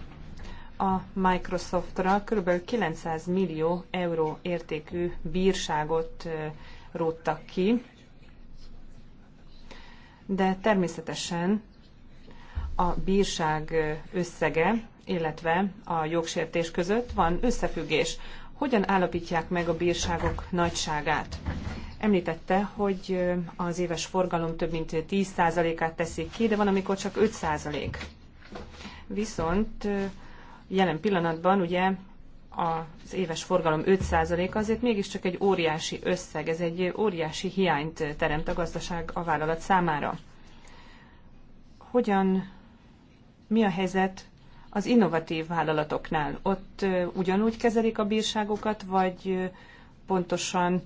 a Microsoftra kb. 900 millió euró értékű bírságot róttak ki, de természetesen a bírság összege, illetve a jogsértés között van összefüggés. Hogyan állapítják meg a bírságok nagyságát? Említette, hogy az éves forgalom több mint 10%-át teszik ki, de van, amikor csak 5%. Viszont jelen pillanatban ugye az éves forgalom 5% azért mégiscsak egy óriási összeg, ez egy óriási hiányt teremt a gazdaság a vállalat számára. Hogyan, mi a helyzet az innovatív vállalatoknál? Ott ugyanúgy kezelik a bírságokat, vagy pontosan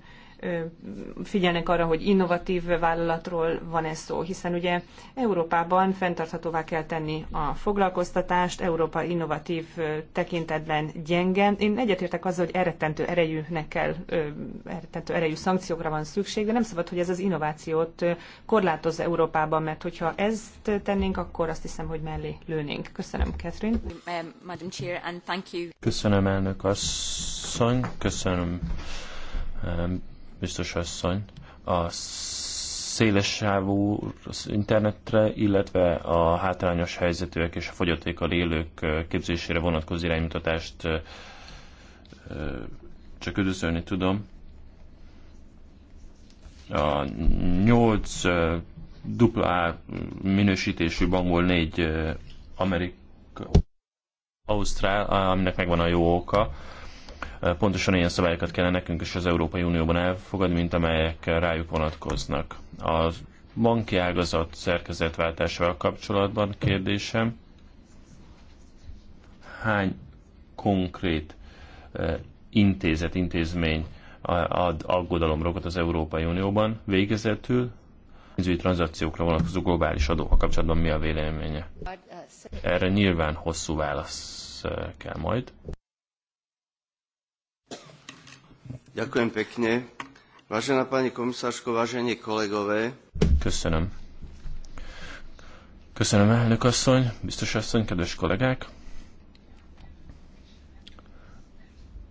figyelnek arra, hogy innovatív vállalatról van ez szó, hiszen ugye Európában fenntarthatóvá kell tenni a foglalkoztatást, Európa innovatív tekintetben gyenge. Én egyetértek azzal, hogy eretentő erejűnek kell, eretentő erejű szankciókra van szükség, de nem szabad, hogy ez az innovációt korlátozza Európában, mert hogyha ezt tennénk, akkor azt hiszem, hogy mellé lőnénk. Köszönöm, Catherine. Um, köszönöm, elnök asszony, köszönöm um, biztos asszony, a szélessávú internetre, illetve a hátrányos helyzetűek és a fogyatékkal élők képzésére vonatkozó iránymutatást csak üdvözölni tudom. A 8 dupla minősítésű bankból 4 amerikai Ausztrál, aminek megvan a jó oka. Eh, pontosan ilyen szabályokat kellene nekünk is az Európai Unióban elfogadni, mint amelyek rájuk vonatkoznak. A banki ágazat szerkezetváltásával kapcsolatban kérdésem, hány konkrét eh, intézet, intézmény ad aggodalomrokat az Európai Unióban. Végezetül pénzügyi tranzakciókra vonatkozó globális adóval kapcsolatban mi a véleménye? Eh, Erre nyilván hosszú válasz kell majd. Ďakujem pekne. Vážená pani komisársko, vážení kolegové. Köszönöm. Köszönöm, elnök asszony, biztos asszony, kedves kollégák.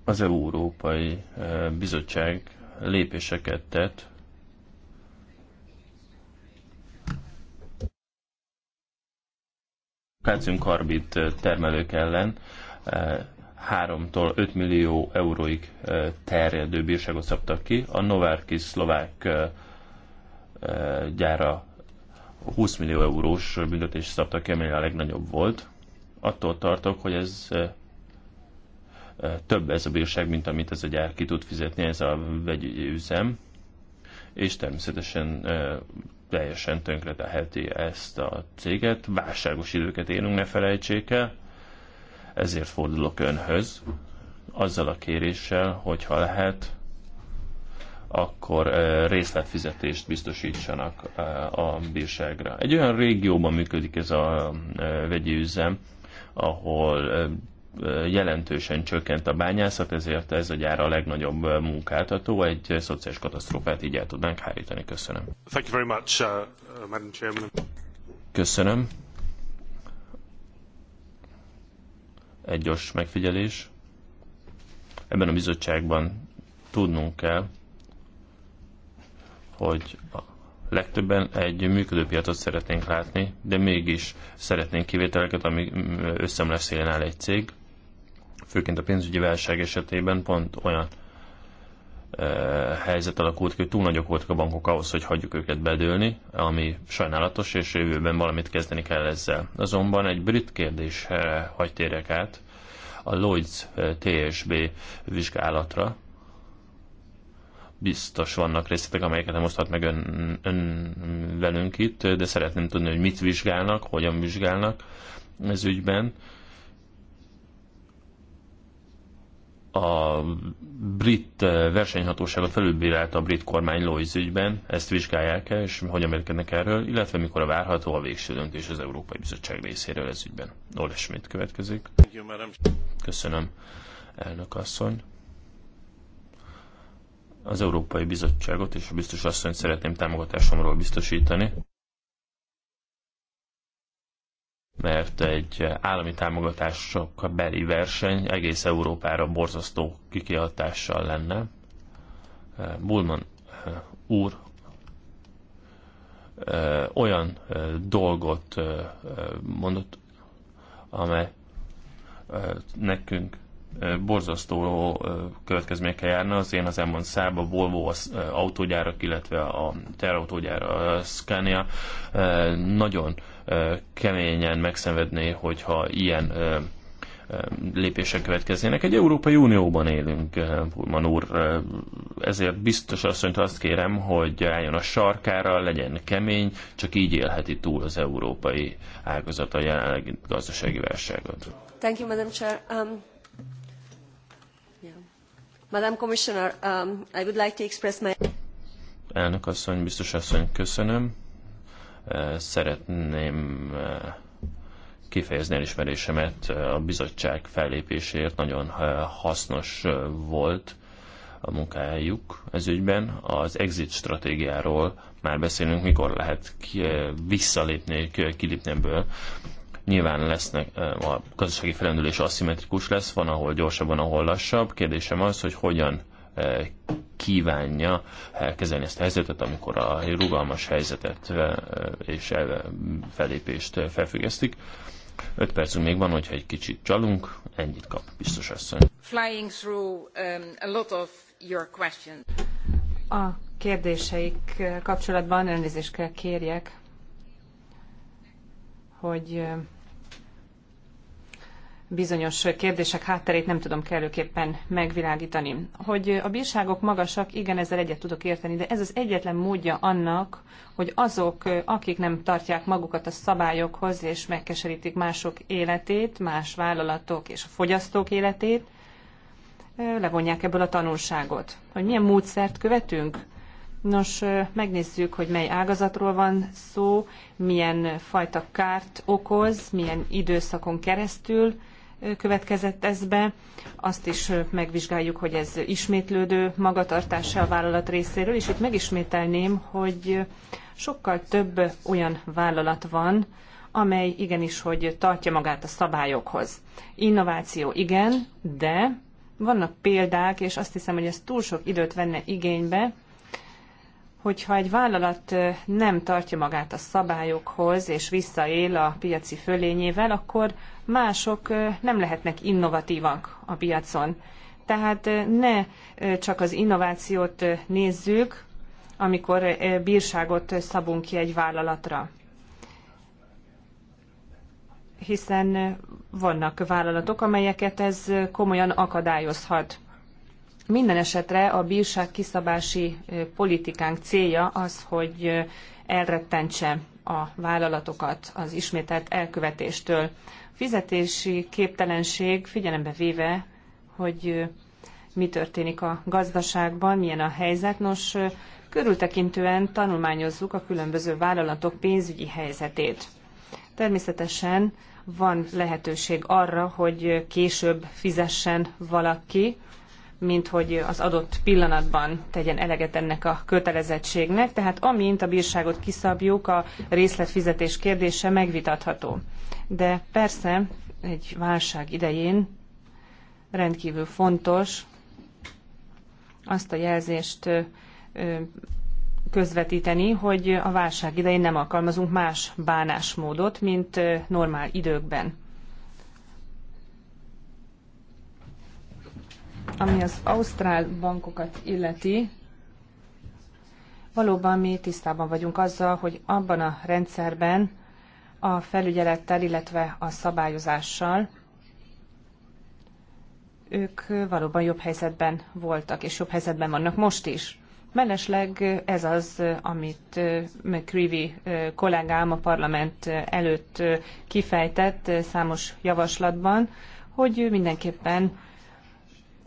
Az Európai eh, Bizottság lépéseket tett kalciumkarbid eh, termelők ellen eh, 3-tól 5 millió euróig terjedő bírságot szabtak ki. A Novartis szlovák gyára 20 millió eurós büntetést szabtak ki, amely a legnagyobb volt. Attól tartok, hogy ez több ez a bírság, mint amit ez a gyár ki tud fizetni, ez a vegyügyi üzem, és természetesen teljesen tönkreteheti ezt a céget. Válságos időket élünk, ne felejtsék el ezért fordulok önhöz, azzal a kéréssel, hogyha lehet, akkor részletfizetést biztosítsanak a bírságra. Egy olyan régióban működik ez a vegyi üzem, ahol jelentősen csökkent a bányászat, ezért ez a gyár a legnagyobb munkáltató. Egy szociális katasztrófát így el tudnánk hárítani. Köszönöm. Thank you very much, uh, uh Madam Chairman. Köszönöm. egy gyors megfigyelés. Ebben a bizottságban tudnunk kell, hogy a legtöbben egy működő piacot szeretnénk látni, de mégis szeretnénk kivételeket, ami összemleszélen áll egy cég. Főként a pénzügyi válság esetében pont olyan helyzet alakult ki, hogy túl nagyok voltak a bankok ahhoz, hogy hagyjuk őket bedőlni, ami sajnálatos, és jövőben valamit kezdeni kell ezzel. Azonban egy brit kérdésre hagytérek át, a Lloyds TSB vizsgálatra. Biztos vannak részletek, amelyeket nem oszthat meg ön, ön velünk itt, de szeretném tudni, hogy mit vizsgálnak, hogyan vizsgálnak ez ügyben a brit eh, versenyhatóságot felülbírálta a brit kormány Lois ügyben, ezt vizsgálják -e, és hogy mérkednek erről, illetve mikor a várható a végső döntés az Európai Bizottság részéről ez ügyben. Ole Schmidt következik. Köszönöm, elnök asszony. Az Európai Bizottságot és a biztos asszonyt szeretném támogatásomról biztosítani mert egy állami támogatások beli verseny egész Európára borzasztó kikihatással lenne. Bulman eh, úr eh, olyan eh, dolgot mondott, amely nekünk borzasztó következményekkel járna. Az én az elmond szába, Volvo az autógyárak, illetve a terautógyár, a Scania nagyon keményen megszenvedné, hogyha ilyen lépések következnének. Egy Európai Unióban élünk, Pulman úr, ezért biztos asszonyt azt kérem, hogy álljon a sarkára, legyen kemény, csak így élheti túl az európai ágazat a jelenlegi gazdasági válságot. Thank you, Madam Chair. Um... Yeah. Madam Commissioner, um, I would like to express my... Elnök asszony, biztos asszony, köszönöm szeretném eh, kifejezni elismerésemet eh, a bizottság fellépéséért. Nagyon eh, hasznos volt a munkájuk ez ügyben. Az exit stratégiáról már beszélünk, mikor lehet ki, visszalépni, kilépni ebből. Nyilván lesznek, a gazdasági felendülés aszimmetrikus lesz, van ahol gyorsabban, van ahol lassabb. Kérdésem az, hogy hogyan kívánja kezelni ezt a helyzetet, amikor a rugalmas helyzetet és felépést felfüggesztik. Öt percünk még van, hogyha egy kicsit csalunk, ennyit kap biztos asszony. Flying through um, a lot of your questions. A kérdéseik kapcsolatban elnézést kell kérjek, hogy bizonyos kérdések hátterét nem tudom kellőképpen megvilágítani. Hogy a bírságok magasak, igen, ezzel egyet tudok érteni, de ez az egyetlen módja annak, hogy azok, akik nem tartják magukat a szabályokhoz, és megkeserítik mások életét, más vállalatok és a fogyasztók életét, levonják ebből a tanulságot. Hogy milyen módszert követünk? Nos, megnézzük, hogy mely ágazatról van szó, milyen fajta kárt okoz, milyen időszakon keresztül, következett ez be. Azt is megvizsgáljuk, hogy ez ismétlődő magatartása a vállalat részéről, és itt megismételném, hogy sokkal több olyan vállalat van, amely igenis, hogy tartja magát a szabályokhoz. Innováció igen, de vannak példák, és azt hiszem, hogy ez túl sok időt venne igénybe, hogyha egy vállalat nem tartja magát a szabályokhoz, és visszaél a piaci fölényével, akkor mások nem lehetnek innovatívak a piacon. Tehát ne csak az innovációt nézzük, amikor bírságot szabunk ki egy vállalatra. Hiszen vannak vállalatok, amelyeket ez komolyan akadályozhat. Minden esetre a bírság kiszabási politikánk célja az, hogy elrettentse a vállalatokat az ismételt elkövetéstől fizetési képtelenség figyelembe véve, hogy mi történik a gazdaságban, milyen a helyzet. Nos, körültekintően tanulmányozzuk a különböző vállalatok pénzügyi helyzetét. Természetesen van lehetőség arra, hogy később fizessen valaki, mint hogy az adott pillanatban tegyen eleget ennek a kötelezettségnek, tehát amint a bírságot kiszabjuk, a részletfizetés kérdése megvitatható de persze egy válság idején rendkívül fontos azt a jelzést közvetíteni, hogy a válság idején nem alkalmazunk más bánásmódot, mint normál időkben. Ami az ausztrál bankokat illeti, valóban mi tisztában vagyunk azzal, hogy abban a rendszerben, a felügyelettel, illetve a szabályozással, ők valóban jobb helyzetben voltak, és jobb helyzetben vannak most is. Mellesleg ez az, amit McCreevy kollégám a parlament előtt kifejtett számos javaslatban, hogy mindenképpen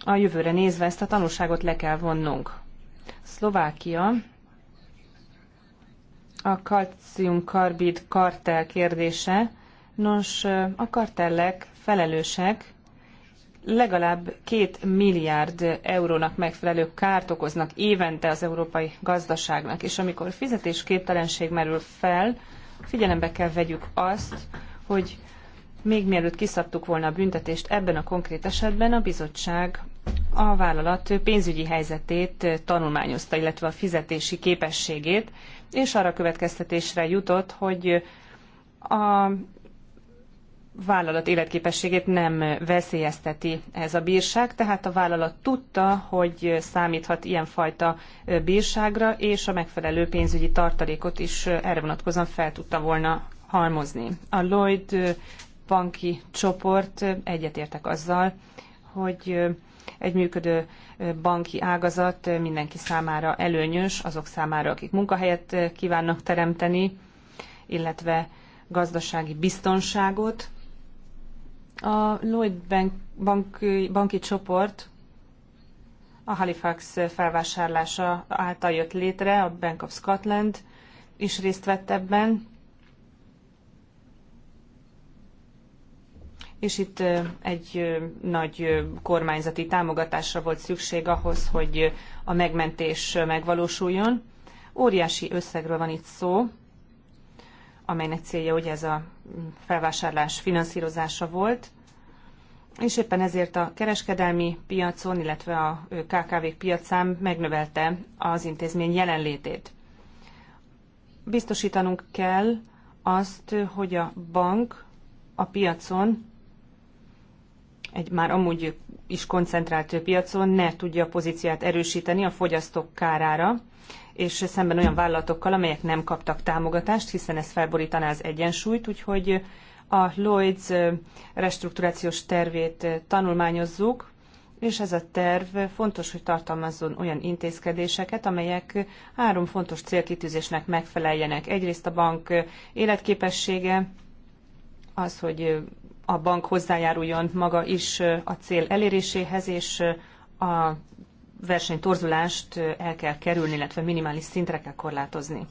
a jövőre nézve ezt a tanulságot le kell vonnunk. Szlovákia a kalciumkarbid kartel kérdése. Nos, a kartellek felelősek legalább két milliárd eurónak megfelelő kárt okoznak évente az európai gazdaságnak, és amikor fizetésképtelenség merül fel, figyelembe kell vegyük azt, hogy még mielőtt kiszabtuk volna a büntetést, ebben a konkrét esetben a bizottság a vállalat pénzügyi helyzetét tanulmányozta, illetve a fizetési képességét, és arra következtetésre jutott, hogy a vállalat életképességét nem veszélyezteti ez a bírság, tehát a vállalat tudta, hogy számíthat ilyenfajta bírságra, és a megfelelő pénzügyi tartalékot is erre vonatkozóan fel tudta volna halmozni. A Lloyd banki csoport egyetértek azzal, hogy egy működő banki ágazat mindenki számára előnyös, azok számára, akik munkahelyet kívánnak teremteni, illetve gazdasági biztonságot. A Lloyd Bank, banki, banki csoport a Halifax felvásárlása által jött létre, a Bank of Scotland is részt vett ebben, és itt egy nagy kormányzati támogatásra volt szükség ahhoz, hogy a megmentés megvalósuljon. Óriási összegről van itt szó, amelynek célja ugye ez a felvásárlás finanszírozása volt, és éppen ezért a kereskedelmi piacon, illetve a KKV piacán megnövelte az intézmény jelenlétét. Biztosítanunk kell azt, hogy a bank a piacon egy már amúgy is koncentrált piacon ne tudja a pozíciát erősíteni a fogyasztók kárára, és szemben olyan vállalatokkal, amelyek nem kaptak támogatást, hiszen ez felborítaná az egyensúlyt, úgyhogy a Lloyds restrukturációs tervét tanulmányozzuk, és ez a terv fontos, hogy tartalmazzon olyan intézkedéseket, amelyek három fontos célkitűzésnek megfeleljenek. Egyrészt a bank életképessége, az, hogy a bank hozzájáruljon maga is a cél eléréséhez, és a versenytorzulást el kell kerülni, illetve minimális szintre kell korlátozni.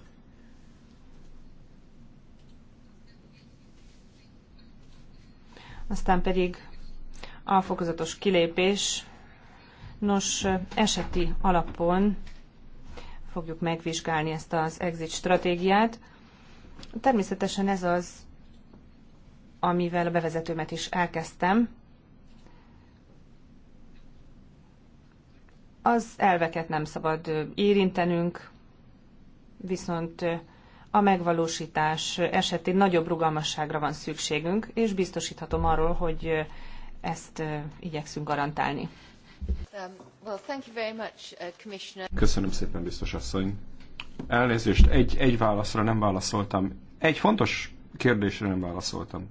Aztán pedig a fokozatos kilépés. Nos, eseti alapon fogjuk megvizsgálni ezt az exit stratégiát. Természetesen ez az amivel a bevezetőmet is elkezdtem, az elveket nem szabad érintenünk, viszont a megvalósítás esetén nagyobb rugalmasságra van szükségünk, és biztosíthatom arról, hogy ezt igyekszünk garantálni. Um, uh, Köszönöm szépen, biztos asszony. Elnézést, egy, egy válaszra nem válaszoltam. Egy fontos kérdésre nem válaszoltam.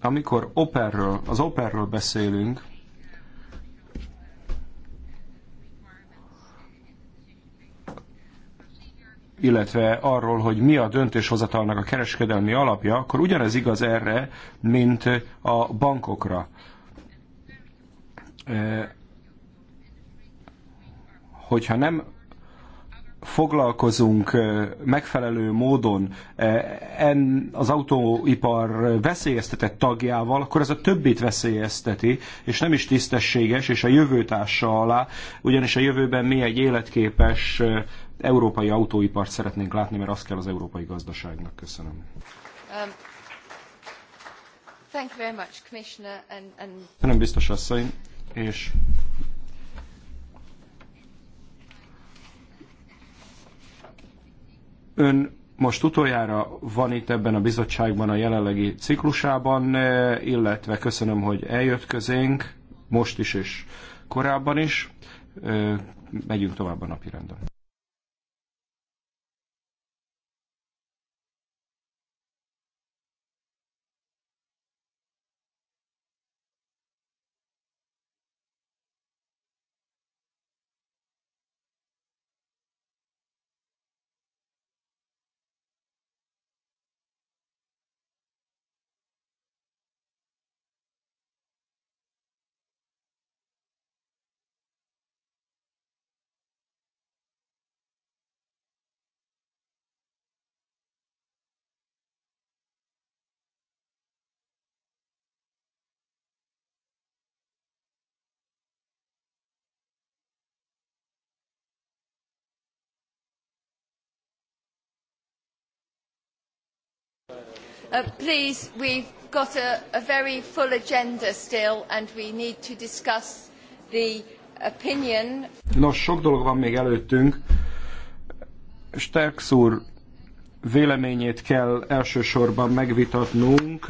Amikor operről, az operről beszélünk, illetve arról, hogy mi a döntéshozatalnak a kereskedelmi alapja, akkor ugyanez igaz erre, mint a bankokra. Hogyha nem foglalkozunk eh, megfelelő módon eh, en az autóipar veszélyeztetett tagjával, akkor ez a többit veszélyezteti, és nem is tisztességes, és a jövőt ássa alá, ugyanis a jövőben mi egy életképes eh, európai autóipart szeretnénk látni, mert az kell az európai gazdaságnak. Köszönöm. Um, thank you very much, Commissioner, and, and... Köszönöm, biztos asszony, és Ön most utoljára van itt ebben a bizottságban a jelenlegi ciklusában, eh, illetve köszönöm, hogy eljött közénk, most is és korábban is. Eh, megyünk tovább a rendben. Uh, please we have got a, a very full agenda still, and we need to discuss the opinion. Nos, sok dolog van még előttünk. Sterks úr véleményét kell elsősorban megvitatnunk.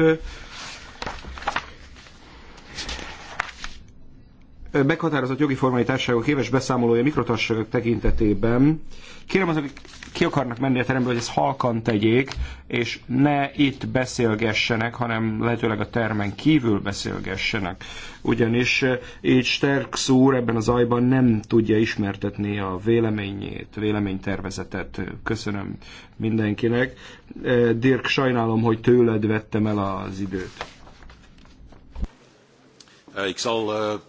meghatározott jogi formalitásságok éves beszámolója mikrotársaságok tekintetében. Kérem azok, akik ki akarnak menni a teremből, hogy ezt halkan tegyék, és ne itt beszélgessenek, hanem lehetőleg a termen kívül beszélgessenek. Ugyanis így eh, Sterk úr ebben az ajban nem tudja ismertetni a véleményét, véleménytervezetet. Köszönöm mindenkinek. Eh, Dirk, sajnálom, hogy tőled vettem el az időt. Eh, ik zal uh,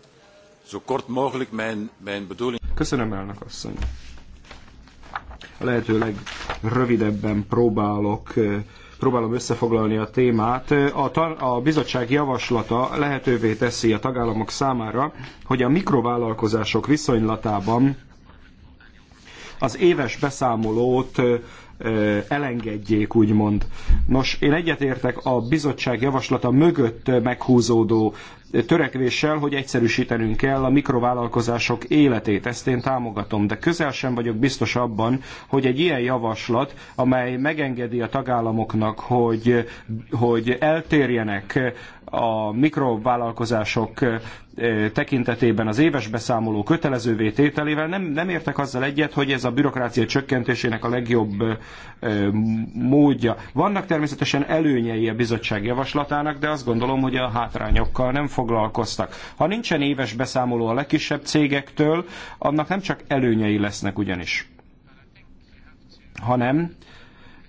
Köszönöm, elnök asszony. A lehető legrövidebben próbálok eh, próbálom összefoglalni a témát. A, a bizottság javaslata lehetővé teszi a tagállamok számára, hogy a mikrovállalkozások viszonylatában az éves beszámolót eh, elengedjék, úgymond. Nos, én egyetértek a bizottság javaslata mögött meghúzódó törekvéssel, hogy egyszerűsítenünk kell a mikrovállalkozások életét. Ezt én támogatom, de közel sem vagyok biztos abban, hogy egy ilyen javaslat, amely megengedi a tagállamoknak, hogy, hogy eltérjenek a mikrovállalkozások eh, tekintetében az éves beszámoló kötelezővé tételével nem, nem értek azzal egyet, hogy ez a bürokrácia csökkentésének a legjobb eh, módja. Vannak természetesen előnyei a bizottság javaslatának, de azt gondolom, hogy a hátrányokkal nem foglalkoztak. Ha nincsen éves beszámoló a legkisebb cégektől, annak nem csak előnyei lesznek ugyanis, hanem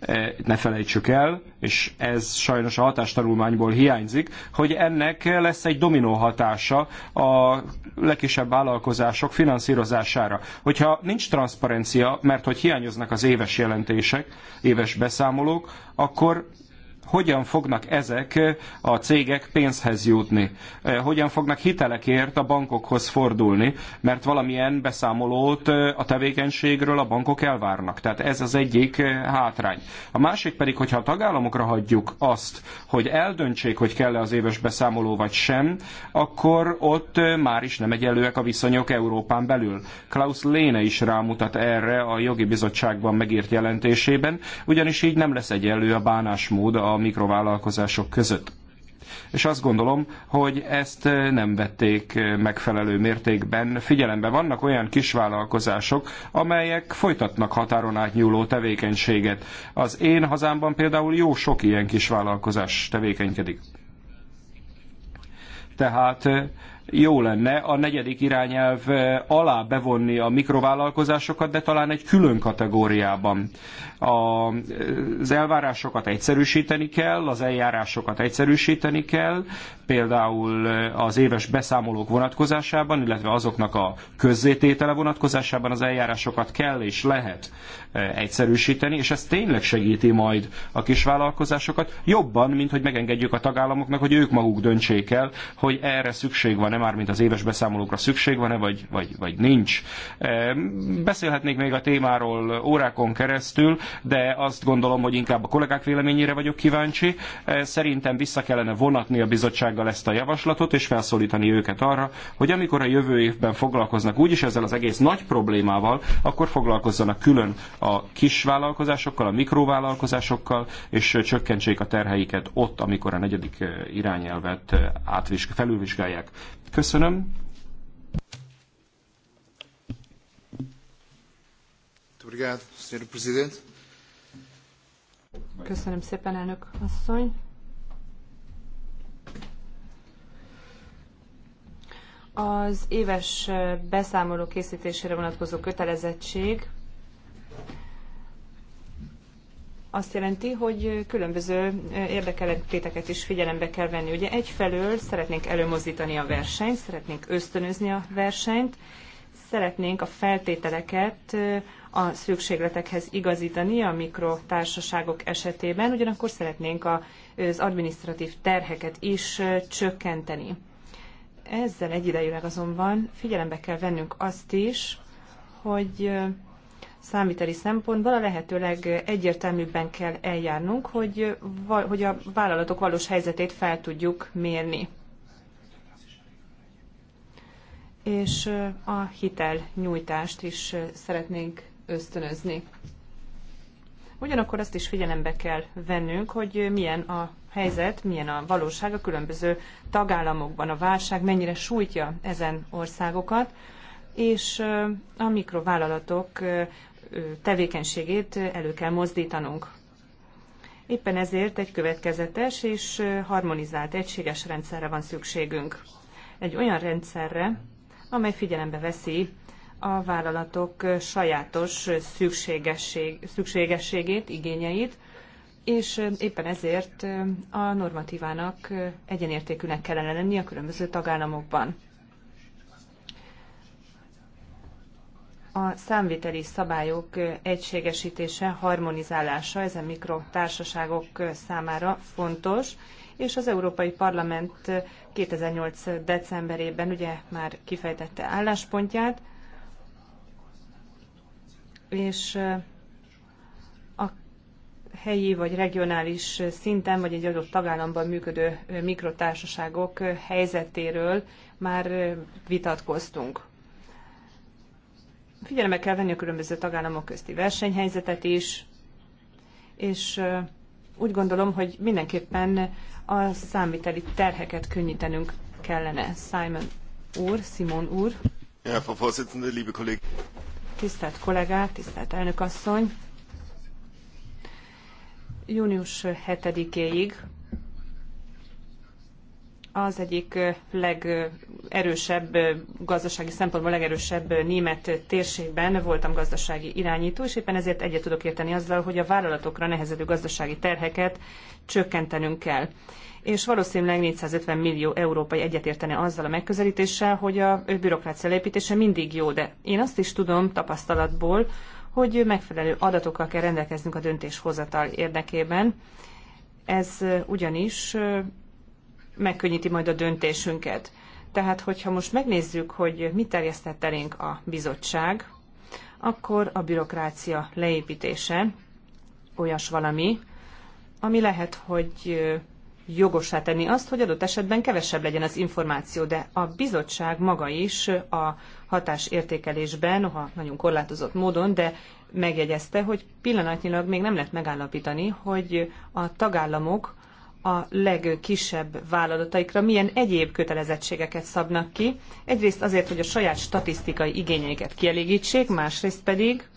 e, ne felejtsük el, és ez sajnos a hatástanulmányból hiányzik, hogy ennek lesz egy dominó hatása a legkisebb vállalkozások finanszírozására. Hogyha nincs transzparencia, mert hogy hiányoznak az éves jelentések, éves beszámolók, akkor hogyan fognak ezek eh, a cégek pénzhez jutni, eh, hogyan fognak hitelekért a bankokhoz fordulni, mert valamilyen beszámolót eh, a tevékenységről a bankok elvárnak. Tehát ez az egyik hátrány. A másik pedig, hogyha a tagállamokra hagyjuk azt, hogy eldöntsék, hogy kell-e az éves beszámoló vagy sem, akkor ott már is nem egyenlőek a viszonyok Európán belül. Klaus Léne is rámutat erre a jogi bizottságban megírt jelentésében, ugyanis így nem lesz egyenlő a bánásmód a a mikrovállalkozások között. És azt gondolom, hogy ezt nem vették megfelelő mértékben figyelembe. Vannak olyan kisvállalkozások, amelyek folytatnak határon átnyúló tevékenységet. Az én hazámban például jó sok ilyen kisvállalkozás tevékenykedik. Tehát jó lenne a negyedik irányelv eh, alá bevonni a mikrovállalkozásokat, de talán egy külön kategóriában. Eh, az elvárásokat egyszerűsíteni kell, az eljárásokat egyszerűsíteni kell, például az éves beszámolók vonatkozásában, illetve azoknak a közzététele vonatkozásában az eljárásokat kell és lehet egyszerűsíteni, és ez tényleg segíti majd a kisvállalkozásokat jobban, mint hogy megengedjük a tagállamoknak, hogy ők maguk döntsék el, hogy erre szükség van-e már, mint az éves beszámolókra szükség van-e, vagy, vagy, vagy nincs. Beszélhetnék még a témáról órákon keresztül, de azt gondolom, hogy inkább a kollégák véleményére vagyok kíváncsi. Szerintem vissza kellene vonatni a bizottság bizottsággal ezt a javaslatot, és felszólítani őket arra, hogy amikor a jövő évben foglalkoznak úgyis ezzel az egész nagy problémával, akkor foglalkozzanak külön a kisvállalkozásokkal, a mikrovállalkozásokkal, és csökkentsék a terheiket ott, amikor a negyedik eh, irányelvet eh, átvizsg- felülvizsgálják. Köszönöm. Köszönöm szépen, elnök asszony. Az éves beszámoló készítésére vonatkozó kötelezettség azt jelenti, hogy különböző érdekelentéteket is figyelembe kell venni. Ugye egyfelől szeretnénk előmozdítani a versenyt, szeretnénk ösztönözni a versenyt, szeretnénk a feltételeket a szükségletekhez igazítani a mikrotársaságok esetében, ugyanakkor szeretnénk az administratív terheket is csökkenteni. Ezzel egyidejűleg azonban figyelembe kell vennünk azt is, hogy számíteli szempontból a lehetőleg egyértelműbben kell eljárnunk, hogy, hogy a vállalatok valós helyzetét fel tudjuk mérni. És a hitelnyújtást is szeretnénk ösztönözni. Ugyanakkor azt is figyelembe kell vennünk, hogy milyen a helyzet, milyen a valóság a különböző tagállamokban, a válság mennyire sújtja ezen országokat, és a mikrovállalatok tevékenységét elő kell mozdítanunk. Éppen ezért egy következetes és harmonizált, egységes rendszerre van szükségünk. Egy olyan rendszerre, amely figyelembe veszi a vállalatok sajátos szükségességét, igényeit, és éppen ezért a normatívának egyenértékűnek kellene lenni a különböző tagállamokban. A számviteli szabályok egységesítése, harmonizálása ezen mikrotársaságok számára fontos, és az Európai Parlament 2008. decemberében ugye már kifejtette álláspontját, és helyi vagy regionális szinten, vagy egy adott tagállamban működő mikrotársaságok helyzetéről már vitatkoztunk. Figyelembe kell venni a különböző tagállamok közti versenyhelyzetet is, és úgy gondolom, hogy mindenképpen a számviteli terheket könnyítenünk kellene. Simon úr, Simon úr. Ja, Frau Vorsitzende, liebe Kollegen. Tisztelt kollégák, tisztelt elnök asszony. Június 7-éig az egyik legerősebb, gazdasági szempontból legerősebb német térségben voltam gazdasági irányító, és éppen ezért egyet tudok érteni azzal, hogy a vállalatokra nehezedő gazdasági terheket csökkentenünk kell. És valószínűleg 450 millió európai egyetértene azzal a megközelítéssel, hogy a bürokrácia leépítése mindig jó, de én azt is tudom tapasztalatból, hogy megfelelő adatokkal kell rendelkeznünk a döntéshozatal érdekében. Ez ugyanis megkönnyíti majd a döntésünket. Tehát, hogyha most megnézzük, hogy mit terjesztett elénk a bizottság, akkor a bürokrácia leépítése olyas valami, ami lehet, hogy jogossá tenni azt, hogy adott esetben kevesebb legyen az információ, de a bizottság maga is a hatásértékelésben, noha nagyon korlátozott módon, de megjegyezte, hogy pillanatnyilag még nem lehet megállapítani, hogy a tagállamok a legkisebb vállalataikra milyen egyéb kötelezettségeket szabnak ki. Egyrészt azért, hogy a saját statisztikai igényeiket kielégítsék, másrészt pedig,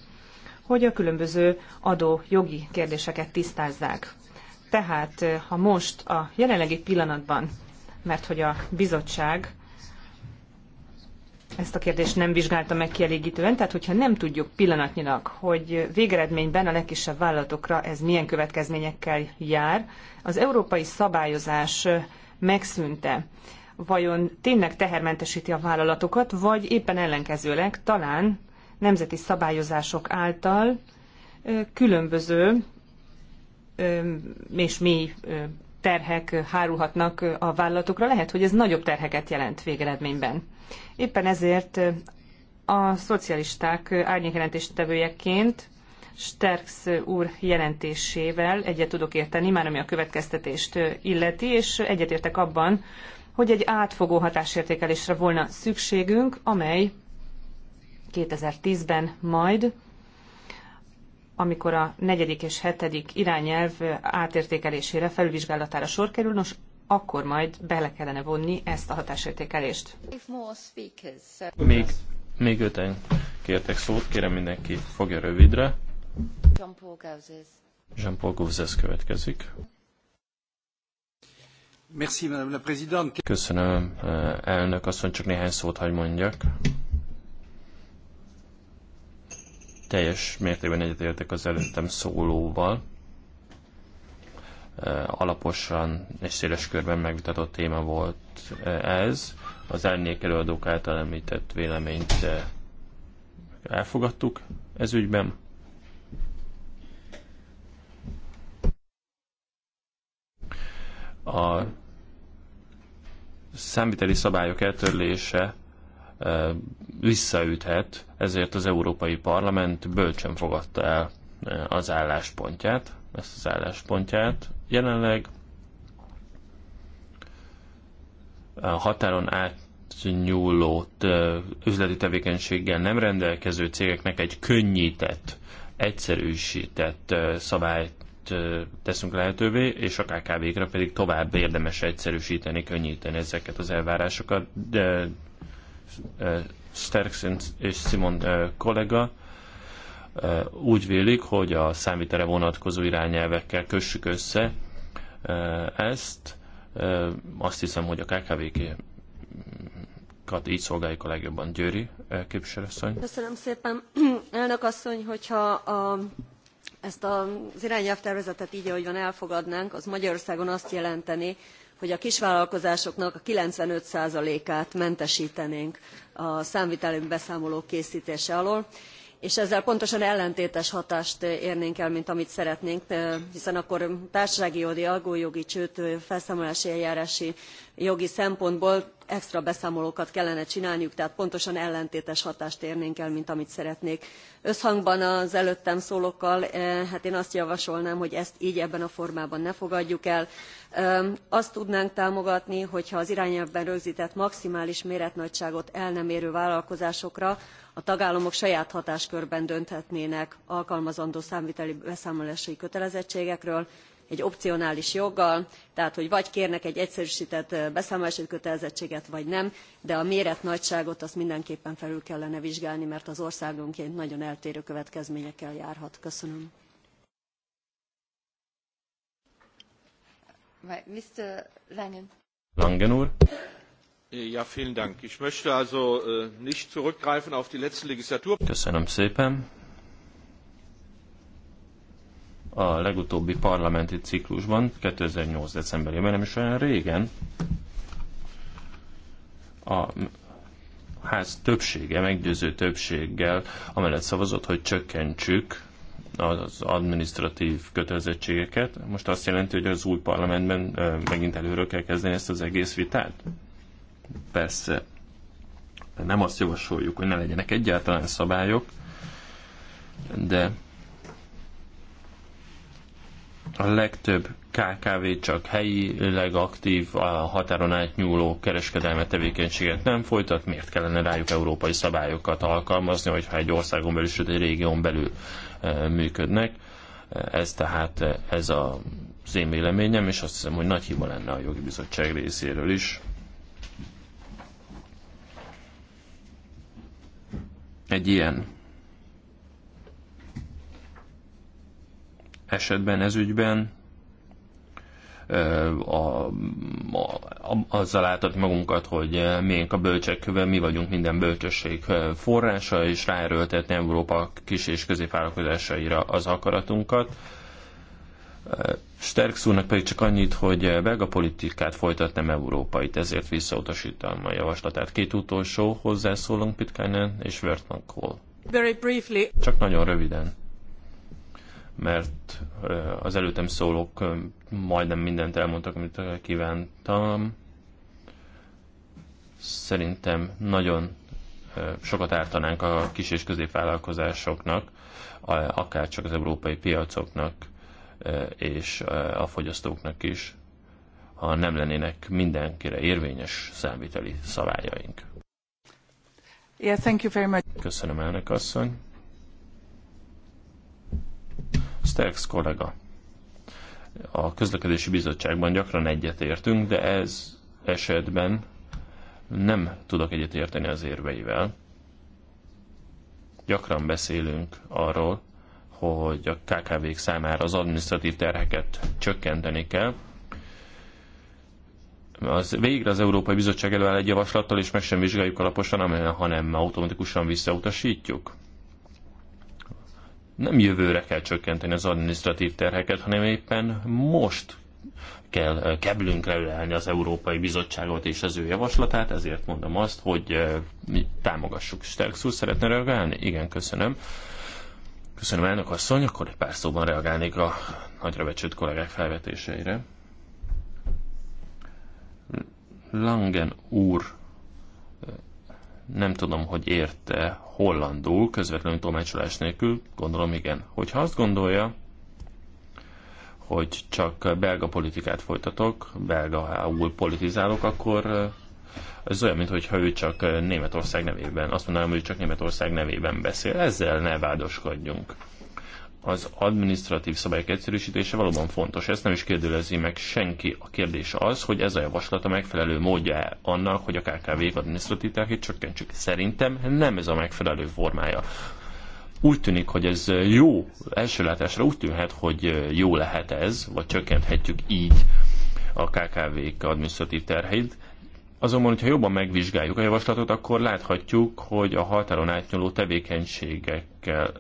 hogy a különböző adó jogi kérdéseket tisztázzák. Tehát, eh, ha most a jelenlegi pillanatban, mert hogy a bizottság ezt a kérdést nem vizsgálta meg kielégítően, tehát hogyha nem tudjuk pillanatnyilag, hogy végeredményben a legkisebb vállalatokra ez milyen következményekkel jár, az európai szabályozás eh, megszűnte. Vajon tényleg tehermentesíti a vállalatokat, vagy éppen ellenkezőleg talán nemzeti szabályozások által eh, különböző és mély terhek hárulhatnak a vállalatokra. Lehet, hogy ez nagyobb terheket jelent végeredményben. Éppen ezért a szocialisták árnyékjelentéstevőjeként Sterks úr jelentésével egyet tudok érteni, már ami a következtetést illeti, és egyetértek abban, hogy egy átfogó hatásértékelésre volna szükségünk, amely 2010-ben majd amikor a negyedik és hetedik irányelv átértékelésére, felülvizsgálatára sor kerül, nos, akkor majd bele kellene vonni ezt a hatásértékelést. Még, még öten kértek szót, kérem mindenki fogja rövidre. Jean-Paul Gauzes. következik. Merci, Madame la Présidente. Köszönöm, eh, elnök mondja, csak néhány szót hagy mondjak. Teljes mértékben egyetértek az előttem szólóval. Alaposan és széles körben megvitatott téma volt ez. Az elnék előadók által említett véleményt elfogadtuk ez ügyben. A számviteli szabályok eltörlése visszaüthet, ezért az Európai Parlament bölcsen fogadta el az álláspontját, ezt az álláspontját. Jelenleg a határon átnyúló üzleti tevékenységgel nem rendelkező cégeknek egy könnyített, egyszerűsített szabályt teszünk lehetővé, és a kkv pedig tovább érdemes egyszerűsíteni, könnyíteni ezeket az elvárásokat, de Sterks és Simon kollega úgy vélik, hogy a számítere vonatkozó irányelvekkel kössük össze ezt. Azt hiszem, hogy a KKV-k kat így szolgáljuk a legjobban. Győri képviselőasszony. Köszönöm szépen, elnök asszony, hogyha a, ezt az irányelvtervezetet így, ahogy van, elfogadnánk, az Magyarországon azt jelenteni, hogy a kisvállalkozásoknak a 95%-át mentestenénk a számviteli beszámolók készítése alól és ezzel pontosan ellentétes hatást érnénk el mint amit szeretnénk hiszen akkor társasági jogi adójogi csőd felszámolási eljárási jogi szempontból extra beszámolókat kellene csinálniuk tehát pontosan ellentétes hatást érnénk el mint amit szeretnék. összhangban az előttem szólókkal eh, hát én azt javasolnám hogy ezt gy ebben a formában ne fogadjuk el azt tudnánk támogatni hogyha az irányelvben rögztett maximális méretnagyságot el nem érő vállalkozásokra a tagállamok saját hatáskörben dönthetnének alkalmazandó számviteli beszámolási kötelezettségekről egy opcionális joggal tehát hogy vagy kérnek egy egyszerűstett beszámolási kötelezettséget vagy nem de a méret, nagyságot azt mindenképpen felül kellene vizsgálni mert az országonként nagyon eltérő következményekkel járhat. köszönöm. Mr. Langen. Langen úr. Ja, vielen Dank. Ich möchte also äh, nicht zurückgreifen auf die letzte Legislatur. Köszönöm szépen a legutóbbi parlamenti ciklusban, 2008. decemberében, nem is olyan régen, a ház többsége, meggyőző többséggel amellett szavazott, hogy csökkentsük az administratív kötelezettségeket. Most azt jelenti, hogy az új parlamentben megint előről kell kezdeni ezt az egész vitát? Persze. De nem azt javasoljuk, hogy ne legyenek egyáltalán szabályok, de a legtöbb KKV csak helyileg aktív, a határon átnyúló kereskedelme tevékenységet nem folytat, miért kellene rájuk európai szabályokat alkalmazni, hogyha egy országon belül, sőt egy régión belül e, működnek. E, ez tehát e, ez a az én véleményem, és azt hiszem, hogy nagy hiba lenne a jogi bizottság részéről is. Egy ilyen esetben, ezügyben a, a, azzal áltatni magunkat, hogy miénk a bölcsekköve, mi vagyunk minden bölcsesség forrása, és ráerőltetni Európa kis- és középvállalkozásaira az akaratunkat. Sterk úrnak pedig csak annyit, hogy belga politikát folytat nem európait, ezért visszautasítom a javaslatát. Két utolsó hozzászólunk Pitkánen és Vertman Kohl. Very briefly. Csak nagyon röviden mert az előttem szólók majdnem mindent elmondtak, amit kívántam. Szerintem nagyon sokat ártanánk a kis és középvállalkozásoknak, akár csak az európai piacoknak és a fogyasztóknak is, ha nem lennének mindenkire érvényes számviteli szabályaink. Yeah, thank you very much. Köszönöm elnök asszony. Sterks kollega, a közlekedési bizottságban gyakran egyetértünk, de ez esetben nem tudok egyetérteni az érveivel. Gyakran beszélünk arról, hogy a KKV-k számára az administratív terheket csökkenteni kell. Az, végre az Európai Bizottság előáll egy javaslattal, és meg sem vizsgáljuk alaposan, hanem automatikusan visszautasítjuk nem jövőre kell csökkenteni az administratív terheket, hanem éppen most kell keblünkre ölelni az Európai Bizottságot és az ő javaslatát, ezért mondom azt, hogy mi támogassuk. Sterks úr szeretne reagálni? Igen, köszönöm. Köszönöm elnök asszony, akkor egy pár szóban reagálnék a nagyra becsült kollégák felvetéseire. Langen úr nem tudom, hogy érte hollandul, közvetlenül tolmácsolás nélkül, gondolom igen. Hogyha azt gondolja, hogy csak belga politikát folytatok, belgaul politizálok, akkor eh, ez olyan, mintha ő csak eh, Németország nevében, azt mondanám, hogy csak Németország nevében beszél. Ezzel ne vádoskodjunk az administratív szabályok egyszerűsítése valóban fontos. Ezt nem is kérdőlezi meg senki. A kérdés az, hogy ez a javaslat a megfelelő módja annak, hogy a kkv adminisztratív administratív terhét csökkentsük. Szerintem nem ez a megfelelő formája. Úgy tűnik, hogy ez jó, első látásra úgy tűnhet, hogy jó lehet ez, vagy csökkenthetjük így a KKV-k administratív terheit, Azonban, hogyha jobban megvizsgáljuk a javaslatot, akkor láthatjuk, hogy a határon átnyúló tevékenységekkel,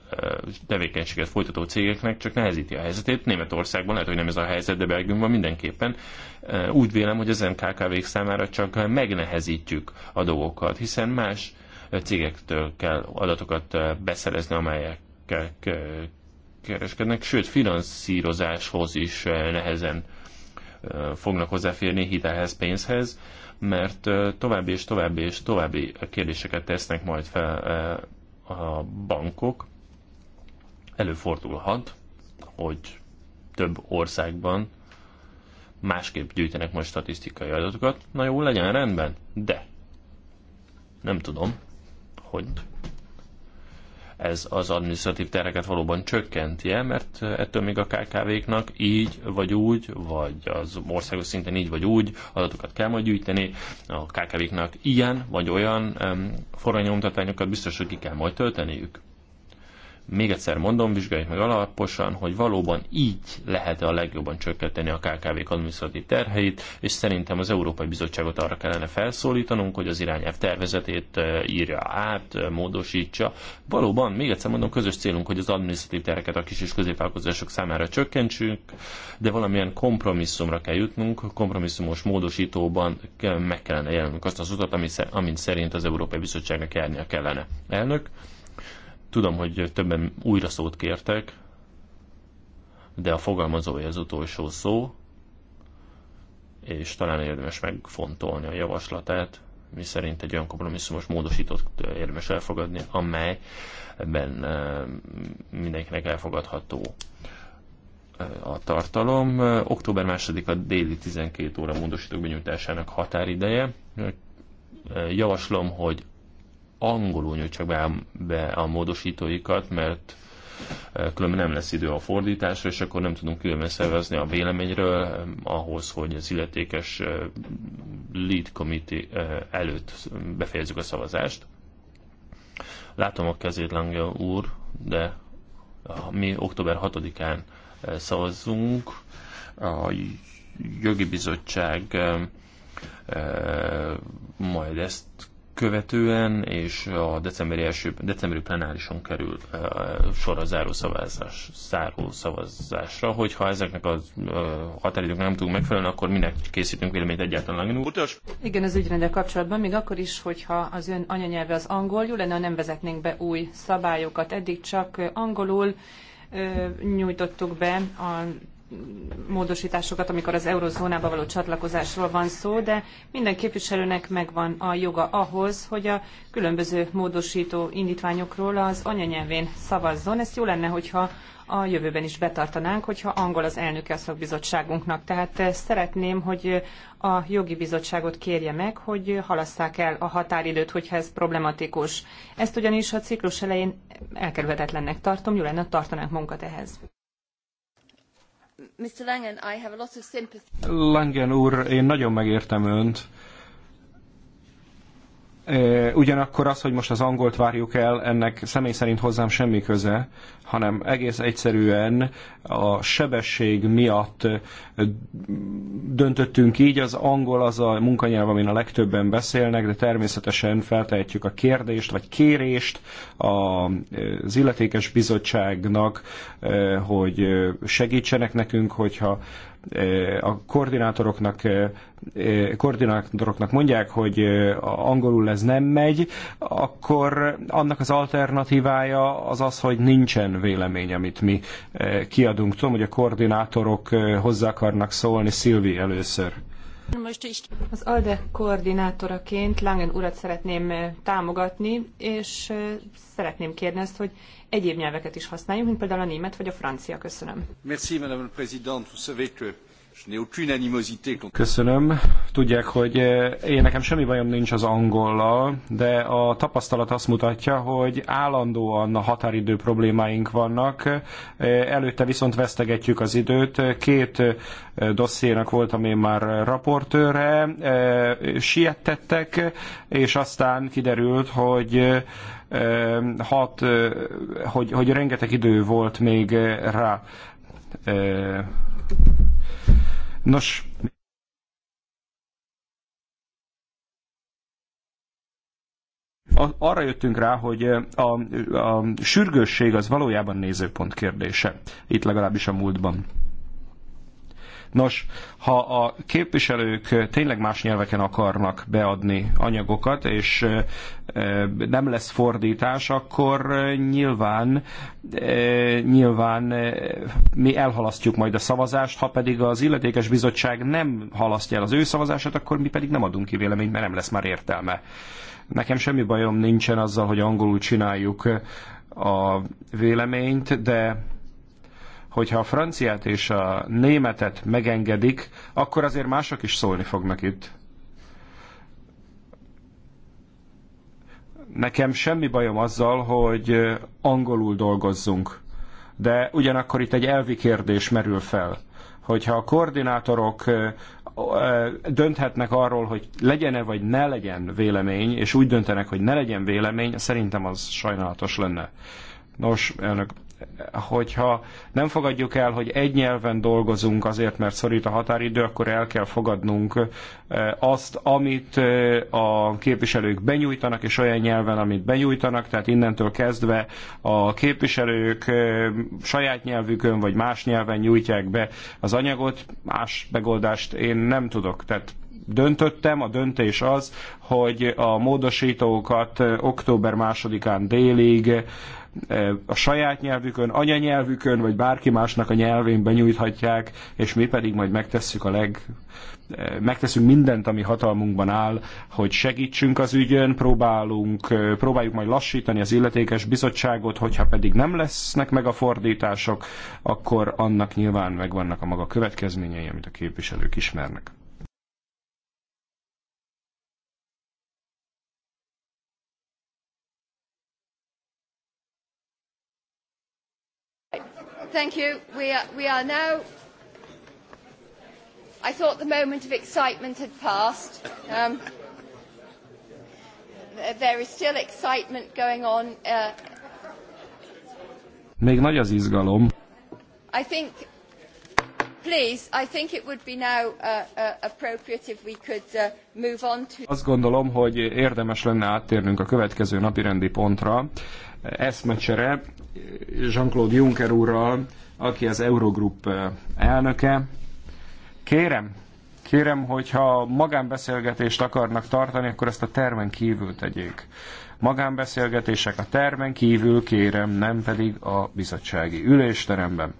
tevékenységet folytató cégeknek csak nehezíti a helyzetét. Németországban lehet, hogy nem ez a helyzet, de Belgiumban mindenképpen. Úgy vélem, hogy az MKKV-k számára csak megnehezítjük a dolgokat, hiszen más cégektől kell adatokat beszerezni, amelyekkel kereskednek, sőt finanszírozáshoz is nehezen fognak hozzáférni hitelhez, pénzhez mert további és további és további kérdéseket tesznek majd fel a bankok. Előfordulhat, hogy több országban másképp gyűjtenek majd statisztikai adatokat. Na jó, legyen rendben, de nem tudom, hogy ez az administratív terheket valóban csökkenti -e, mert ettől még a KKV-knak így vagy úgy, vagy az országos szinten így vagy úgy adatokat kell majd gyűjteni, a KKV-knak ilyen vagy olyan um, forranyomtatványokat biztos, hogy ki kell majd tölteniük. Még egyszer mondom, vizsgáljuk meg alaposan, hogy valóban így lehet -e a legjobban csökkenteni a KKV-k adminisztratív terheit, és szerintem az Európai Bizottságot arra kellene felszólítanunk, hogy az irányelv tervezetét írja át, módosítsa. Valóban, még egyszer mondom, közös célunk, hogy az adminisztratív terheket a kis és középvállalkozások számára csökkentsünk, de valamilyen kompromisszumra kell jutnunk, kompromisszumos módosítóban meg kellene jelennünk azt az utat, amit szerint az Európai Bizottságnak járnia kellene. Elnök, Tudom, hogy többen újra szót kértek, de a fogalmazója az utolsó szó, és talán érdemes megfontolni a javaslatát, mi szerint egy olyan kompromisszumos módosítót érdemes elfogadni, amelyben mindenkinek elfogadható a tartalom. Október 2-a déli 12 óra módosítók benyújtásának határideje. Javaslom, hogy angolul nyújtsák be, be a módosítóikat, mert e, különben nem lesz idő a fordításra, és akkor nem tudunk különben szervezni a véleményről e, ahhoz, hogy az illetékes e, lead committee előtt befejezzük a szavazást. Látom a kezét, Lange úr, de mi október 6-án szavazzunk. A jogi bizottság majd ezt követően, és a decemberi első, decemberi plenárison kerül uh, sor a záró, szavazás, záró szavazásra, hogyha ezeknek a uh, határidők nem tudunk megfelelni, akkor minek készítünk véleményt egyáltalán? Utas? Igen, az ügyrendel kapcsolatban, még akkor is, hogyha az ön anyanyelve az angol, jó lenne, ha nem vezetnénk be új szabályokat. Eddig csak angolul uh, nyújtottuk be a módosításokat, amikor az eurozónába való csatlakozásról van szó, de minden képviselőnek megvan a joga ahhoz, hogy a különböző módosító indítványokról az anyanyelvén szavazzon. Ezt jó lenne, hogyha a jövőben is betartanánk, hogyha angol az elnöke a szakbizottságunknak. Tehát eh, szeretném, hogy eh, a jogi bizottságot kérje meg, hogy halasszák el a határidőt, hogyha ez problematikus. Ezt ugyanis a ciklus elején elkerülhetetlennek tartom, jó lenne, tartanánk magunkat ehhez. Mr. Langen, I have a lot of sympathy. Langen úr, én nagyon megértem önt Ugyanakkor az, hogy most az angolt várjuk el, ennek személy szerint hozzám semmi köze, hanem egész egyszerűen a sebesség miatt döntöttünk így. Az angol az a munkanyelv, amin a legtöbben beszélnek, de természetesen feltehetjük a kérdést vagy kérést az illetékes bizottságnak, hogy segítsenek nekünk, hogyha a koordinátoroknak, koordinátoroknak mondják, hogy angolul ez nem megy, akkor annak az alternatívája az az, hogy nincsen vélemény, amit mi kiadunk. Tudom, hogy a koordinátorok hozzá akarnak szólni. Szilvi először. Az ALDE koordinátoraként Langen urat szeretném támogatni, és szeretném kérni azt, hogy egyéb nyelveket is használjunk, mint például a német vagy a francia. Köszönöm. Merci, Madame Présidente. Vous savez que Köszönöm. Tudják, hogy eh, én nekem semmi bajom nincs az angollal, de a tapasztalat azt mutatja, hogy állandóan határidő problémáink vannak. Eh, előtte viszont vesztegetjük az időt. Két eh, dossziénak voltam én már raportőre, siettettek, és aztán kiderült, hogy hat, hogy, hogy rengeteg idő volt még rá. Nos, arra jöttünk rá, hogy a, a sürgősség az valójában nézőpont kérdése, itt legalábbis a múltban. Nos, ha a képviselők tényleg más nyelveken akarnak beadni anyagokat, és nem lesz fordítás, akkor nyilván, nyilván mi elhalasztjuk majd a szavazást, ha pedig az illetékes bizottság nem halasztja el az ő szavazását, akkor mi pedig nem adunk ki véleményt, mert nem lesz már értelme. Nekem semmi bajom nincsen azzal, hogy angolul csináljuk a véleményt, de hogyha a franciát és a németet megengedik, akkor azért mások is szólni fognak itt. Nekem semmi bajom azzal, hogy angolul dolgozzunk, de ugyanakkor itt egy elvi kérdés merül fel, hogyha a koordinátorok dönthetnek arról, hogy legyen-e vagy ne legyen vélemény, és úgy döntenek, hogy ne legyen vélemény, szerintem az sajnálatos lenne. Nos, elnök, hogyha nem fogadjuk el, hogy egy nyelven dolgozunk azért, mert szorít a határidő, akkor el kell fogadnunk eh, azt, amit eh, a képviselők benyújtanak, és olyan nyelven, amit benyújtanak, tehát innentől kezdve a képviselők eh, saját nyelvükön vagy más nyelven nyújtják be az anyagot, más megoldást én nem tudok. Tehát döntöttem, a döntés az, hogy a módosítókat október másodikán délig a saját nyelvükön, anyanyelvükön, vagy bárki másnak a nyelvén benyújthatják, és mi pedig majd megtesszük a leg megteszünk mindent, ami hatalmunkban áll, hogy segítsünk az ügyön, próbálunk, próbáljuk majd lassítani az illetékes bizottságot, hogyha pedig nem lesznek meg a fordítások, akkor annak nyilván megvannak a maga következményei, amit a képviselők ismernek. Thank you. We are, we are now. I thought the moment of excitement had passed. Um, there is still excitement going on. Uh, Még nagy az izgalom. I think, please, I think it would be now uh, uh, appropriate if we could uh, move on to. Azt gondolom, hogy érdemes lenne áttérnünk a következő napi rendi pontra. Uh, eszmecsere Jean-Claude Juncker úrral, aki az Eurogroup elnöke. Kérem, kérem, hogyha magánbeszélgetést akarnak tartani, akkor ezt a termen kívül tegyék. Magánbeszélgetések a termen kívül, kérem, nem pedig a bizottsági ülésteremben.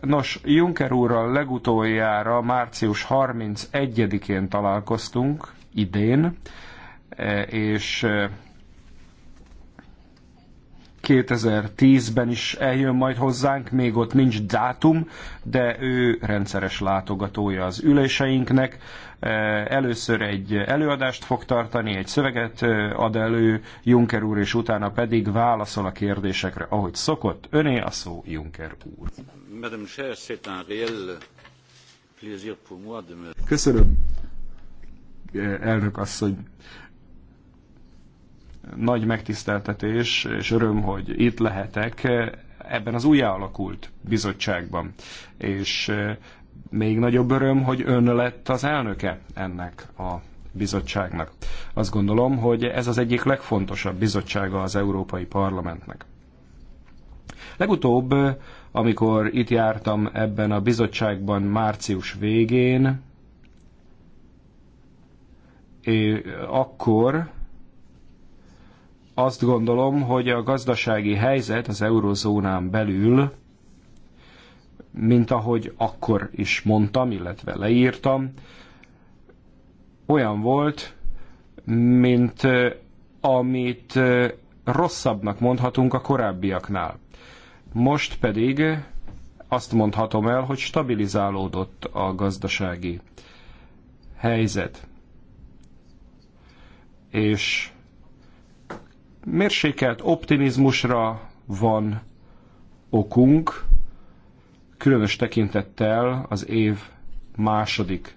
Nos, Juncker úrral legutoljára március 31-én találkoztunk, idén, és 2010-ben is eljön majd hozzánk, még ott nincs dátum, de ő rendszeres látogatója az üléseinknek. E, először egy előadást fog tartani, egy szöveget e, ad elő Juncker úr, és utána pedig válaszol a kérdésekre, ahogy szokott. Öné a szó, Juncker úr. Köszönöm, e, elnök asszony nagy megtiszteltetés és öröm, hogy itt lehetek eh, ebben az újjáalakult bizottságban. És eh, még nagyobb öröm, hogy ön lett az elnöke ennek a bizottságnak. Azt gondolom, hogy ez az egyik legfontosabb bizottsága az Európai Parlamentnek. Legutóbb, eh, amikor itt jártam ebben a bizottságban március végén, akkor azt gondolom, hogy a gazdasági helyzet az eurozónán belül, mint ahogy akkor is mondtam, illetve leírtam, olyan volt, mint amit rosszabbnak mondhatunk a korábbiaknál. Most pedig azt mondhatom el, hogy stabilizálódott a gazdasági helyzet. És mérsékelt optimizmusra van okunk, különös tekintettel az év második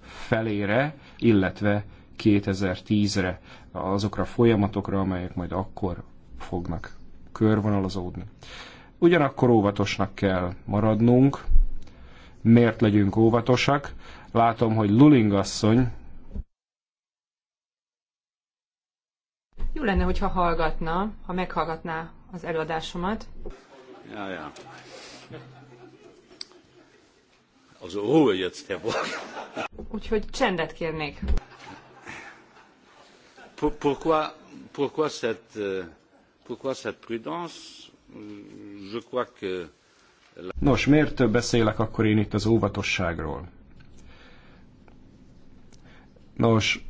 felére, illetve 2010-re, azokra a folyamatokra, amelyek majd akkor fognak körvonalazódni. Ugyanakkor óvatosnak kell maradnunk, miért legyünk óvatosak. Látom, hogy Luling Jó lenne, hogyha hallgatna, ha meghallgatná az előadásomat. Ja, ja. Az Ruhe jetzt, Herr Borg. Úgyhogy csendet kérnék. Pourquoi, pourquoi cette, euh, pourquoi cette prudence? Je crois que... Nos, miért beszélek akkor én itt az óvatosságról? Nos,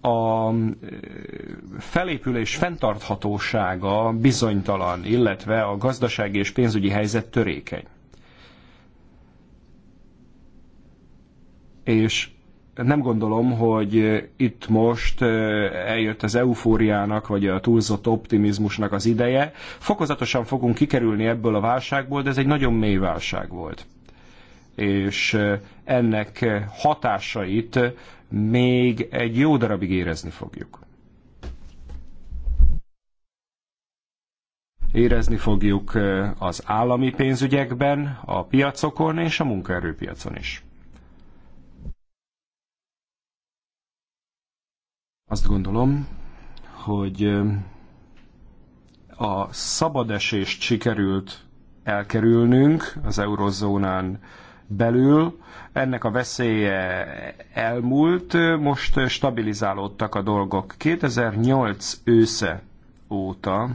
a felépülés fenntarthatósága bizonytalan, illetve a gazdasági és pénzügyi helyzet törékeny. És nem gondolom, hogy itt most eljött az eufóriának, vagy a túlzott optimizmusnak az ideje. Fokozatosan fogunk kikerülni ebből a válságból, de ez egy nagyon mély válság volt és ennek hatásait még egy jó darabig érezni fogjuk. Érezni fogjuk az állami pénzügyekben, a piacokon és a munkaerőpiacon is. Azt gondolom, hogy a szabadesést sikerült elkerülnünk az eurozónán belül ennek a veszélye elmúlt, most stabilizálódtak a dolgok. 2008 ősze óta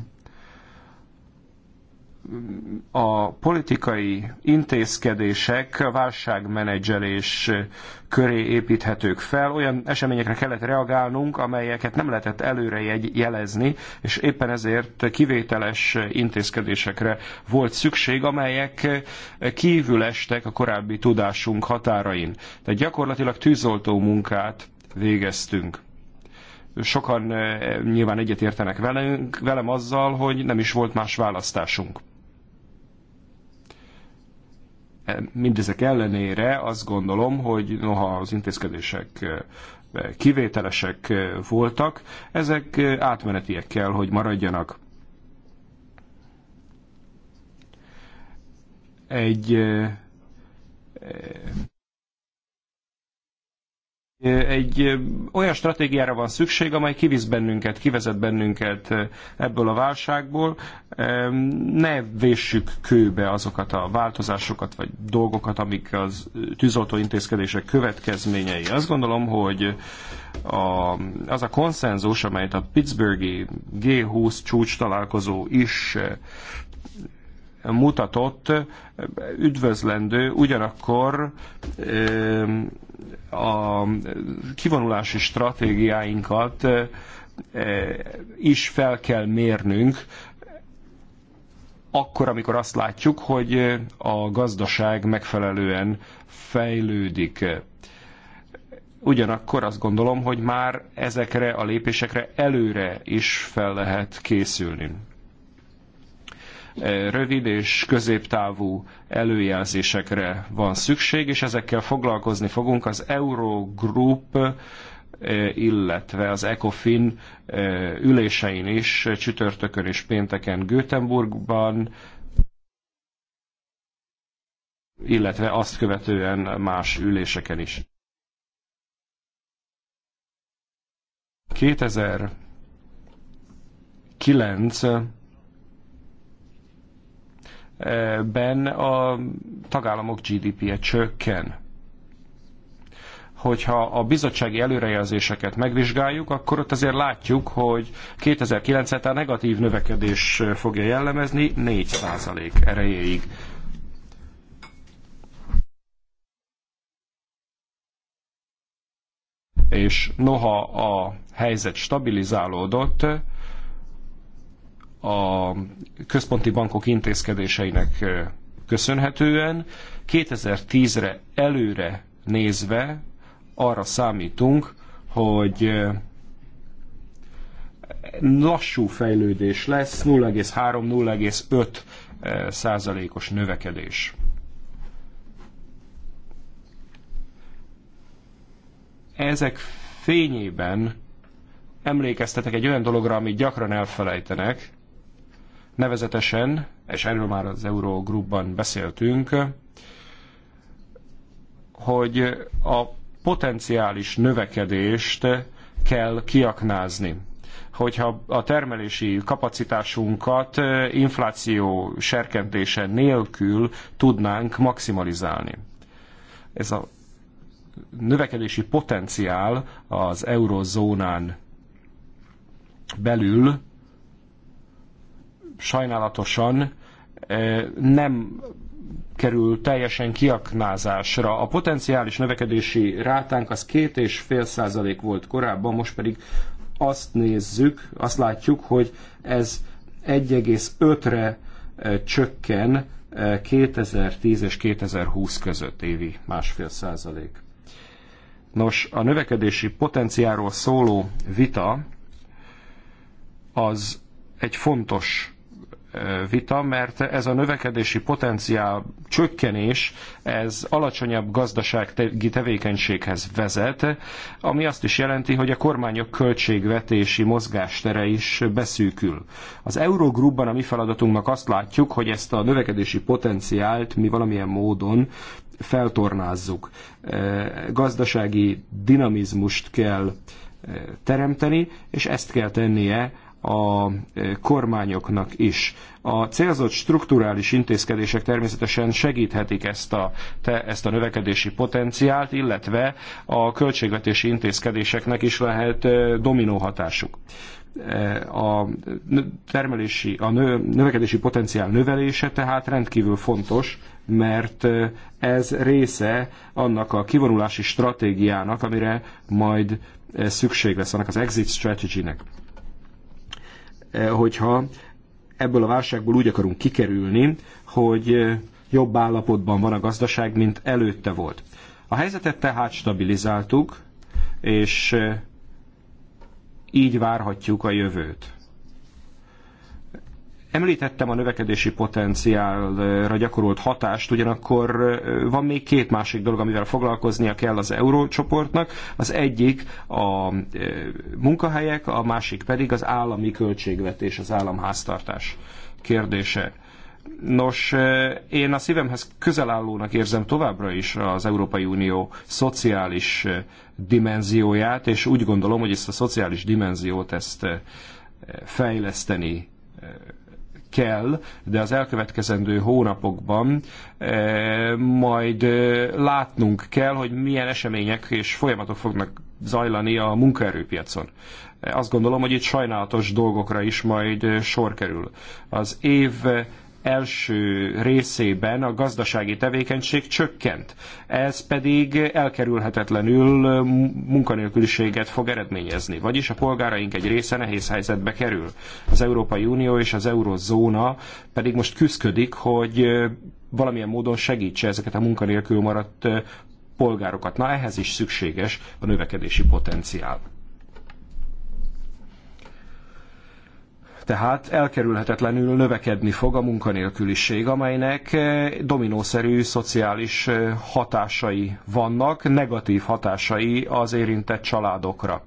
a politikai intézkedések válságmenedzselés köré építhetők fel. Olyan eseményekre kellett reagálnunk, amelyeket nem lehetett előre jelezni, és éppen ezért kivételes intézkedésekre volt szükség, amelyek kívül estek a korábbi tudásunk határain. Tehát gyakorlatilag tűzoltó munkát végeztünk sokan eh, nyilván egyetértenek velem azzal, hogy nem is volt más választásunk mindezek ellenére azt gondolom, hogy noha az intézkedések eh, kivételesek eh, voltak, ezek eh, átmenetiek kell, hogy maradjanak. Egy egy olyan stratégiára van szükség, amely kivisz bennünket, kivezet bennünket ebből a válságból. Ne véssük kőbe azokat a változásokat vagy dolgokat, amik az tűzoltó intézkedések következményei. Azt gondolom, hogy a, az a konszenzus, amelyet a Pittsburghi G20 csúcs találkozó is mutatott, üdvözlendő, ugyanakkor a kivonulási stratégiáinkat is fel kell mérnünk, akkor, amikor azt látjuk, hogy a gazdaság megfelelően fejlődik. Ugyanakkor azt gondolom, hogy már ezekre a lépésekre előre is fel lehet készülni rövid és középtávú előjelzésekre van szükség, és ezekkel foglalkozni fogunk az Eurogroup illetve az ECOFIN ülésein is, csütörtökön és pénteken Göteborgban, illetve azt követően más üléseken is. 2009 ben a tagállamok GDP-je csökken. Hogyha a bizottsági előrejelzéseket megvizsgáljuk, akkor ott azért látjuk, hogy 2009-et a negatív növekedés fogja jellemezni 4% erejéig. És noha a helyzet stabilizálódott, a központi bankok intézkedéseinek köszönhetően 2010-re előre nézve arra számítunk, hogy lassú fejlődés lesz, 0,3-0,5 százalékos növekedés. Ezek fényében emlékeztetek egy olyan dologra, amit gyakran elfelejtenek, Nevezetesen, és erről már az Eurogroupban beszéltünk, hogy a potenciális növekedést kell kiaknázni hogyha a termelési kapacitásunkat infláció serkentése nélkül tudnánk maximalizálni. Ez a növekedési potenciál az eurozónán belül sajnálatosan eh, nem kerül teljesen kiaknázásra. A potenciális növekedési rátánk az 2,5% volt korábban, most pedig azt nézzük, azt látjuk, hogy ez 1,5-re eh, csökken 2010 eh, és 2020 között évi másfél százalék. Nos, a növekedési potenciáról szóló vita az egy fontos vita, mert ez a növekedési potenciál csökkenés, ez alacsonyabb gazdasági tevékenységhez vezet, ami azt is jelenti, hogy a kormányok költségvetési mozgástere is beszűkül. Az Eurogrupban a mi feladatunknak azt látjuk, hogy ezt a növekedési potenciált mi valamilyen módon feltornázzuk. E, gazdasági dinamizmust kell e, teremteni, és ezt kell tennie a e, kormányoknak is. A célzott strukturális intézkedések természetesen segíthetik ezt a, te, ezt a növekedési potenciált, illetve a költségvetési intézkedéseknek is lehet e, dominó hatásuk e, a termelési, a növekedési potenciál növelése tehát rendkívül fontos, mert ez része annak a kivonulási stratégiának, amire majd szükség lesz, annak az exit strategy-nek. Eh, hogyha ebből a válságból úgy akarunk kikerülni, hogy eh, jobb állapotban van a gazdaság, mint előtte volt. A helyzetet tehát stabilizáltuk, és eh, így várhatjuk a jövőt. Említettem a növekedési potenciálra gyakorolt hatást, ugyanakkor van még két másik dolog, amivel foglalkoznia kell az eurócsoportnak. Az egyik a munkahelyek, a másik pedig az állami költségvetés, az államháztartás kérdése. Nos, én a szívemhez közelállónak érzem továbbra is az Európai Unió szociális dimenzióját, és úgy gondolom, hogy ezt a szociális dimenziót ezt fejleszteni kell, de az elkövetkezendő hónapokban eh, majd eh, látnunk kell, hogy milyen események és folyamatok fognak zajlani a munkaerőpiacon. Eh, azt gondolom, hogy itt sajnálatos dolgokra is majd sor kerül. Az év első részében a gazdasági tevékenység csökkent. Ez pedig elkerülhetetlenül munkanélküliséget fog eredményezni, vagyis a polgáraink egy része nehéz helyzetbe kerül. Az Európai Unió és az Eurózóna pedig most küzdik, hogy valamilyen módon segítse ezeket a munkanélkül maradt polgárokat. Na ehhez is szükséges a növekedési potenciál. Tehát elkerülhetetlenül növekedni fog a munkanélküliség, amelynek eh, dominószerű szociális eh, hatásai vannak, negatív hatásai az érintett családokra.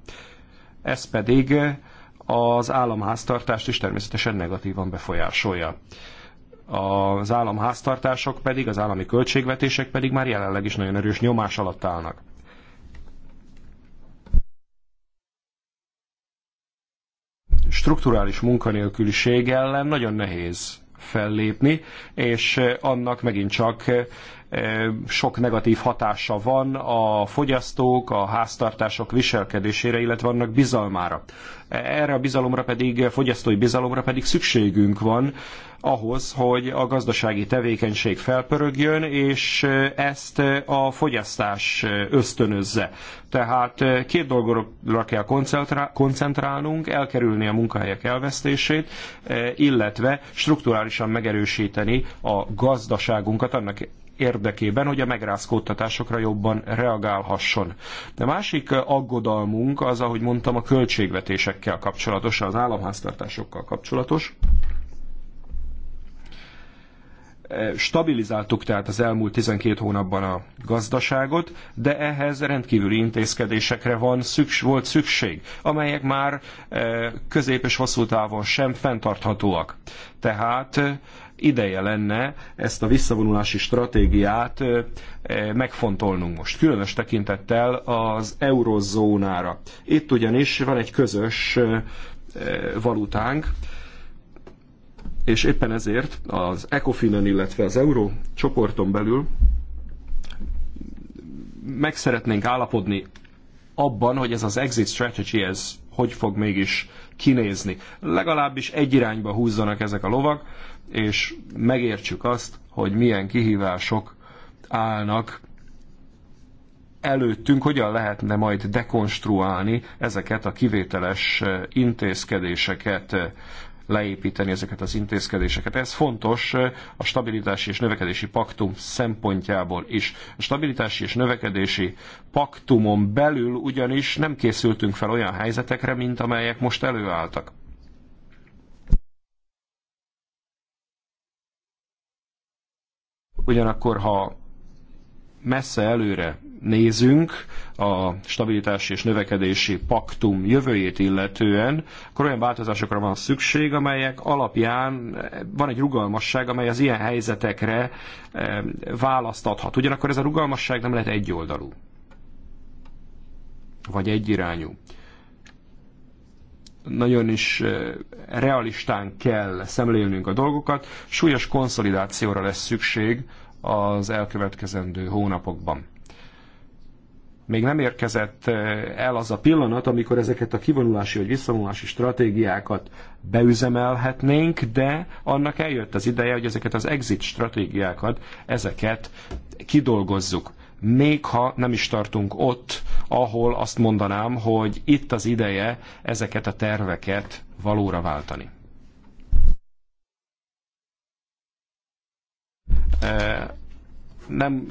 Ez pedig eh, az államháztartást is természetesen negatívan befolyásolja az államháztartások pedig, az állami költségvetések pedig már jelenleg is nagyon erős nyomás alatt állnak. strukturális munkanélküliség ellen nagyon nehéz fellépni, és eh, annak megint csak eh, sok negatív hatása van a fogyasztók, a háztartások viselkedésére, illetve annak bizalmára. Erre a bizalomra pedig, fogyasztói bizalomra pedig szükségünk van ahhoz, hogy a gazdasági tevékenység felpörögjön, és ezt a fogyasztás ösztönözze. Tehát két dologra kell koncentrálnunk, elkerülni a munkahelyek elvesztését, illetve strukturálisan megerősíteni a gazdaságunkat annak érdekében, hogy a megrázkódtatásokra jobban reagálhasson. De másik eh, aggodalmunk az, ahogy mondtam, a költségvetésekkel kapcsolatos, az államháztartásokkal kapcsolatos eh, stabilizáltuk tehát az elmúlt 12 hónapban a gazdaságot, de ehhez rendkívüli intézkedésekre van szükség, volt szükség, amelyek már eh, közép és hosszú távon sem fenntarthatóak. Tehát ideje lenne ezt a visszavonulási stratégiát megfontolnunk most, különös tekintettel az eurozónára. Itt ugyanis van egy közös valutánk, és éppen ezért az ECOFIN-en, illetve az euró csoporton belül meg szeretnénk állapodni abban, hogy ez az exit strategy, ez hogy fog mégis kinézni. Legalábbis egy irányba húzzanak ezek a lovak, és megértsük azt, hogy milyen kihívások állnak előttünk, hogyan lehetne majd dekonstruálni ezeket a kivételes eh, intézkedéseket, eh, leépíteni ezeket az intézkedéseket. Ez fontos eh, a stabilitási és növekedési paktum szempontjából is. A stabilitási és növekedési paktumon belül ugyanis nem készültünk fel olyan helyzetekre, mint amelyek most előálltak. Ugyanakkor, ha messze előre nézünk a stabilitási és növekedési paktum jövőjét illetően, akkor olyan változásokra van szükség, amelyek alapján van egy rugalmasság, amely az ilyen helyzetekre eh, választathat. Ugyanakkor ez a rugalmasság nem lehet egyoldalú, vagy egyirányú nagyon is eh, realistán kell szemlélnünk a dolgokat. Súlyos konszolidációra lesz szükség az elkövetkezendő hónapokban. Még nem érkezett eh, el az a pillanat, amikor ezeket a kivonulási vagy visszavonulási stratégiákat beüzemelhetnénk, de annak eljött az ideje, hogy ezeket az exit stratégiákat, ezeket kidolgozzuk még ha nem is tartunk ott, ahol azt mondanám, hogy itt az ideje ezeket a terveket valóra váltani. Nem,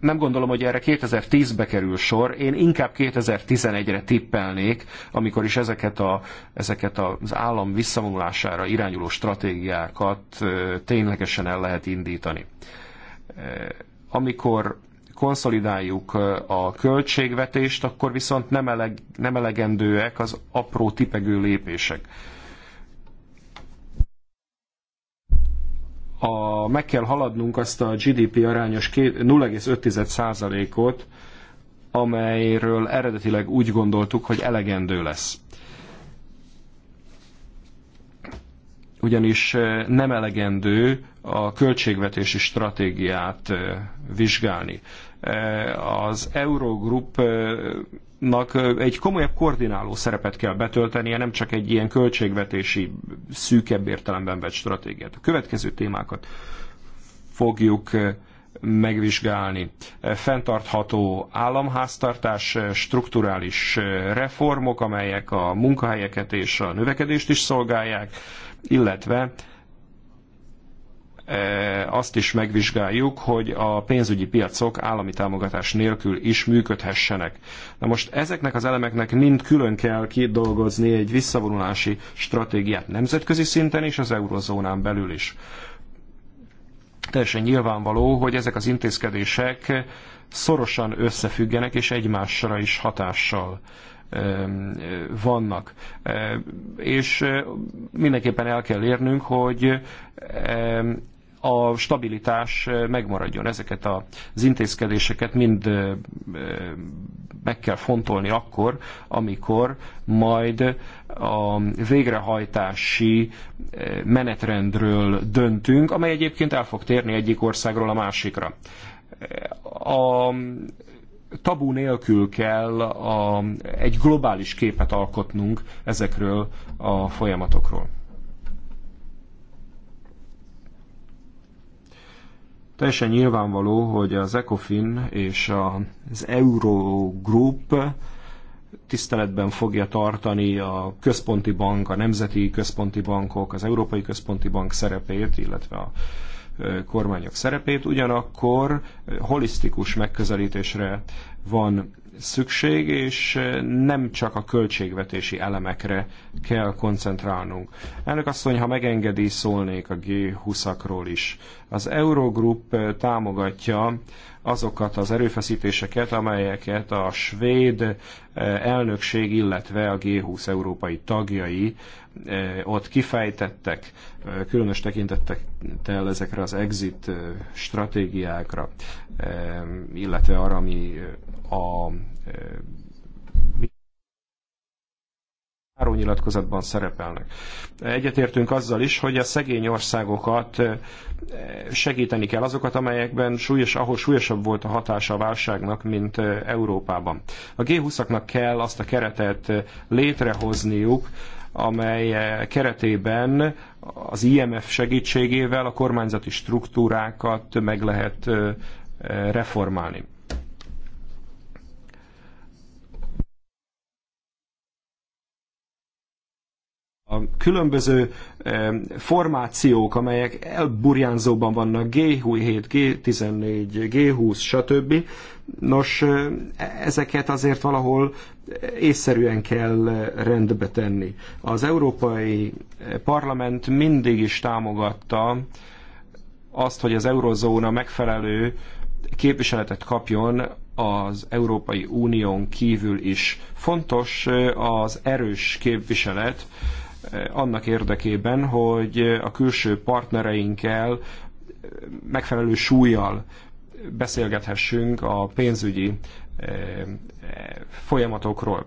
nem gondolom, hogy erre 2010-be kerül sor, én inkább 2011-re tippelnék, amikor is ezeket, a, ezeket az állam visszavonulására irányuló stratégiákat ténylegesen el lehet indítani. Amikor konszolidáljuk a költségvetést, akkor viszont nem, eleg, nem elegendőek az apró tipegő lépések. A, meg kell haladnunk azt a GDP arányos 0,5%-ot, amelyről eredetileg úgy gondoltuk, hogy elegendő lesz. Ugyanis nem elegendő a költségvetési stratégiát vizsgálni az Eurogroupe-nak egy komolyabb koordináló szerepet kell betöltenie, nem csak egy ilyen költségvetési, szűkebb értelemben vett stratégiát. A következő témákat fogjuk eh, megvizsgálni. Eh, Fentartható államháztartás, eh, strukturális reformok, amelyek a munkahelyeket és a növekedést is szolgálják, illetve Eh, azt is megvizsgáljuk, hogy a pénzügyi piacok állami támogatás nélkül is működhessenek. Na most ezeknek az elemeknek mind külön kell kidolgozni egy visszavonulási stratégiát nemzetközi szinten és az eurozónán belül is. Teljesen nyilvánvaló, hogy ezek az intézkedések szorosan összefüggenek és egymásra is hatással vannak. És eh, mindenképpen el kell érnünk, hogy a stabilitás megmaradjon. Ezeket az intézkedéseket mind meg kell fontolni akkor, amikor majd a végrehajtási menetrendről döntünk, amely egyébként el fog térni egyik országról a másikra. A tabú nélkül kell a, egy globális képet alkotnunk ezekről a folyamatokról. Teljesen nyilvánvaló, hogy az ECOFIN és az Eurogroup tiszteletben fogja tartani a központi bank, a nemzeti központi bankok, az Európai Központi Bank szerepét, illetve a kormányok szerepét, ugyanakkor holisztikus megközelítésre van szükség, és eh, nem csak a költségvetési elemekre kell koncentrálnunk. Elnök asszony, ha megengedi, szólnék a G20-akról is. Az Eurogroup eh, támogatja azokat az erőfeszítéseket, amelyeket a svéd eh, elnökség, illetve a G20 európai tagjai ott kifejtettek, különös tekintettel ezekre az exit stratégiákra, illetve arra, ami a e, nyilatkozatban szerepelnek. Egyetértünk azzal is, hogy a szegény országokat e, segíteni kell azokat, amelyekben súlyos, ahol súlyosabb volt a hatása a válságnak, mint e, Európában. A G20-aknak kell azt a keretet létrehozniuk, amely keretében az IMF segítségével a kormányzati struktúrákat meg lehet reformálni. a különböző eh, formációk, amelyek elburjánzóban vannak, G7, G14, G20, stb. Nos, eh, ezeket azért valahol eh, észszerűen kell rendbe tenni. Az Európai Parlament mindig is támogatta azt, hogy az eurozóna megfelelő képviseletet kapjon az Európai Unión kívül is. Fontos az erős képviselet Eh, annak érdekében, hogy eh, a külső partnereinkkel eh, megfelelő súlyjal beszélgethessünk a pénzügyi folyamatokról.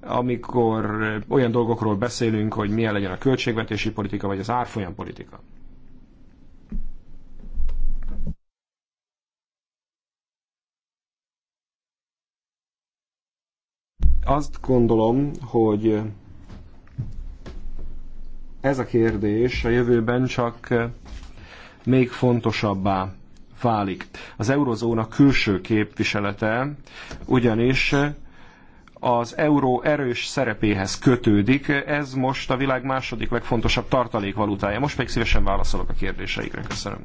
Amikor olyan dolgokról beszélünk, hogy milyen legyen a költségvetési politika, vagy az árfolyam politika. Azt gondolom, hogy ez a kérdés a jövőben csak eh, még fontosabbá válik. Az eurozóna külső képviselete ugyanis eh, az euró erős szerepéhez kötődik. Ez most a világ második legfontosabb tartalékvalutája. Most pedig szívesen válaszolok a kérdéseikre. Köszönöm.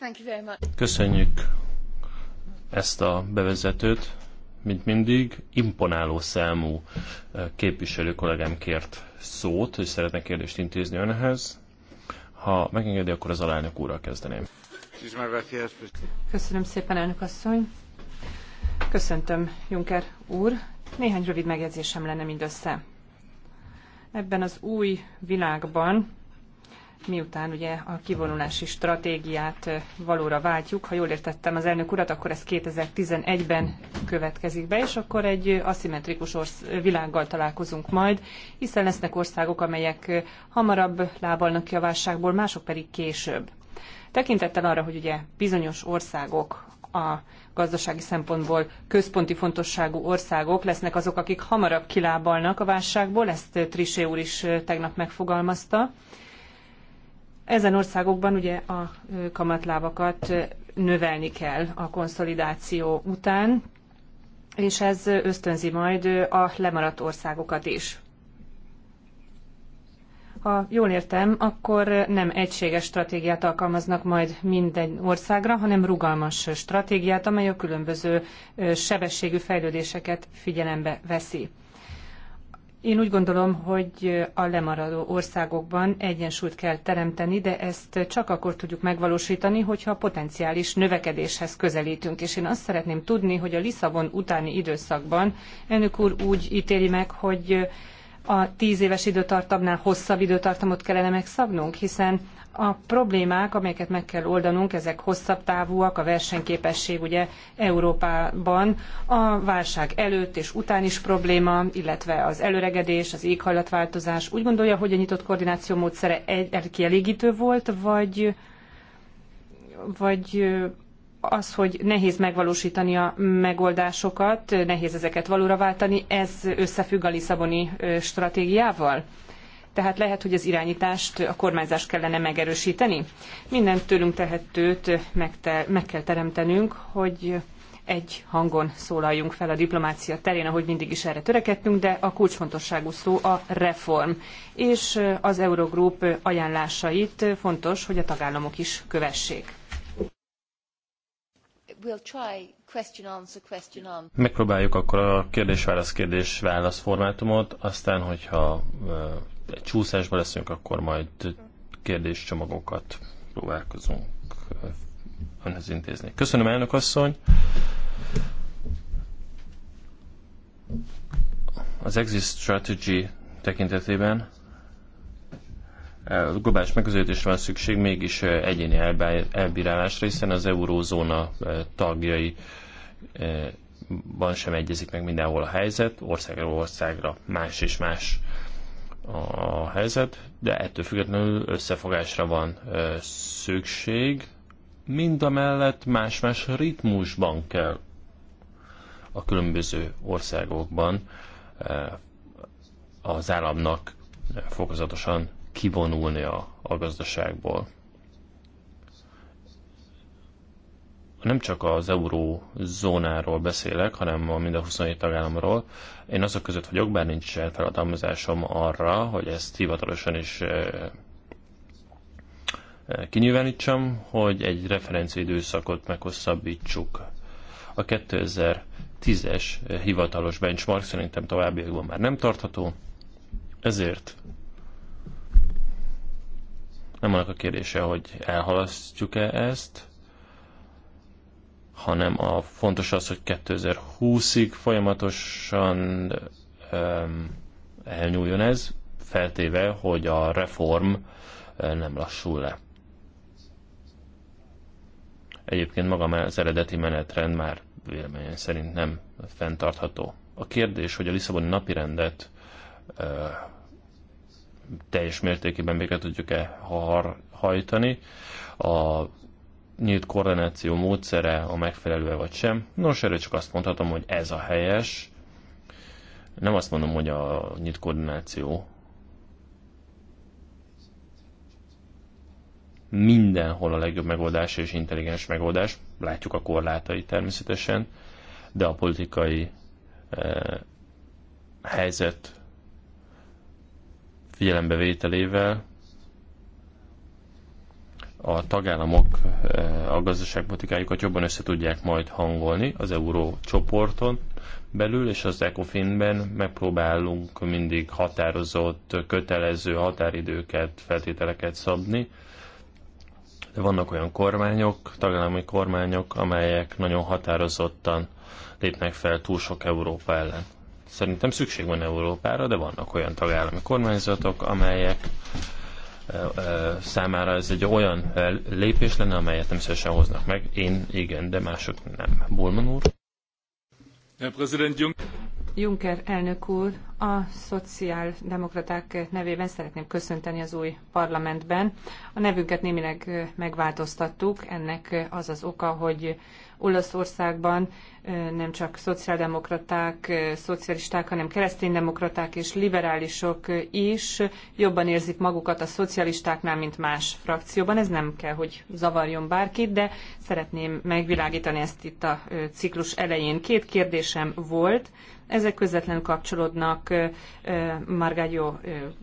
Uh, Köszönjük ezt a bevezetőt mint mindig, imponáló számú eh, képviselő kollégám kért szót, hogy szeretne kérdést intézni önhez. Ha megengedi, akkor az alelnök úrral kezdeném. Köszönöm szépen, elnök asszony. Köszöntöm, Juncker úr. Néhány rövid megjegyzésem lenne mindössze. Ebben az új világban, miután ugye a kivonulási stratégiát valóra váltjuk. Ha jól értettem az elnök urat, akkor ez 2011-ben következik be, és akkor egy aszimmetrikus orsz világgal találkozunk majd, hiszen lesznek országok, amelyek hamarabb lábalnak ki a válságból, mások pedig később. Tekintettel arra, hogy ugye bizonyos országok a gazdasági szempontból központi fontosságú országok lesznek azok, akik hamarabb kilábalnak a válságból, ezt Trisé úr is tegnap megfogalmazta ezen országokban ugye a kamatlávakat növelni kell a konszolidáció után, és ez ösztönzi majd a lemaradt országokat is. Ha jól értem, akkor nem egységes stratégiát alkalmaznak majd minden országra, hanem rugalmas stratégiát, amely a különböző sebességű fejlődéseket figyelembe veszi. Én úgy gondolom, hogy a lemaradó országokban egyensúlyt kell teremteni, de ezt csak akkor tudjuk megvalósítani, hogyha a potenciális növekedéshez közelítünk. És én azt szeretném tudni, hogy a Lisszabon utáni időszakban elnök úr úgy ítéli meg, hogy a tíz éves időtartamnál hosszabb időtartamot kellene megszabnunk, hiszen a problémák, amelyeket meg kell oldanunk, ezek hosszabb távúak, a versenyképesség ugye Európában a válság előtt és után is probléma, illetve az előregedés, az éghajlatváltozás. Úgy gondolja, hogy a nyitott koordináció módszere kielégítő volt, vagy, vagy az, hogy nehéz megvalósítani a megoldásokat, nehéz ezeket valóra váltani, ez összefügg a Lisszaboni stratégiával? Tehát lehet, hogy az irányítást, a kormányzást kellene megerősíteni. Minden tőlünk tehetőt te, meg kell teremtenünk, hogy egy hangon szólaljunk fel a diplomácia terén, ahogy mindig is erre törekedtünk, de a kulcsfontosságú szó a reform. És az Eurogroup ajánlásait fontos, hogy a tagállamok is kövessék. Megpróbáljuk akkor a kérdés-válasz kérdés-válasz formátumot, aztán, hogyha csúszásba leszünk, akkor majd kérdéscsomagokat próbálkozunk eh, önhez intézni. Köszönöm, elnök asszony! Az Exit Strategy tekintetében eh, globális megközelítésre van szükség, mégis eh, egyéni elbírálásra, hiszen az eurózóna tagjai van sem egyezik meg mindenhol a helyzet, országról országra más és más a helyzet, de ettől függetlenül összefogásra van szükség. Mind a mellett más-más ritmusban kell a különböző országokban az államnak fokozatosan a, a gazdaságból. nem csak az eurózónáról beszélek, hanem a mind a 27 tagállamról. Én azok között vagyok, bár nincs feladalmazásom arra, hogy ezt hivatalosan is eh, eh, kinyilvánítsam, hogy egy időszakot meghosszabbítsuk. A 2010-es hivatalos benchmark szerintem továbbiakban már nem tartható, ezért nem annak a kérdése, hogy elhalasztjuk-e ezt, hanem a fontos az, hogy 2020-ig folyamatosan um, elnyúljon ez, feltéve, hogy a reform eh, nem lassul le. Egyébként maga az eredeti menetrend már véleményem szerint nem fenntartható. A kérdés, hogy a Lisszaboni napirendet uh, teljes mértékében végre tudjuk-e hajtani, a nyílt koordináció módszere a megfelelő vagy sem. Nos, erről csak azt mondhatom, hogy ez a helyes. Nem azt mondom, hogy a nyílt koordináció mindenhol a legjobb megoldás és intelligens megoldás. Látjuk a korlátai természetesen, de a politikai eh, helyzet figyelembevételével a tagállamok eh, a gazdaságpolitikájukat jobban össze tudják majd hangolni az euró csoporton belül, és az ECOFIN-ben megpróbálunk mindig határozott, kötelező határidőket, feltételeket szabni, de vannak olyan kormányok, tagállami kormányok, amelyek nagyon határozottan lépnek fel túl sok Európa ellen. Szerintem szükség van Európára, de vannak olyan tagállami kormányzatok, amelyek számára ez egy olyan lépés lenne, amelyet nem szívesen hoznak meg. Én igen, de mások nem. Bulman úr? Juncker elnök úr, a szociáldemokraták nevében szeretném köszönteni az új parlamentben. A nevünket némileg megváltoztattuk, ennek az az oka, hogy Olaszországban nem csak szociáldemokraták, szocialisták, hanem kereszténydemokraták és liberálisok is jobban érzik magukat a szocialistáknál, mint más frakcióban. Ez nem kell, hogy zavarjon bárkit, de szeretném megvilágítani ezt itt a ciklus elején. Két kérdésem volt ezek közvetlenül kapcsolódnak Margágyó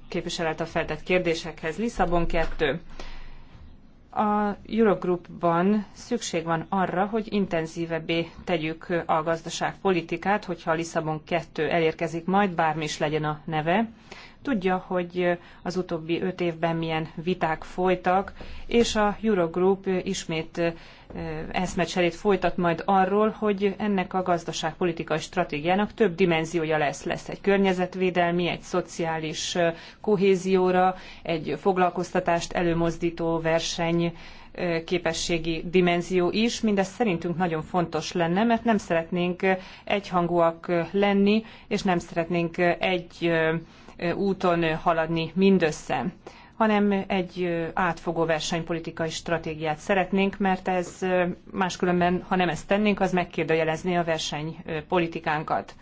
képviselőt a feltett kérdésekhez. Lisszabon 2. A Eurogroupban szükség van arra, hogy intenzívebbé tegyük a gazdaságpolitikát, hogyha a Lisszabon 2 elérkezik majd, bármi is legyen a neve. Tudja, hogy az utóbbi öt évben milyen viták folytak, és a Eurogroup ismét eszmecserét folytat majd arról, hogy ennek a gazdaságpolitikai stratégiának több dimenziója lesz. Lesz egy környezetvédelmi, egy szociális kohézióra, egy foglalkoztatást előmozdító verseny, képességi dimenzió is. Mindez szerintünk nagyon fontos lenne, mert nem szeretnénk egyhangúak lenni, és nem szeretnénk egy úton haladni mindössze hanem egy átfogó versenypolitikai stratégiát szeretnénk, mert ez máskülönben, ha nem ezt tennénk, az megkérdőjelezné a versenypolitikánkat.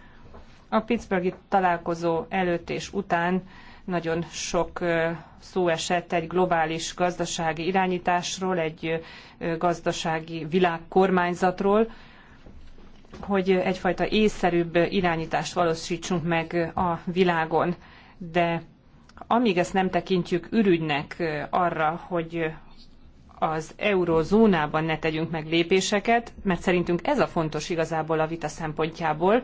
A Pittsburghi találkozó előtt és után nagyon sok szó esett egy globális gazdasági irányításról, egy gazdasági világkormányzatról, hogy egyfajta észszerűbb irányítást valósítsunk meg a világon. De amíg ezt nem tekintjük ürügynek arra, hogy az eurozónában ne tegyünk meg lépéseket, mert szerintünk ez a fontos igazából a vita szempontjából,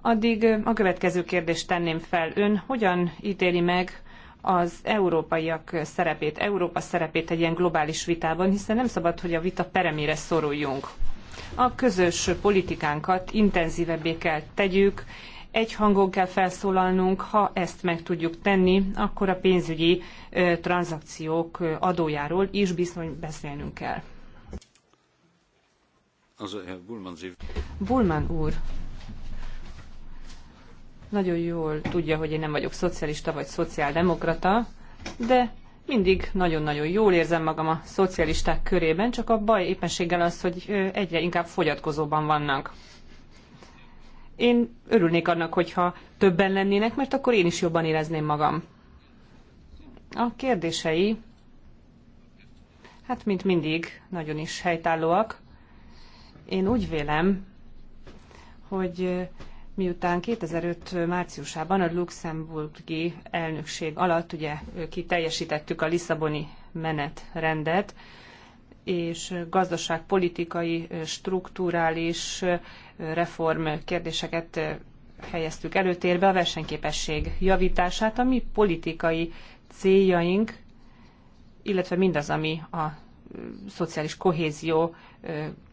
addig a következő kérdést tenném fel ön, hogyan ítéli meg az európaiak szerepét, Európa szerepét egy ilyen globális vitában, hiszen nem szabad, hogy a vita peremére szoruljunk. A közös politikánkat intenzívebbé kell tegyük, egy hangon kell felszólalnunk, ha ezt meg tudjuk tenni, akkor a pénzügyi ö, tranzakciók ö, adójáról is bizony beszélnünk kell. Az, eh, Bulman, Bulman úr, nagyon jól tudja, hogy én nem vagyok szocialista vagy szociáldemokrata, de mindig nagyon-nagyon jól érzem magam a szocialisták körében, csak a baj éppenséggel az, hogy egyre inkább fogyatkozóban vannak. Én örülnék annak, hogyha többen lennének, mert akkor én is jobban érezném magam. A kérdései, hát mint mindig, nagyon is helytállóak. Én úgy vélem, hogy miután 2005 márciusában a luxemburgi elnökség alatt ugye kiteljesítettük a Lisszaboni menetrendet, és gazdaságpolitikai, strukturális reform kérdéseket helyeztük előtérbe, a versenyképesség javítását, a mi politikai céljaink, illetve mindaz, ami a szociális kohézió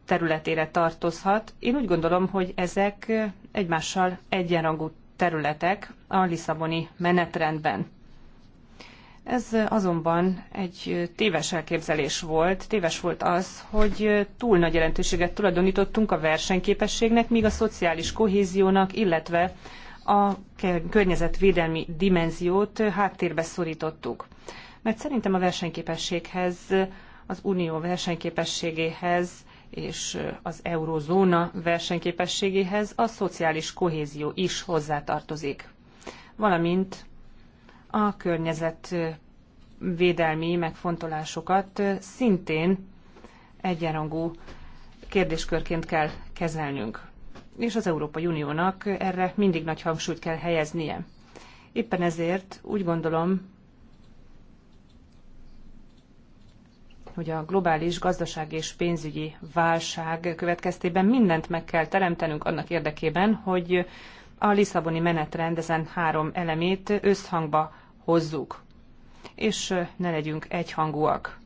területére tartozhat. Én úgy gondolom, hogy ezek egymással egyenrangú területek a Lisszaboni menetrendben. Ez azonban egy téves elképzelés volt. Téves volt az, hogy túl nagy jelentőséget tulajdonítottunk a versenyképességnek, míg a szociális kohéziónak, illetve a környezetvédelmi dimenziót háttérbe szorítottuk. Mert szerintem a versenyképességhez, az unió versenyképességéhez és az eurozóna versenyképességéhez a szociális kohézió is hozzátartozik. Valamint a környezetvédelmi megfontolásokat szintén egyenrangú kérdéskörként kell kezelnünk. És az Európai Uniónak erre mindig nagy hangsúlyt kell helyeznie. Éppen ezért úgy gondolom, hogy a globális gazdaság és pénzügyi válság következtében mindent meg kell teremtenünk annak érdekében, hogy a Lisszaboni menetrend ezen három elemét összhangba hozzuk, és ne legyünk egyhangúak.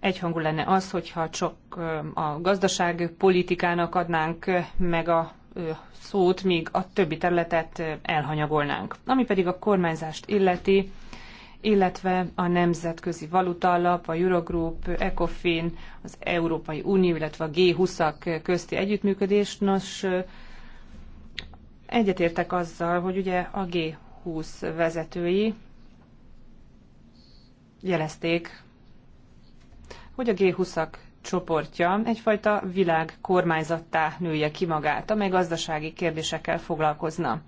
Egyhangú lenne az, hogyha csak a gazdaság politikának adnánk meg a szót, míg a többi területet elhanyagolnánk. Ami pedig a kormányzást illeti, illetve a Nemzetközi Valutalap, a Eurogroup, ECOFIN, az Európai Unió, illetve a G20-ak közti együttműködés. Nos, Egyetértek azzal, hogy ugye a G20 vezetői jelezték, hogy a G20-ak csoportja egyfajta világ kormányzattá nője ki magát, amely gazdasági kérdésekkel foglalkozna.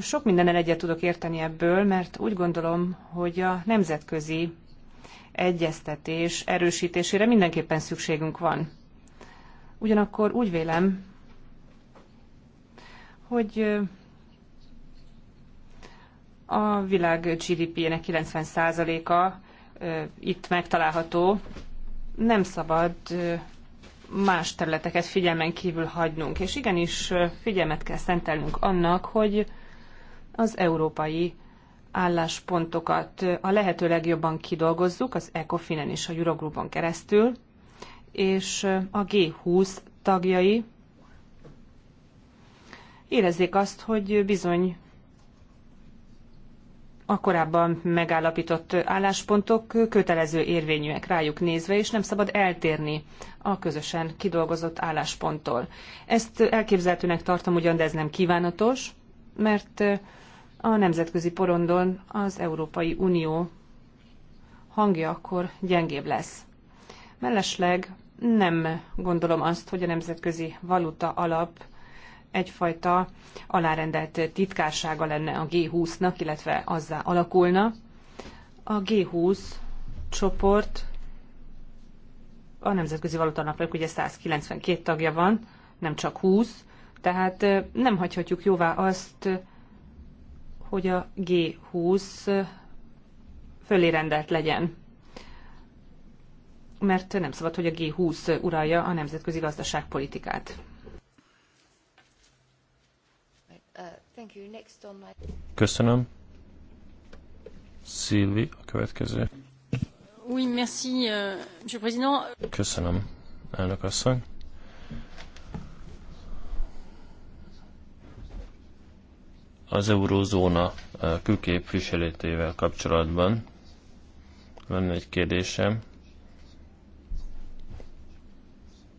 Sok mindenen egyet tudok érteni ebből, mert úgy gondolom, hogy a nemzetközi egyeztetés erősítésére mindenképpen szükségünk van. Ugyanakkor úgy vélem, hogy a világ GDP-jének 90%-a itt megtalálható. Nem szabad más területeket figyelmen kívül hagynunk, és igenis figyelmet kell szentelnünk annak, hogy az európai álláspontokat a lehető legjobban kidolgozzuk, az ECOFIN-en és a Eurogroupon keresztül, és a G20 tagjai érezzék azt, hogy bizony a korábban megállapított álláspontok kötelező érvényűek rájuk nézve, és nem szabad eltérni a közösen kidolgozott állásponttól. Ezt elképzelhetőnek tartom ugyan, de ez nem kívánatos, mert a nemzetközi porondon az Európai Unió hangja akkor gyengébb lesz. Mellesleg nem gondolom azt, hogy a nemzetközi valuta alap egyfajta alárendelt titkársága lenne a G20-nak, illetve azzá alakulna. A G20 csoport a Nemzetközi Valutanapnak ugye 192 tagja van, nem csak 20, tehát nem hagyhatjuk jóvá azt, hogy a G20 fölé rendelt legyen mert nem szabad, hogy a G20 uralja a nemzetközi gazdaságpolitikát. Köszönöm. Szilvi, a következő. Oui, merci, euh, monsieur président. Köszönöm, elnök asszony. Az eurózóna külképviseletével kapcsolatban lenne egy kérdésem.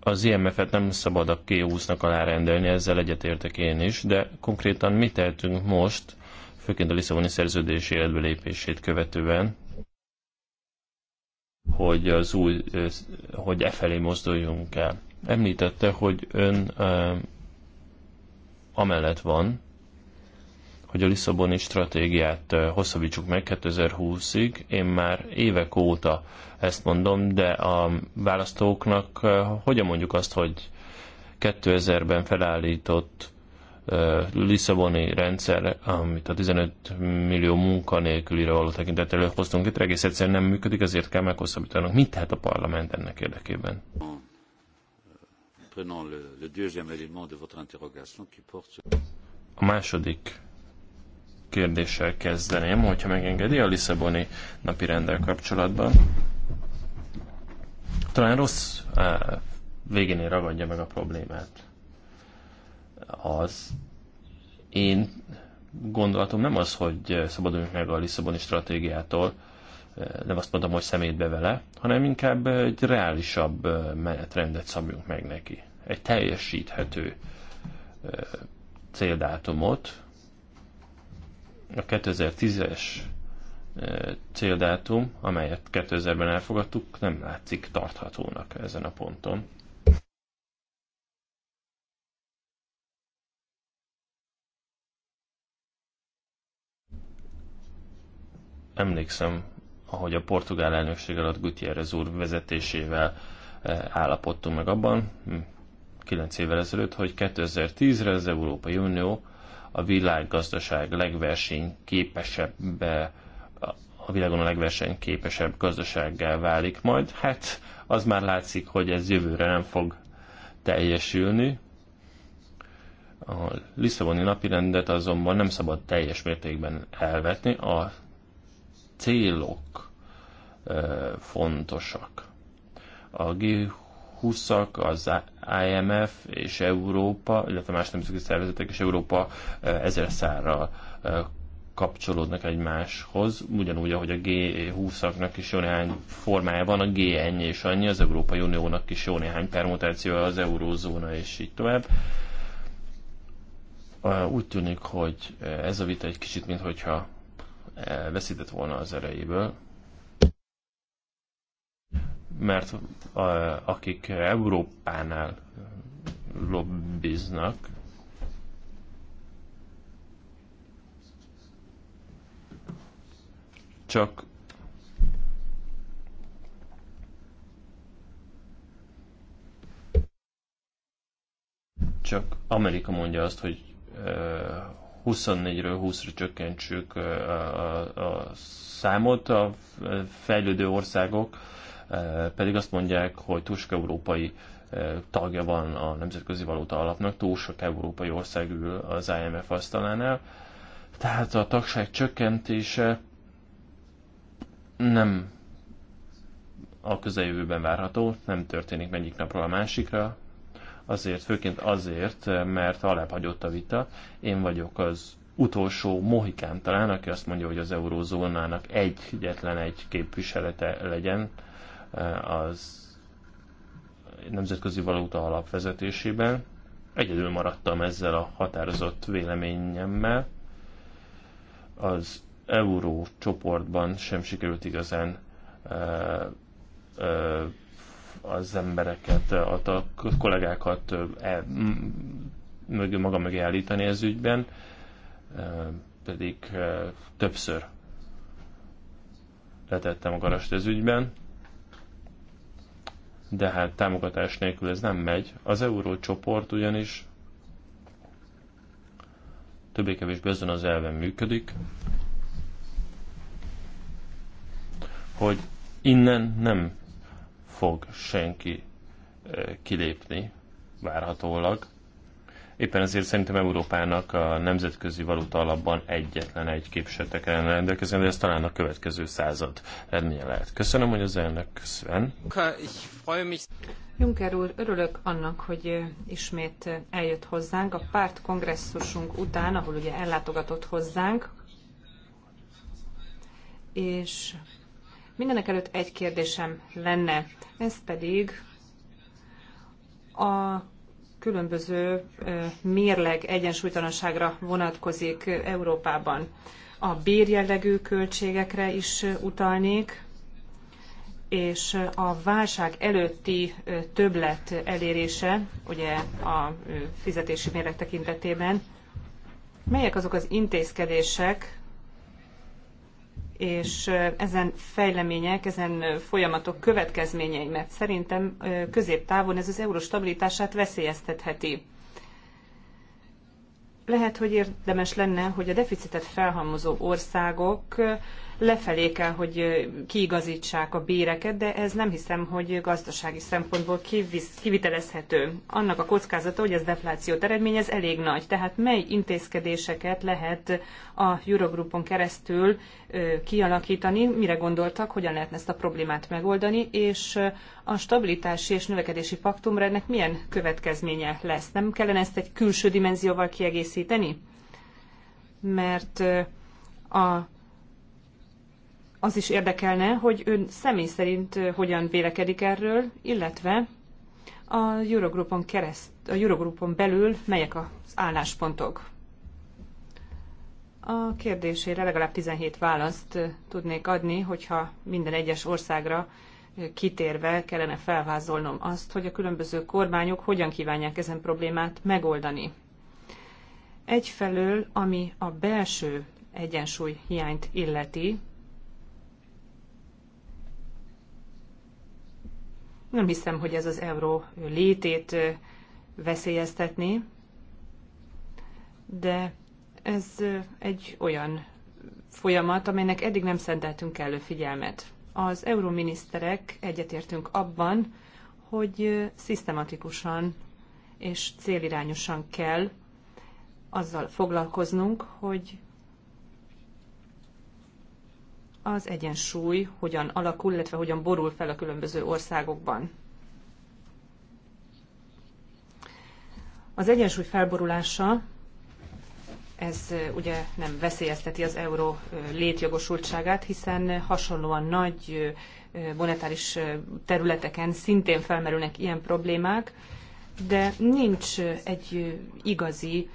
az IMF-et nem szabad a G20-nak alárendelni, ezzel egyetértek én is, de konkrétan mit tehetünk most, főként a Lisszaboni szerződés életbe lépését követően, hogy az új, hogy e felé mozduljunk el. Említette, hogy ön amellett van, hogy a Lisszaboni stratégiát hosszabbítsuk meg 2020-ig. Én már évek óta ezt mondom, de a választóknak hogyan mondjuk azt, hogy 2000-ben felállított Lisszaboni rendszer, amit a 15 millió munkanélkülire való tekintettel hoztunk itt, egész egyszerűen nem működik, azért kell meghosszabbítanunk. Mit tehet a parlament ennek érdekében? A második kérdéssel kezdeném, hogyha megengedi a Lisszaboni napi rendel kapcsolatban. Talán rossz á, végénél ragadja meg a problémát. Az én gondolatom nem az, hogy szabaduljunk meg a Lisszaboni stratégiától, nem azt mondom, hogy szemétbe vele, hanem inkább egy reálisabb menetrendet szabjunk meg neki. Egy teljesíthető céldátumot, a 2010-es e, céldátum, amelyet 2000-ben elfogadtuk, nem látszik tarthatónak ezen a ponton. Emlékszem, ahogy a portugál elnökség alatt Gutierrez úr vezetésével e, állapodtunk meg abban, 9 évvel ezelőtt, hogy 2010-re az Európai Unió a világgazdaság legversenyképesebb a világon a legversenyképesebb gazdasággal válik majd. Hát az már látszik, hogy ez jövőre nem fog teljesülni. A Lisszaboni napirendet azonban nem szabad teljes mértékben elvetni. A célok fontosak. A G20-ak, az IMF és Európa, illetve más nemzetközi szervezetek és Európa ezer szárra kapcsolódnak egymáshoz, ugyanúgy, ahogy a G20-aknak is jó néhány formája van, a G ennyi és annyi, az Európai Uniónak is jó néhány permutációja, az eurózóna és így tovább. Úgy tűnik, hogy ez a vita egy kicsit, mintha veszített volna az erejéből, mert akik Európánál lobbiznak, csak csak Amerika mondja azt, hogy 24-ről 20-ra csökkentsük a, a, a számot, a fejlődő országok pedig azt mondják, hogy túl sok európai tagja van a Nemzetközi Valóta Alapnak, túl sok európai ország ül az IMF asztalánál. Tehát a tagság csökkentése nem a közeljövőben várható, nem történik egyik napról a másikra, azért, főként azért, mert alább hagyott a vita. Én vagyok az utolsó mohikán talán, aki azt mondja, hogy az eurózónának egyetlen egy képviselete legyen, Eh, az Nemzetközi Valuta alapvezetésében. Egyedül maradtam ezzel a határozott véleményemmel. Az euró csoportban sem sikerült igazán eh, eh, az embereket, a kollégákat mögül maga mögé állítani ez ügyben, pedig többször letettem a garast ez ügyben de hát támogatás nélkül ez nem megy. Az eurócsoport ugyanis többé-kevésbé ezen az elven működik, hogy innen nem fog senki eh, kilépni, várhatólag. Éppen ezért szerintem Európának a nemzetközi valuta alapban egyetlen egy képviselete kellene rendelkezni, de ez talán a következő század eredménye lehet. Köszönöm, hogy az elnök Sven. Juncker úr, örülök annak, hogy ismét eljött hozzánk. A párt kongresszusunk után, ahol ugye ellátogatott hozzánk, és mindenek előtt egy kérdésem lenne, ez pedig a különböző mérleg egyensúlytalanságra vonatkozik Európában. A bérjellegű költségekre is utalnék, és a válság előtti többlet elérése, ugye a fizetési mérleg tekintetében, melyek azok az intézkedések, és ezen fejlemények, ezen folyamatok következményei, mert szerintem középtávon ez az euró stabilitását veszélyeztetheti. Lehet, hogy érdemes lenne, hogy a deficitet felhalmozó országok lefelé kell, hogy kiigazítsák a béreket, de ez nem hiszem, hogy gazdasági szempontból kivisz, kivitelezhető. Annak a kockázata, hogy ez deflációt eredményez, elég nagy. Tehát mely intézkedéseket lehet a Eurogroupon keresztül kialakítani, mire gondoltak, hogyan lehetne ezt a problémát megoldani, és a stabilitási és növekedési paktumra ennek milyen következménye lesz? Nem kellene ezt egy külső dimenzióval kiegészíteni? Mert a az is érdekelne, hogy ön személy szerint hogyan vélekedik erről, illetve a Eurogroupon kereszt, a Eurogroupon belül melyek az álláspontok? A kérdésére legalább 17 választ tudnék adni, hogyha minden egyes országra kitérve kellene felvázolnom azt, hogy a különböző kormányok hogyan kívánják ezen problémát megoldani. Egyfelől, ami a belső egyensúly hiányt illeti, Nem hiszem, hogy ez az euró létét veszélyeztetné, de ez egy olyan folyamat, amelynek eddig nem szenteltünk elő figyelmet. Az euróminiszterek egyetértünk abban, hogy szisztematikusan és célirányosan kell azzal foglalkoznunk, hogy az egyensúly hogyan alakul, illetve hogyan borul fel a különböző országokban. Az egyensúly felborulása, ez ugye nem veszélyezteti az euró létjogosultságát, hiszen hasonlóan nagy monetáris területeken szintén felmerülnek ilyen problémák, de nincs egy igazi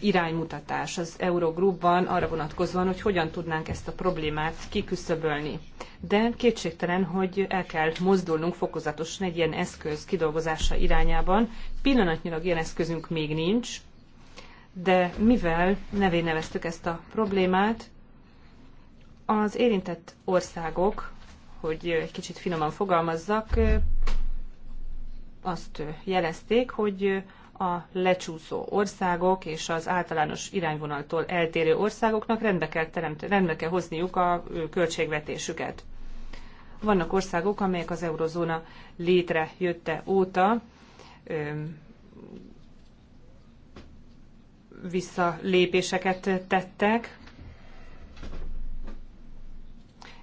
iránymutatás az Eurogroupban arra vonatkozóan, hogy hogyan tudnánk ezt a problémát kiküszöbölni. De kétségtelen, hogy el kell mozdulnunk fokozatosan egy ilyen eszköz kidolgozása irányában. Pillanatnyilag ilyen eszközünk még nincs, de mivel nevén neveztük ezt a problémát, az érintett országok, hogy egy kicsit finoman fogalmazzak, azt jelezték, hogy a lecsúszó országok és az általános irányvonaltól eltérő országoknak rendbe kell, teremt, rendbe kell hozniuk a költségvetésüket. Vannak országok, amelyek az eurozóna létrejötte óta visszalépéseket tettek,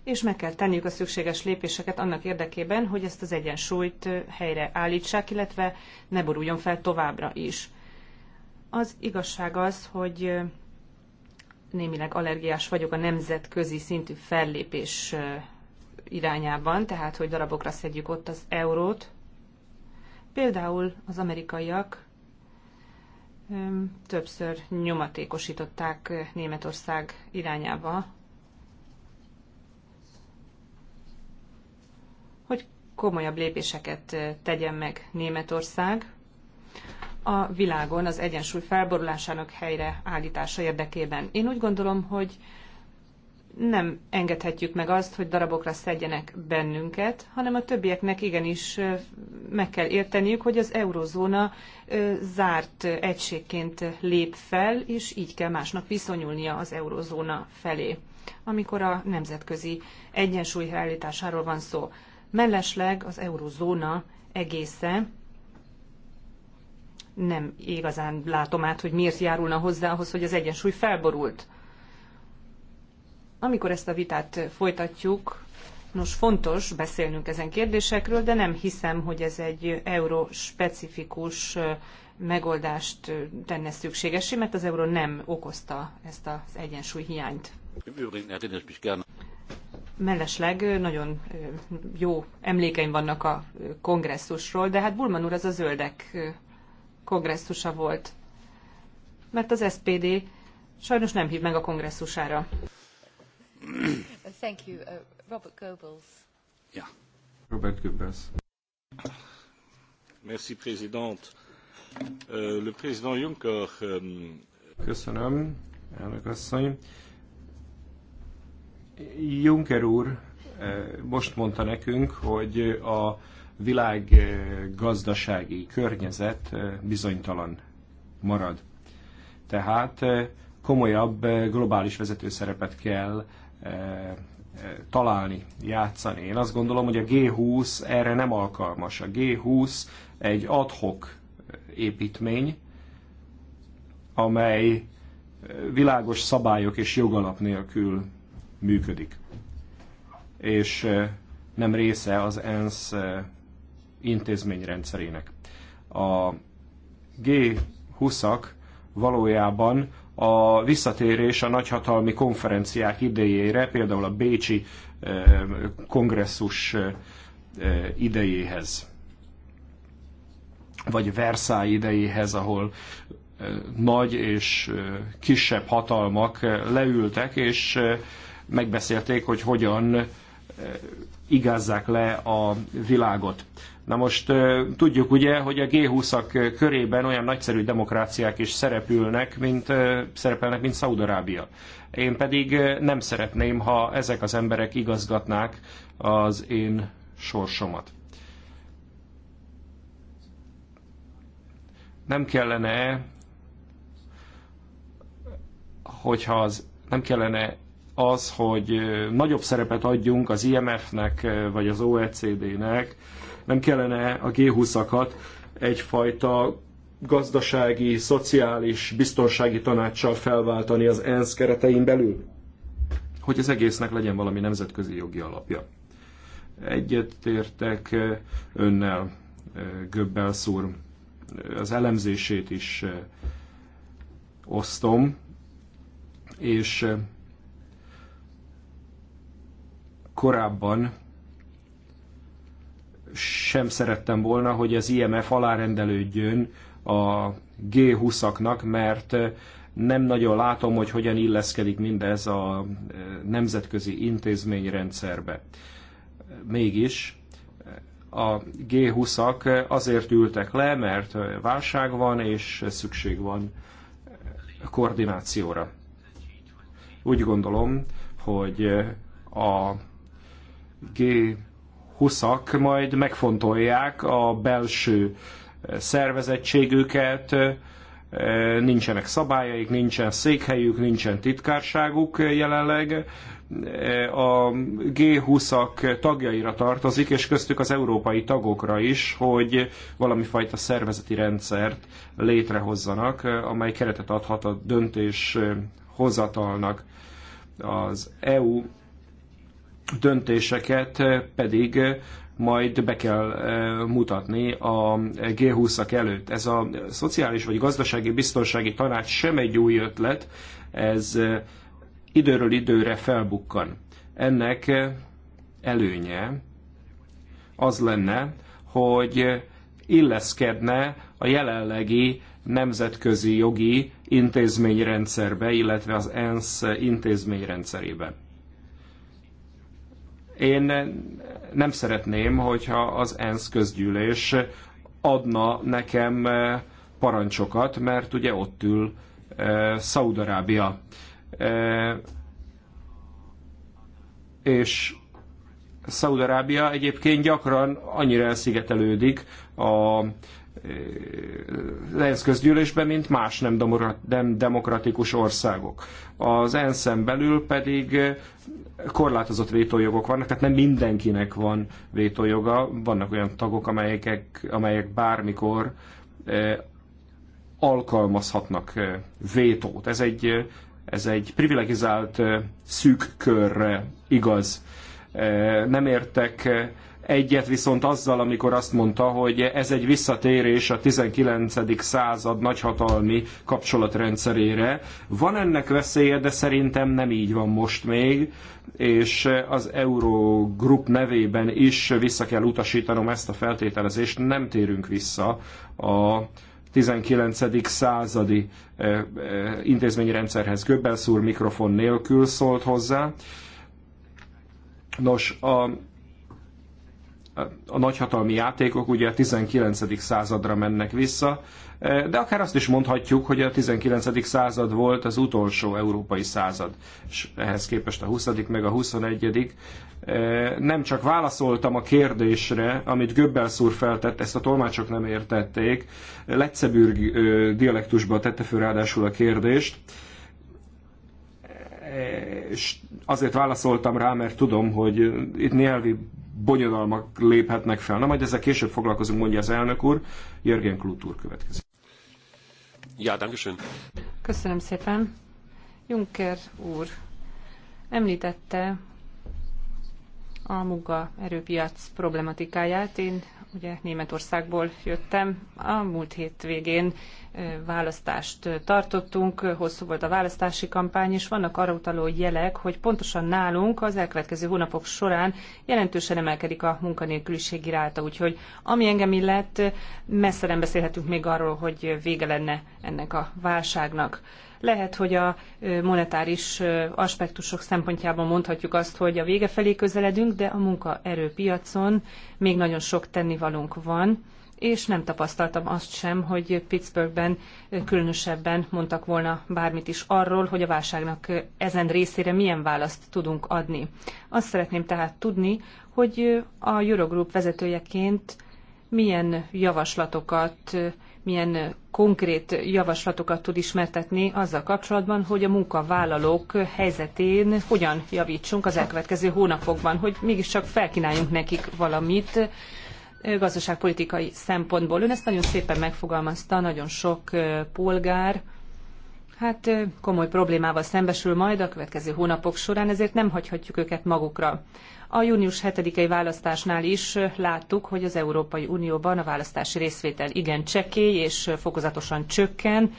és meg kell tenniük a szükséges lépéseket annak érdekében, hogy ezt az egyensúlyt helyre állítsák, illetve ne boruljon fel továbbra is. Az igazság az, hogy némileg allergiás vagyok a nemzetközi szintű fellépés irányában, tehát hogy darabokra szedjük ott az eurót. Például az amerikaiak többször nyomatékosították Németország irányába komolyabb lépéseket tegyen meg Németország a világon az egyensúly felborulásának helyre állítása érdekében. Én úgy gondolom, hogy nem engedhetjük meg azt, hogy darabokra szedjenek bennünket, hanem a többieknek igenis meg kell érteniük, hogy az eurozóna zárt egységként lép fel, és így kell másnak viszonyulnia az eurozóna felé, amikor a nemzetközi egyensúly helyreállításáról van szó. Mellesleg az eurozóna egésze nem igazán látom át, hogy miért járulna hozzá ahhoz, hogy az egyensúly felborult. Amikor ezt a vitát folytatjuk, nos fontos beszélnünk ezen kérdésekről, de nem hiszem, hogy ez egy euró-specifikus megoldást tenne szükségesé, mert az euró nem okozta ezt az egyensúly hiányt. Hát Mellesleg nagyon jó emlékeim vannak a kongresszusról, de hát Bulman úr az a zöldek kongresszusa volt. Mert az SPD sajnos nem hív meg a kongresszusára. Thank you. Uh, Robert Goebbels. Yeah. Robert Goebbels. Merci, présidente. Euh, le président Juncker... Euh, Köszönöm, elnök asszony. Juncker úr eh, most mondta nekünk, hogy a világ eh, gazdasági környezet eh, bizonytalan marad. Tehát komolyabb globális vezető szerepet kell találni, játszani. Én azt gondolom, hogy a G20 erre nem alkalmas. A G20 egy adhok építmény, amely világos szabályok és jogalap nélkül működik, és eh, nem része az ENSZ eh, intézményrendszerének. A G20-ak valójában a visszatérés a nagyhatalmi konferenciák idejére, például a Bécsi eh, kongresszus idejéhez, vagy Versailles idejéhez, ahol nagy és kisebb hatalmak leültek, és megbeszélték, hogy hogyan eh, igázzák le a világot. Na most eh, tudjuk ugye, hogy a G20-ak körében olyan nagyszerű demokráciák is szerepülnek, mint, eh, szerepelnek, mint Szaudarábia. Én pedig nem szeretném, ha ezek az emberek igazgatnák az én sorsomat. Nem kellene, hogyha az, nem kellene az, hogy nagyobb szerepet adjunk az IMF-nek vagy az OECD-nek, nem kellene a G20-akat egyfajta gazdasági, szociális, biztonsági tanácssal felváltani az ENSZ keretein belül? Hogy az egésznek legyen valami nemzetközi jogi alapja. Egyetértek önnel, göbbel úr, az elemzését is osztom, és korábban sem szerettem volna, hogy az IMF alárendelődjön a G20-aknak, mert nem nagyon látom, hogy hogyan illeszkedik mindez a nemzetközi intézményrendszerbe. Mégis a G20-ak azért ültek le, mert válság van, és szükség van koordinációra. Úgy gondolom, hogy a G20-ak majd megfontolják a belső szervezettségüket, nincsenek szabályaik, nincsen székhelyük, nincsen titkárságuk jelenleg. A G20-ak tagjaira tartozik, és köztük az európai tagokra is, hogy valami fajta szervezeti rendszert létrehozzanak, amely keretet adhat a döntéshozatalnak. Az EU döntéseket pedig majd be kell eh, mutatni a G20-ak előtt. Ez a szociális vagy gazdasági biztonsági tanács sem egy új ötlet, ez eh, időről időre felbukkan. Ennek eh, előnye az lenne, hogy illeszkedne a jelenlegi nemzetközi jogi intézményrendszerbe, illetve az ENSZ intézményrendszerébe. Én nem szeretném, hogyha az ENSZ közgyűlés adna nekem eh, parancsokat, mert ugye ott ül eh, Szaudarábia. Eh, és Szaudarábia egyébként gyakran annyira elszigetelődik a ENSZ mint más nem demokratikus országok. Az ensz belül pedig korlátozott vétójogok vannak, tehát nem mindenkinek van vétójoga. Vannak olyan tagok, amelyek, amelyek bármikor alkalmazhatnak vétót. Ez egy, ez egy privilegizált szűk körre igaz. Nem értek egyet viszont azzal, amikor azt mondta, hogy ez egy visszatérés a 19. század nagyhatalmi kapcsolatrendszerére. Van ennek veszélye, de szerintem nem így van most még, és az Eurogroup nevében is vissza kell utasítanom ezt a feltételezést, nem térünk vissza a 19. századi eh, eh, intézményrendszerhez. Göbbelsz úr mikrofon nélkül szólt hozzá. Nos, a a nagyhatalmi játékok ugye a 19. századra mennek vissza, e, de akár azt is mondhatjuk, hogy a 19. század volt az utolsó európai század, és ehhez képest a 20. meg a 21. E, nem csak válaszoltam a kérdésre, amit Göbbels úr feltett, ezt a tolmácsok nem értették, Letzebürg dialektusba tette föl ráadásul a kérdést, e, és azért válaszoltam rá, mert tudom, hogy itt nyelvi bonyodalmak léphetnek fel. Na majd ezzel később foglalkozunk, mondja az elnök úr. Jörgen Klutúr következik. Ja, dankeschön. Köszönöm szépen. Juncker úr említette a munkaerőpiac problematikáját. Én ugye Németországból jöttem. A múlt hét végén választást tartottunk, hosszú volt a választási kampány, és vannak arra utaló jelek, hogy pontosan nálunk az elkövetkező hónapok során jelentősen emelkedik a munkanélküliség iráta, úgyhogy ami engem illet, messze nem beszélhetünk még arról, hogy vége lenne ennek a válságnak. Lehet, hogy a monetáris aspektusok szempontjában mondhatjuk azt, hogy a vége felé közeledünk, de a munkaerőpiacon még nagyon sok tennivalónk van és nem tapasztaltam azt sem, hogy Pittsburghben különösebben mondtak volna bármit is arról, hogy a válságnak ezen részére milyen választ tudunk adni. Azt szeretném tehát tudni, hogy a Eurogroup vezetőjeként milyen javaslatokat, milyen konkrét javaslatokat tud ismertetni azzal kapcsolatban, hogy a munkavállalók helyzetén hogyan javítsunk az elkövetkező hónapokban, hogy mégiscsak felkínáljunk nekik valamit, gazdaságpolitikai szempontból. Ön ezt nagyon szépen megfogalmazta, nagyon sok polgár, hát komoly problémával szembesül majd a következő hónapok során, ezért nem hagyhatjuk őket magukra. A június 7-i választásnál is láttuk, hogy az Európai Unióban a választási részvétel igen csekély és fokozatosan csökken,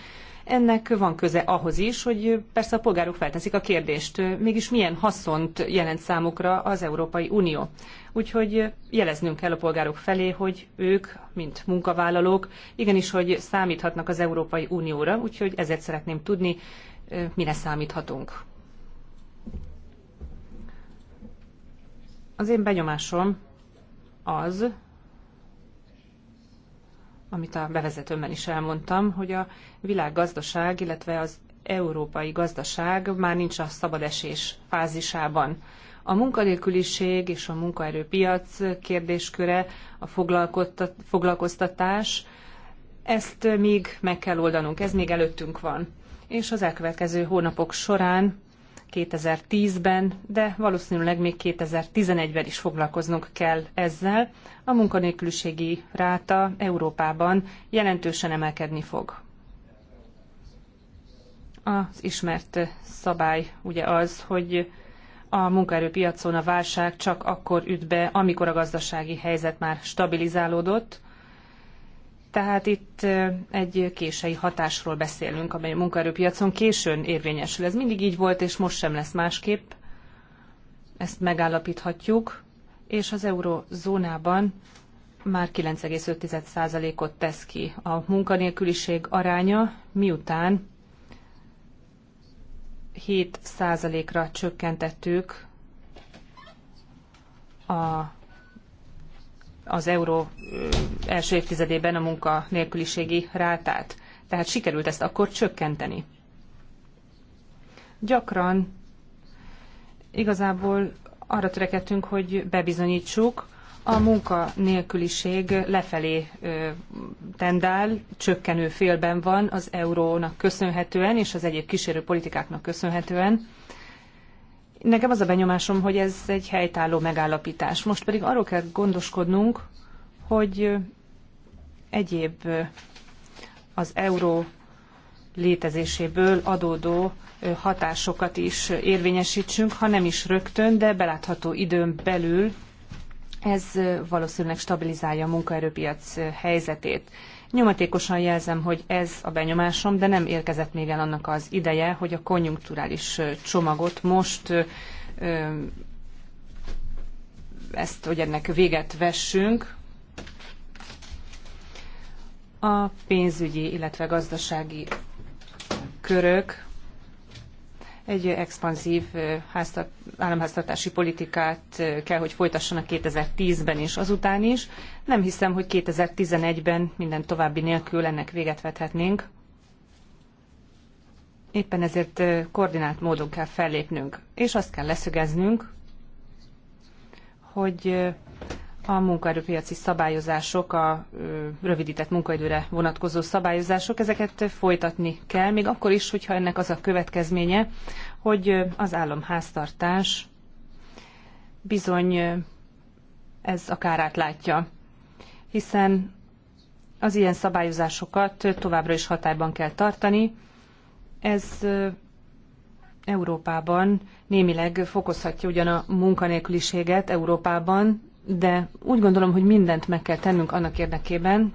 ennek van köze ahhoz is, hogy persze a polgárok felteszik a kérdést, mégis milyen haszont jelent számukra az Európai Unió. Úgyhogy jeleznünk kell a polgárok felé, hogy ők, mint munkavállalók, igenis, hogy számíthatnak az Európai Unióra, úgyhogy ezért szeretném tudni, mire számíthatunk. Az én benyomásom az, amit a bevezetőmben is elmondtam, hogy a világgazdaság, illetve az európai gazdaság már nincs a szabadesés fázisában. A munkanélküliség és a munkaerőpiac kérdésköre, a foglalkoztatás, ezt még meg kell oldanunk, ez még előttünk van. És az elkövetkező hónapok során 2010-ben, de valószínűleg még 2011-ben is foglalkoznunk kell ezzel. A munkanélküliségi ráta Európában jelentősen emelkedni fog. Az ismert szabály ugye az, hogy a munkaerőpiacon a válság csak akkor üt be, amikor a gazdasági helyzet már stabilizálódott, tehát itt egy késői hatásról beszélünk, amely a munkaerőpiacon későn érvényesül. Ez mindig így volt, és most sem lesz másképp. Ezt megállapíthatjuk, és az eurozónában már 9,5%-ot tesz ki a munkanélküliség aránya, miután 7%-ra csökkentettük a az euró első évtizedében a munkanélküliségi rátát. Tehát sikerült ezt akkor csökkenteni. Gyakran igazából arra törekedtünk, hogy bebizonyítsuk, a munkanélküliség lefelé tendál, csökkenő félben van az eurónak köszönhetően és az egyéb kísérő politikáknak köszönhetően. Nekem az a benyomásom, hogy ez egy helytálló megállapítás. Most pedig arról kell gondoskodnunk, hogy egyéb az euró létezéséből adódó hatásokat is érvényesítsünk, ha nem is rögtön, de belátható időn belül ez valószínűleg stabilizálja a munkaerőpiac helyzetét. Nyomatékosan jelzem, hogy ez a benyomásom, de nem érkezett még el annak az ideje, hogy a konjunkturális csomagot most ezt, hogy ennek véget vessünk, a pénzügyi, illetve gazdasági körök egy expanzív háztart, államháztartási politikát kell, hogy folytassanak 2010-ben és azután is, nem hiszem, hogy 2011-ben minden további nélkül ennek véget vethetnénk. Éppen ezért koordinált módon kell fellépnünk, és azt kell leszögeznünk, hogy a munkaerőpiaci szabályozások, a rövidített munkaidőre vonatkozó szabályozások, ezeket folytatni kell, még akkor is, hogyha ennek az a következménye, hogy az államháztartás bizony ez akár átlátja hiszen az ilyen szabályozásokat továbbra is hatályban kell tartani. Ez Európában némileg fokozhatja ugyan a munkanélküliséget Európában, de úgy gondolom, hogy mindent meg kell tennünk annak érdekében,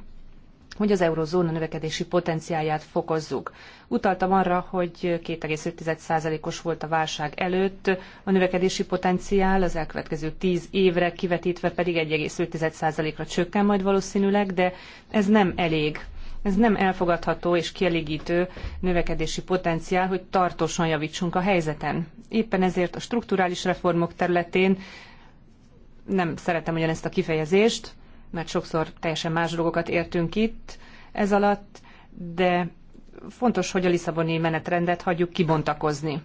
hogy az eurozóna növekedési potenciáját fokozzuk. Utaltam arra, hogy 2,5%-os volt a válság előtt, a növekedési potenciál az elkövetkező 10 évre kivetítve pedig 1,5%-ra csökken majd valószínűleg, de ez nem elég. Ez nem elfogadható és kielégítő növekedési potenciál, hogy tartósan javítsunk a helyzeten. Éppen ezért a strukturális reformok területén nem szeretem ugyanezt a kifejezést, mert sokszor teljesen más dolgokat értünk itt ez alatt, de fontos, hogy a Lisszaboni menetrendet hagyjuk kibontakozni.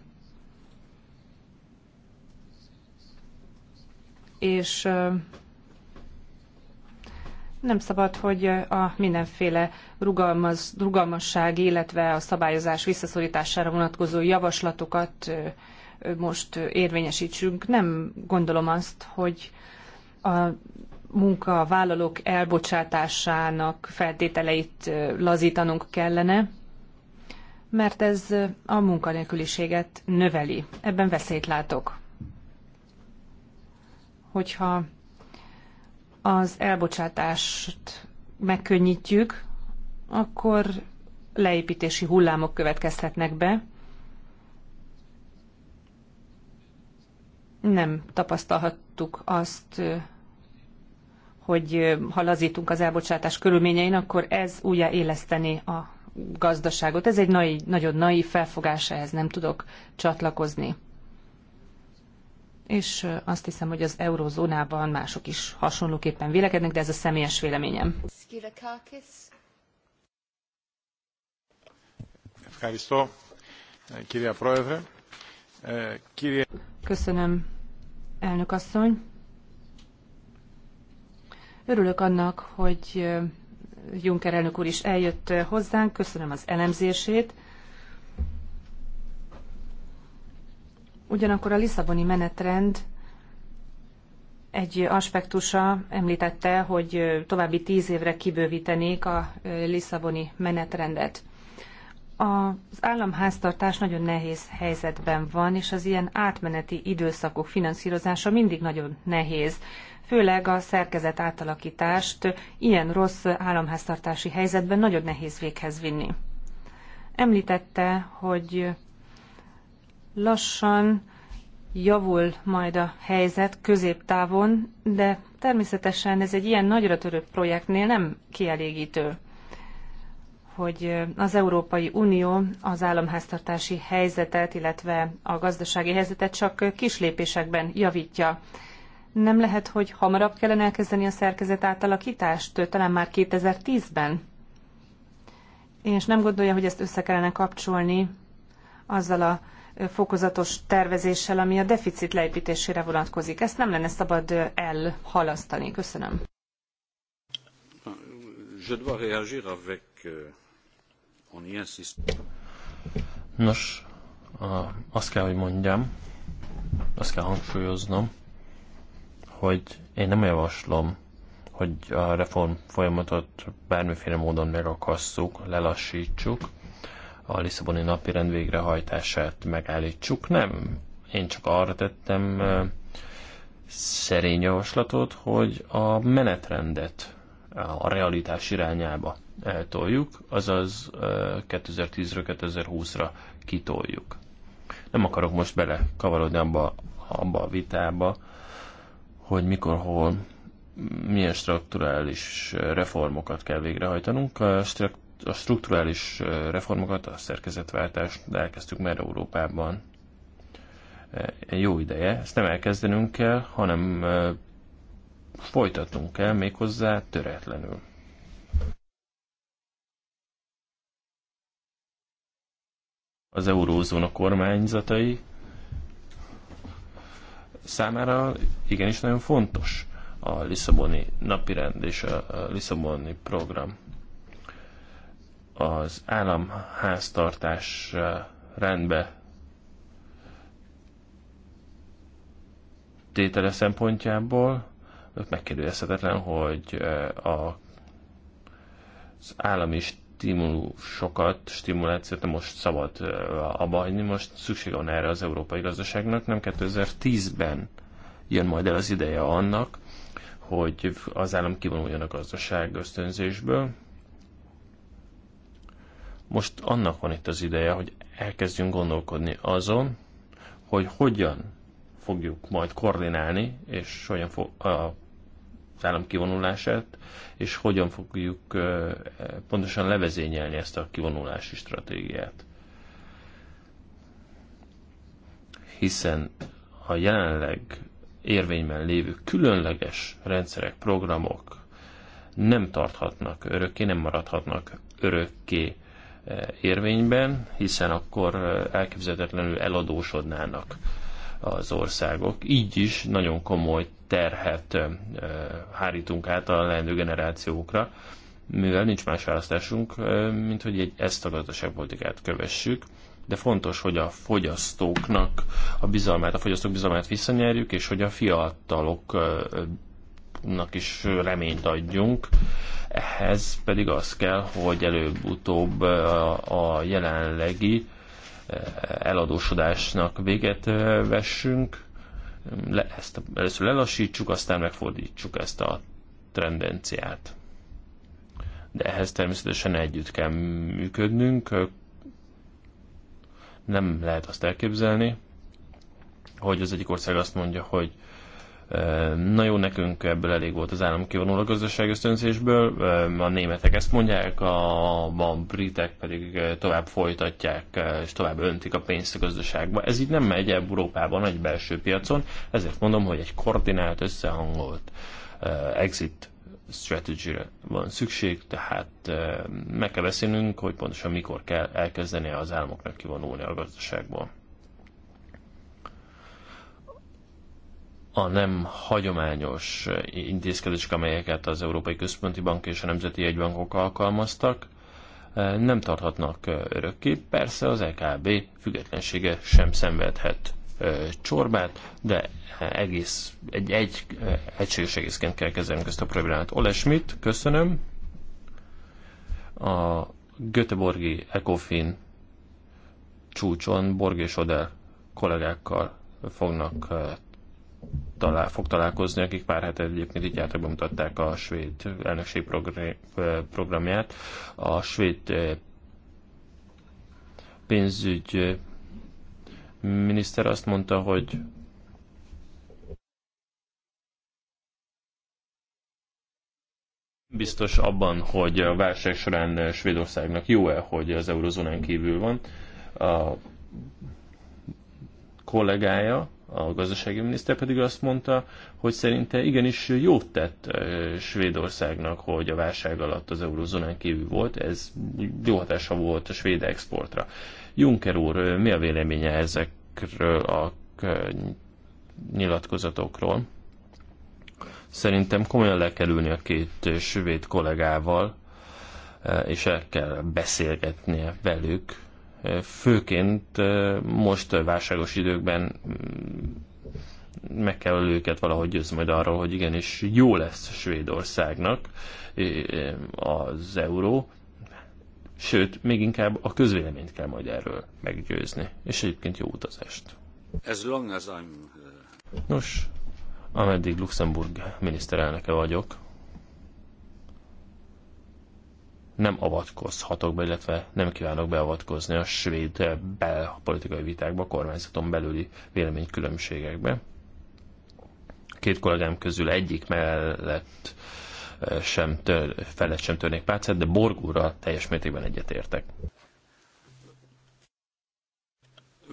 És nem szabad, hogy a mindenféle rugalmaz, rugalmasság, illetve a szabályozás visszaszorítására vonatkozó javaslatokat most érvényesítsünk. Nem gondolom azt, hogy a munkavállalók elbocsátásának feltételeit lazítanunk kellene, mert ez a munkanélküliséget növeli. Ebben veszélyt látok. Hogyha az elbocsátást megkönnyítjük, akkor leépítési hullámok következhetnek be. Nem tapasztalhattuk azt hogy ha lazítunk az elbocsátás körülményein, akkor ez újjáéleszteni a gazdaságot. Ez egy nai, nagyon naív felfogás, ehhez nem tudok csatlakozni. És azt hiszem, hogy az eurozónában mások is hasonlóképpen vélekednek, de ez a személyes véleményem. Köszönöm, elnök asszony. Örülök annak, hogy Juncker elnök úr is eljött hozzánk. Köszönöm az elemzését. Ugyanakkor a Lisszaboni menetrend egy aspektusa említette, hogy további tíz évre kibővítenék a Lisszaboni menetrendet. Az államháztartás nagyon nehéz helyzetben van, és az ilyen átmeneti időszakok finanszírozása mindig nagyon nehéz főleg a szerkezet átalakítást ilyen rossz államháztartási helyzetben nagyon nehéz véghez vinni. Említette, hogy lassan javul majd a helyzet középtávon, de természetesen ez egy ilyen nagyra törő projektnél nem kielégítő hogy az Európai Unió az államháztartási helyzetet, illetve a gazdasági helyzetet csak kis lépésekben javítja. Nem lehet, hogy hamarabb kellene elkezdeni a szerkezet átalakítást, talán már 2010-ben? És nem gondolja, hogy ezt össze kellene kapcsolni azzal a fokozatos tervezéssel, ami a deficit leépítésére vonatkozik. Ezt nem lenne szabad elhalasztani. Köszönöm. Euh, Nos, azt kell, hogy mondjam, azt kell hangsúlyoznom, hogy én nem javaslom, hogy a reform folyamatot bármiféle módon megakasszuk, lelassítsuk, a Lisszaboni rend végrehajtását megállítsuk. Nem, én csak arra tettem szerény javaslatot, hogy a menetrendet a realitás irányába eltoljuk, azaz 2010-ről 2020-ra kitoljuk. Nem akarok most kavarodni abba, abba a vitába, hogy mikor, hol, milyen strukturális reformokat kell végrehajtanunk. A strukturális reformokat, a szerkezetváltást elkezdtük már Európában jó ideje. Ezt nem elkezdenünk kell, hanem folytatunk kell méghozzá töretlenül. Az eurózóna kormányzatai számára igenis nagyon fontos a Lisszaboni napirend és a Lisszaboni program. Az államháztartás rendbe tétele szempontjából megkérdőjelezhetetlen, hogy a az állami stimulusokat, stimulációt nem most szabad abba hagyni, most szüksége van erre az európai gazdaságnak, nem 2010-ben jön majd el az ideje annak, hogy az állam kivonuljon a gazdaság ösztönzésből. Most annak van itt az ideje, hogy elkezdjünk gondolkodni azon, hogy hogyan fogjuk majd koordinálni, és hogyan fog, a állam kivonulását, és hogyan fogjuk pontosan levezényelni ezt a kivonulási stratégiát. Hiszen a jelenleg érvényben lévő különleges rendszerek, programok nem tarthatnak örökké, nem maradhatnak örökké érvényben, hiszen akkor elképzelhetetlenül eladósodnának az országok. Így is nagyon komoly terhet hárítunk át a leendő generációkra, mivel nincs más választásunk, mint hogy egy, ezt a gazdaságpolitikát kövessük de fontos, hogy a fogyasztóknak a bizalmát, a fogyasztók bizalmát visszanyerjük, és hogy a fiataloknak is reményt adjunk. Ehhez pedig az kell, hogy előbb-utóbb a, a jelenlegi eladósodásnak véget vessünk, le, ezt először lelassítsuk, aztán megfordítsuk ezt a tendenciát. De ehhez természetesen együtt kell működnünk. Nem lehet azt elképzelni, hogy az egyik ország azt mondja, hogy Na jó, nekünk ebből elég volt az állam kivonul a gazdaság ösztönzésből, a németek ezt mondják, a, a britek pedig tovább folytatják, és tovább öntik a pénzt a gazdaságba. Ez így nem megy Európában, egy belső piacon, ezért mondom, hogy egy koordinált, összehangolt exit strategy van szükség, tehát meg kell beszélnünk, hogy pontosan mikor kell elkezdeni az államoknak kivonulni a gazdaságból. a nem hagyományos intézkedések, amelyeket az Európai Központi Bank és a Nemzeti egybankok alkalmaztak, e, nem tarthatnak e, örökké. Persze az EKB függetlensége sem szenvedhet e, csorbát, de egész, egy, egy egységes egészként kell kezelnünk ezt a problémát. Ole Schmidt, köszönöm. A Göteborgi Ecofin csúcson Borg és Oder kollégákkal fognak talál, fog találkozni, akik pár hete egyébként itt jártak, bemutatták a svéd elnökség programját. A svéd pénzügy miniszter azt mondta, hogy biztos abban, hogy a válság során Svédországnak jó-e, hogy az eurozónán kívül van. A kollégája, a gazdasági miniszter pedig azt mondta, hogy szerinte igenis jót tett Svédországnak, hogy a válság alatt az eurozónán kívül volt, ez jó hatása volt a svéd exportra. Juncker úr, mi a véleménye ezekről a nyilatkozatokról? Szerintem komolyan le kell ülni a két svéd kollégával, és el kell beszélgetnie velük, főként most válságos időkben mm, meg kell őket valahogy győzni majd arról, hogy igenis jó lesz Svédországnak az euró, sőt, még inkább a közvéleményt kell majd erről meggyőzni, és egyébként jó utazást. As long as I'm... Uh, Nos, ameddig Luxemburg miniszterelnöke vagyok, nem avatkozhatok be, illetve nem kívánok beavatkozni a svéd eh, belpolitikai vitákba, a kormányzaton belüli véleménykülönbségekbe. két kollégám közül egyik mellett eh, sem tör, felett sem törnék pálcát, de Borgúra teljes mértékben egyetértek.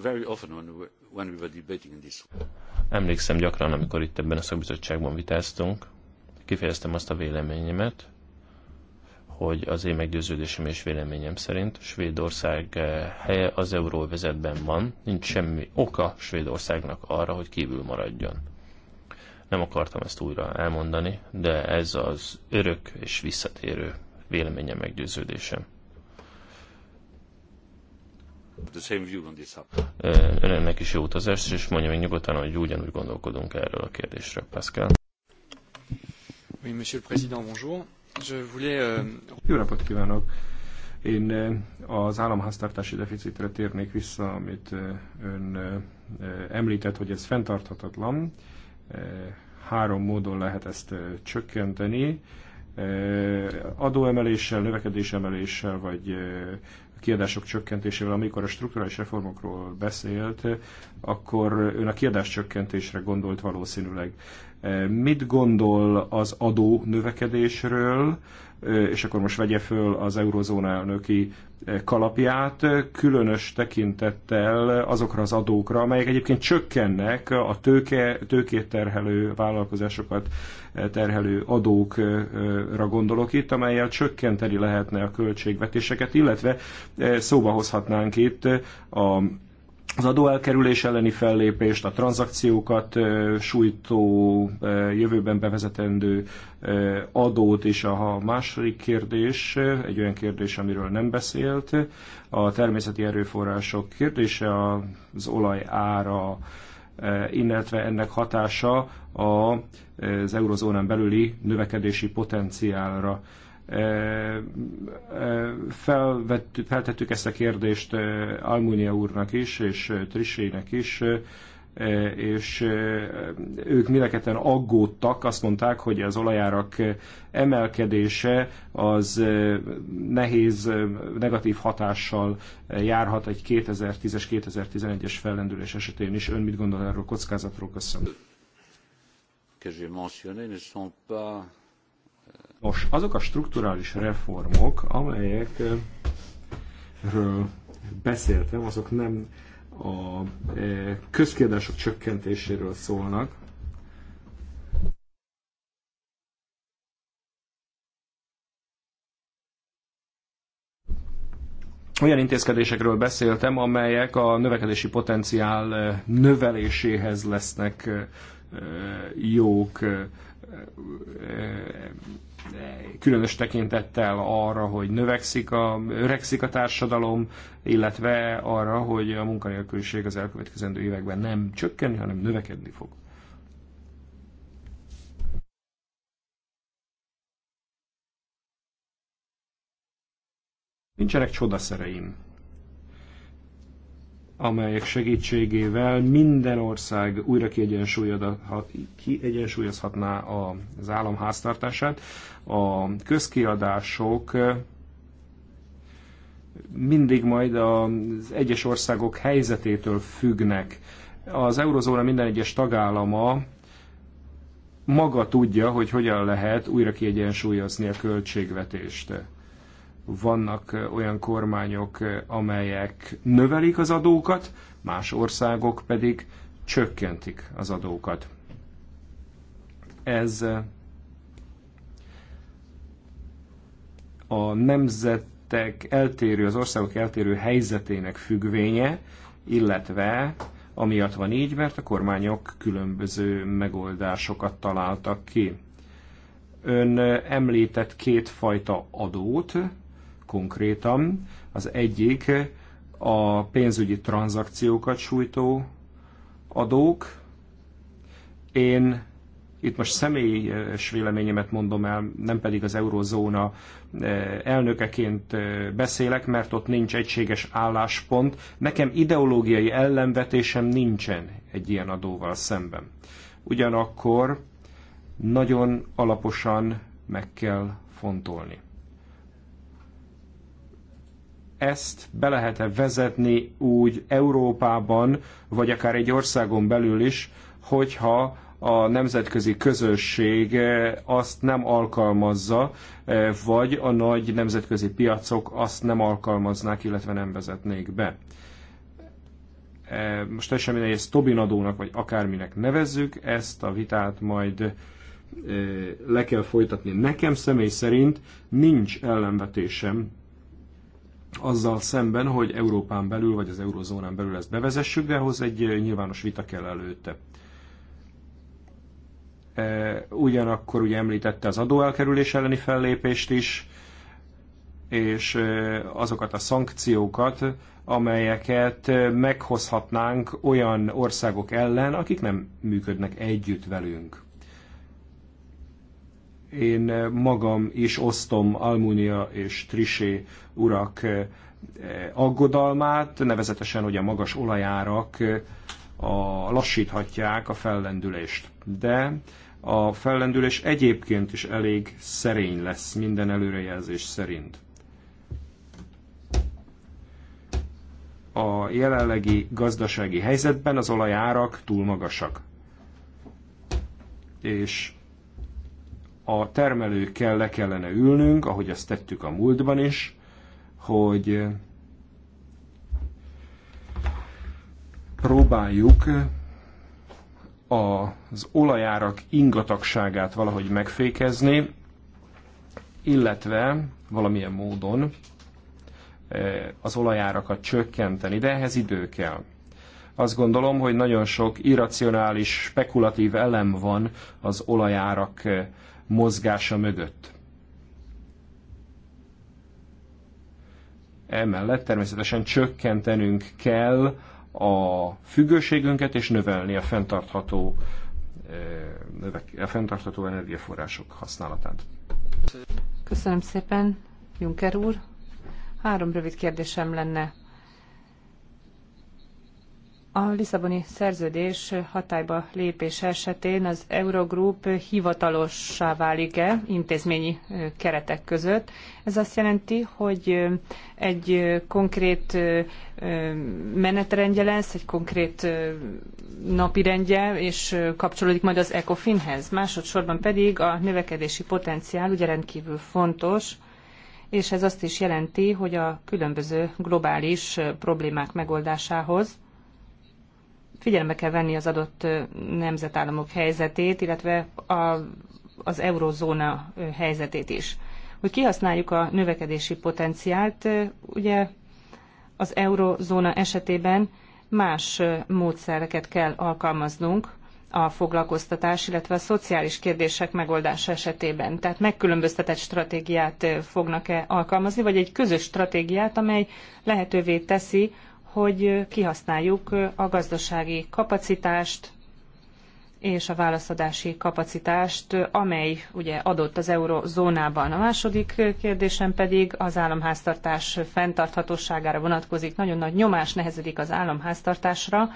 Very often when we were debating this. Emlékszem gyakran, amikor itt ebben a szakbizottságban vitáztunk, kifejeztem azt a véleményemet, hogy az én meggyőződésem és véleményem szerint Svédország eh, helye az euróvezetben van, nincs semmi oka Svédországnak arra, hogy kívül maradjon. Nem akartam ezt újra elmondani, de ez az örök és visszatérő véleménye meggyőződésem. Eh, önnek is jó utazást, és mondja még nyugodtan, hogy ugyanúgy gondolkodunk erről a kérdésről, Pascal. Oui, monsieur le président, bonjour. Euh, Jó napot kívánok! Én eh, az államháztartási deficitre térnék vissza, amit eh, ön eh, említett, hogy ez fenntarthatatlan. Három módon lehet ezt csökkenteni. Adóemeléssel, növekedésemeléssel, vagy kiadások csökkentésével, amikor a strukturális reformokról beszélt, akkor ön a kiadás csökkentésre gondolt valószínűleg. Mit gondol az adó növekedésről, és akkor most vegye föl az eurozóna elnöki kalapját, különös tekintettel azokra az adókra, amelyek egyébként csökkennek a tőke, tőkét terhelő vállalkozásokat terhelő adókra gondolok itt, amelyel csökkenteni lehetne a költségvetéseket, illetve szóba hozhatnánk itt a az adóelkerülés elleni fellépést, a tranzakciókat sújtó, jövőben bevezetendő adót, és a második kérdés, egy olyan kérdés, amiről nem beszélt, a természeti erőforrások kérdése, az olaj ára, illetve ennek hatása az eurozónán belüli növekedési potenciálra. Felvettük, feltettük ezt a kérdést Almunia úrnak is, és Trisének is, és ők mindeketen aggódtak, azt mondták, hogy az olajárak emelkedése az nehéz, negatív hatással járhat egy 2010-es, 2011-es fellendülés esetén is. Ön mit gondol erről kockázatról? Köszönöm. Nos, azok a strukturális reformok, amelyekről beszéltem, azok nem a e, közkiadások csökkentéséről szólnak, olyan intézkedésekről beszéltem, amelyek a növekedési potenciál e, növeléséhez lesznek e, jók különös tekintettel arra, hogy növekszik a, öregszik a társadalom, illetve arra, hogy a munkanélküliség az elkövetkezendő években nem csökkenni, hanem növekedni fog. Nincsenek csodaszereim amelyek segítségével minden ország újra kiegyensúlyozhatná az állam háztartását. A közkiadások mindig majd az egyes országok helyzetétől függnek. Az eurozóna minden egyes tagállama maga tudja, hogy hogyan lehet újra kiegyensúlyozni a költségvetést vannak olyan kormányok, amelyek növelik az adókat, más országok pedig csökkentik az adókat. Ez a nemzetek eltérő, az országok eltérő helyzetének függvénye, illetve amiatt van így, mert a kormányok különböző megoldásokat találtak ki. Ön említett kétfajta adót, konkrétan. Az egyik a pénzügyi tranzakciókat sújtó adók. Én itt most személyes véleményemet mondom el, nem pedig az eurozóna eh, elnökeként eh, beszélek, mert ott nincs egységes álláspont. Nekem ideológiai ellenvetésem nincsen egy ilyen adóval szemben. Ugyanakkor nagyon alaposan meg kell fontolni ezt be lehet-e vezetni úgy Európában, vagy akár egy országon belül is, hogyha a nemzetközi közösség eh, azt nem alkalmazza, eh, vagy a nagy nemzetközi piacok azt nem alkalmaznák, illetve nem vezetnék be. Eh, most teljesen mindegy, ezt Tobin adónak, vagy akárminek nevezzük, ezt a vitát majd le kell folytatni. Nekem személy szerint nincs ellenvetésem azzal szemben, hogy Európán belül, vagy az eurozónán belül ezt bevezessük, de ahhoz egy eh, nyilvános vita kell előtte. E, ugyanakkor ugye említette az adóelkerülés elleni fellépést is, és eh, azokat a szankciókat, amelyeket eh, meghozhatnánk olyan országok ellen, akik nem működnek együtt velünk. Én magam is osztom Almunia és Trisé urak eh, aggodalmát, nevezetesen, hogy a magas olajárak eh, a, lassíthatják a fellendülést. De a fellendülés egyébként is elég szerény lesz minden előrejelzés szerint. A jelenlegi gazdasági helyzetben az olajárak túl magasak. És a termelőkkel le kellene ülnünk, ahogy azt tettük a múltban is, hogy próbáljuk az olajárak ingatagságát valahogy megfékezni, illetve valamilyen módon eh, az olajárakat csökkenteni, de ehhez idő kell. Azt gondolom, hogy nagyon sok irracionális, spekulatív elem van az olajárak eh, mozgása mögött. Emellett természetesen csökkentenünk kell a függőségünket, és növelni a fenntartható, eh, a fenntartható energiaforrások használatát. Köszönöm szépen, Juncker úr. Három rövid kérdésem lenne. A Lisszaboni szerződés hatályba lépése esetén az Eurogroup hivatalossá válik-e intézményi keretek között. Ez azt jelenti, hogy egy konkrét menetrendje lesz, egy konkrét napirendje, és kapcsolódik majd az ECOFIN-hez. Másodszorban pedig a növekedési potenciál ugye rendkívül fontos, és ez azt is jelenti, hogy a különböző globális problémák megoldásához figyelembe kell venni az adott nemzetállamok helyzetét, illetve a, az eurozóna helyzetét is. Hogy kihasználjuk a növekedési potenciált, ugye az eurozóna esetében más módszereket kell alkalmaznunk a foglalkoztatás, illetve a szociális kérdések megoldása esetében. Tehát megkülönböztetett stratégiát fognak-e alkalmazni, vagy egy közös stratégiát, amely lehetővé teszi, hogy kihasználjuk a gazdasági kapacitást és a válaszadási kapacitást, amely ugye adott az eurozónában. A második kérdésem pedig az államháztartás fenntarthatóságára vonatkozik. Nagyon nagy nyomás nehezedik az államháztartásra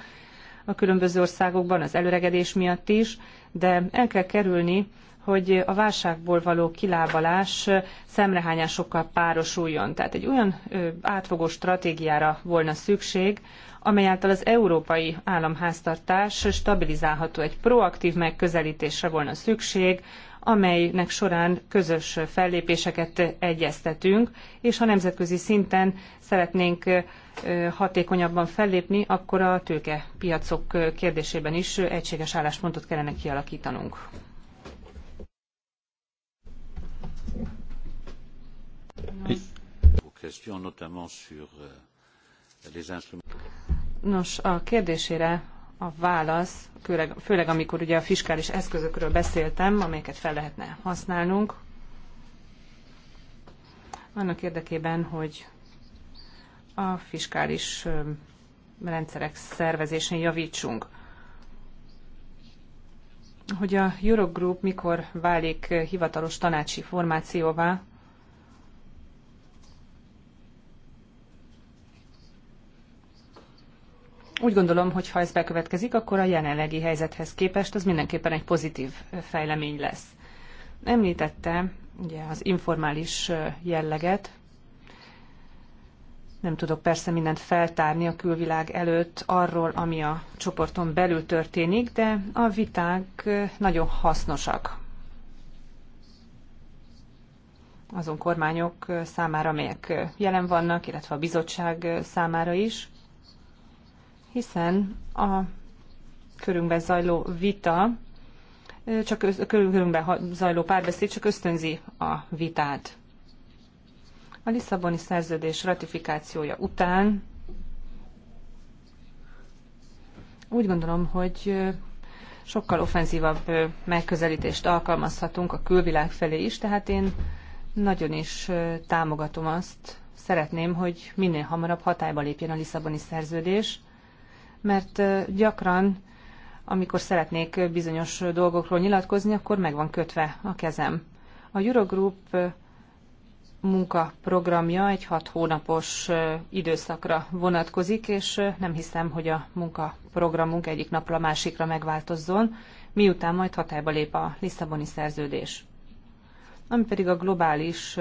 a különböző országokban, az előregedés miatt is, de el kell kerülni hogy a válságból való kilábalás szemrehányásokkal párosuljon. Tehát egy olyan átfogó stratégiára volna szükség, amely által az európai államháztartás stabilizálható. Egy proaktív megközelítésre volna szükség, amelynek során közös fellépéseket egyeztetünk, és ha nemzetközi szinten szeretnénk hatékonyabban fellépni, akkor a tőkepiacok kérdésében is egységes álláspontot kellene kialakítanunk. Euh, Nos, a kérdésére a válasz, főleg, amikor ugye a fiskális eszközökről beszéltem, amelyeket fel lehetne használnunk, annak érdekében, hogy a fiskális rendszerek szervezésén javítsunk. Hogy a Eurogroup mikor válik hivatalos tanácsi formációvá, Úgy gondolom, hogy ha ez bekövetkezik, akkor a jelenlegi helyzethez képest az mindenképpen egy pozitív fejlemény lesz. Említette ugye az informális jelleget, nem tudok persze mindent feltárni a külvilág előtt arról, ami a csoporton belül történik, de a viták nagyon hasznosak azon kormányok számára, amelyek jelen vannak, illetve a bizottság számára is hiszen a körünkben zajló vita, csak körünkben zajló párbeszéd csak ösztönzi a vitát. A Lisszaboni szerződés ratifikációja után úgy gondolom, hogy sokkal offenzívabb megközelítést alkalmazhatunk a külvilág felé is, tehát én nagyon is támogatom azt, szeretném, hogy minél hamarabb hatályba lépjen a Lisszaboni szerződés, mert gyakran, amikor szeretnék bizonyos dolgokról nyilatkozni, akkor meg van kötve a kezem. A Eurogroup munkaprogramja egy hat hónapos időszakra vonatkozik, és nem hiszem, hogy a munkaprogramunk egyik napra a másikra megváltozzon, miután majd hatályba lép a Lisszaboni szerződés. Ami pedig a globális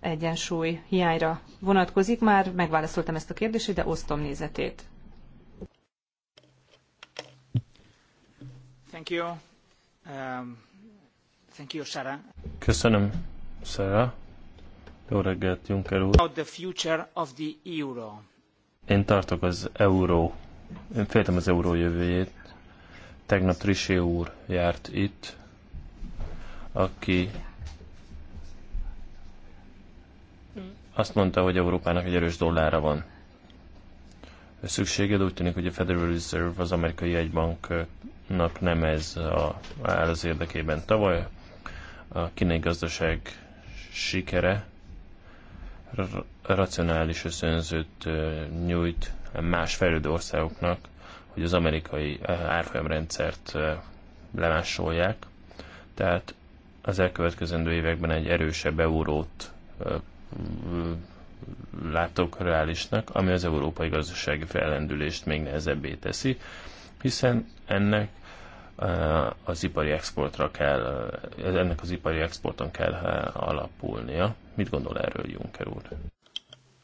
egyensúly hiányra vonatkozik, már megválaszoltam ezt a kérdését, de osztom nézetét. Um, Köszönöm, Sarah. Jó reggelt, Juncker úr. About the future of the euro. Én tartok az euró. Én féltem az euró jövőjét. Tegnap Trisé úr járt itt, aki azt mondta, hogy Európának egy erős dollára van szükséged. Úgy tűnik, hogy a Federal Reserve, az amerikai egybank Kínának nem ez a, áll az érdekében. Tavaly a kínai gazdaság sikere racionális összönzőt nyújt más fejlődő országoknak, hogy az amerikai árfolyamrendszert lemásolják. Tehát az elkövetkezendő években egy erősebb eurót látok reálisnak, ami az európai gazdasági fellendülést még nehezebbé teszi, hiszen ennek Eh, az ipari exportra kell, eh, ennek az ipari exporton kell eh, alapulnia. Mit gondol erről Juncker úr?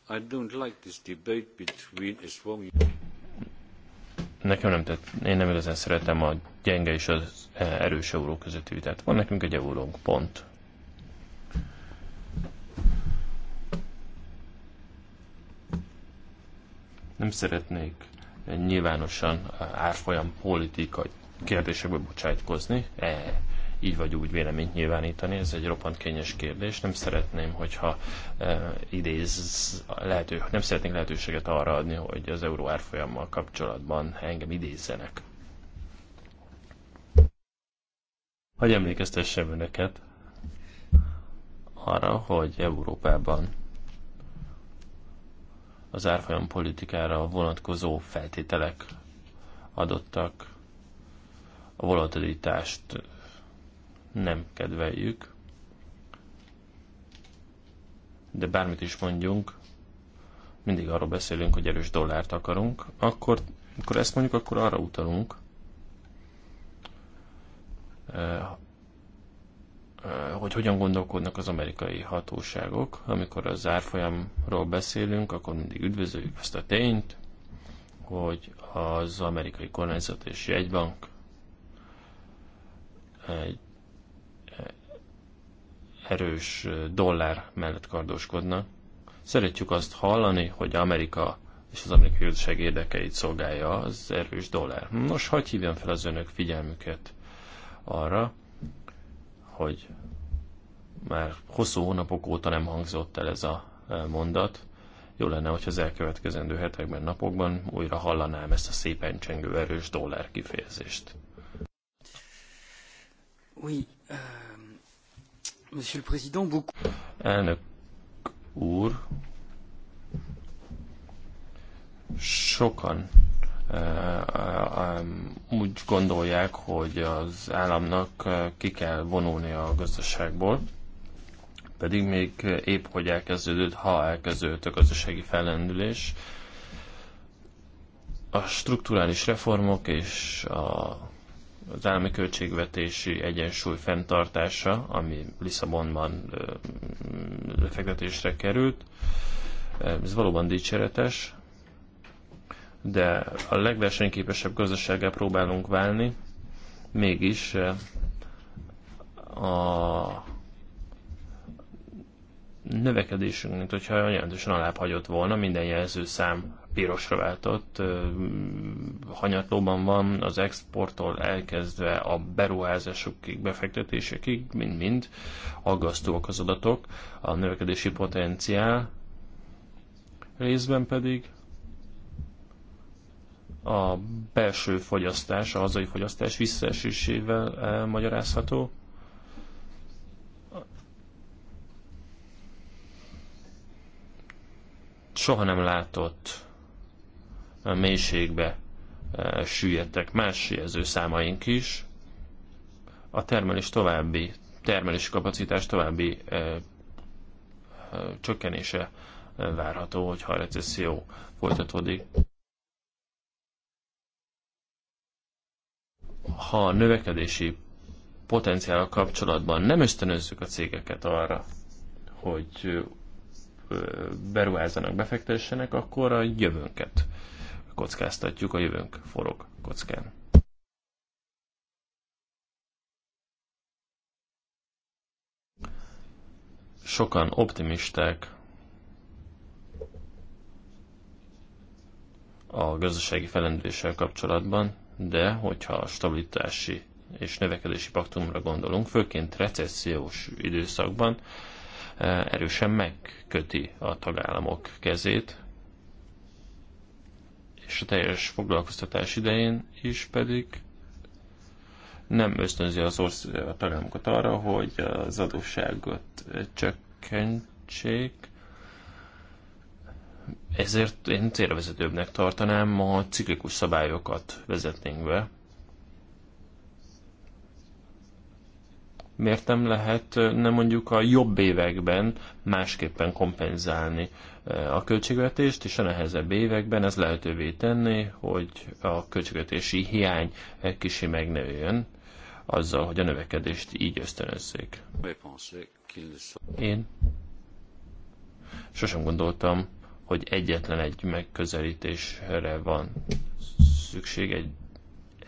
I don't like this debate between a strong... Nekem nem tett, én nem igazán szeretem a gyenge és az erős euró közötti vitát. Van nekünk egy eurónk, pont. Nem szeretnék nyilvánosan árfolyam politikai kérdésekbe bocsájtkozni, e, így vagy úgy véleményt nyilvánítani, ez egy roppant kényes kérdés. Nem szeretném, hogyha e, idéz, lehető, nem szeretnék lehetőséget arra adni, hogy az euró árfolyammal kapcsolatban engem idézzenek. Hogy emlékeztessem önöket arra, hogy Európában az árfolyam politikára vonatkozó feltételek adottak a volatilitást nem kedveljük, de bármit is mondjunk, mindig arról beszélünk, hogy erős dollárt akarunk, akkor, amikor ezt mondjuk, akkor arra utalunk, eh, eh, hogy hogyan gondolkodnak az amerikai hatóságok. Amikor az árfolyamról beszélünk, akkor mindig üdvözöljük azt a tényt, hogy az amerikai kormányzat és jegybank Eh, erős eh, dollár mellett kardoskodna. Szeretjük azt hallani, hogy Amerika és az amerikai gazdaság érdekeit szolgálja az erős dollár. Nos, hagyj hívjam fel az önök figyelmüket arra, hogy már hosszú hónapok óta nem hangzott el ez a eh, mondat. Jó lenne, hogy az elkövetkezendő hetekben, napokban újra hallanám ezt a szépen csengő erős dollár kifejezést. Oui, euh, Monsieur le Président, beaucoup... Elnök úr, sokan eh, eh, úgy gondolják, hogy az államnak eh, ki kell vonulni a gazdaságból, pedig még épp hogy elkezdődött, ha elkezdődött a gazdasági fellendülés, a strukturális reformok és a az állami költségvetési egyensúly fenntartása, ami Lisszabonban lefektetésre került, ez valóban dicséretes, de a legversenyképesebb gazdasággal próbálunk válni, mégis a növekedésünk, mint hogyha jelentősen alább hagyott volna, minden jelzőszám pirosra váltott, hanyatlóban van az exporttól elkezdve a beruházásokig, befektetésekig, mind-mind aggasztóak az adatok, a növekedési potenciál részben pedig a belső fogyasztás, a hazai fogyasztás visszaesésével eh, magyarázható, soha nem látott mélységbe süllyedtek más számaink is. A termelés további, termelési kapacitás további csökkenése várható, hogyha a recesszió folytatódik. Ha a növekedési potenciál kapcsolatban nem ösztönözzük a cégeket arra, hogy beruházzanak, befektessenek, akkor a jövőnket kockáztatjuk, a jövőnk forog kockán. Sokan optimisták a gazdasági felendüléssel kapcsolatban, de hogyha a stabilitási és növekedési paktumra gondolunk, főként recessziós időszakban, erősen megköti a tagállamok kezét, és a teljes foglalkoztatás idején is pedig nem ösztönzi az ország a tagállamokat arra, hogy az adósságot csökkentsék, ezért én célvezetőbbnek tartanám, ha ciklikus szabályokat vezetnénk be, miért nem lehet nem mondjuk a jobb években másképpen kompenzálni a költségvetést, és a nehezebb években ez lehetővé tenni, hogy a költségvetési hiány kicsi megnőjön azzal, hogy a növekedést így ösztönözzék. Én sosem gondoltam, hogy egyetlen egy megközelítésre van szükség, egy,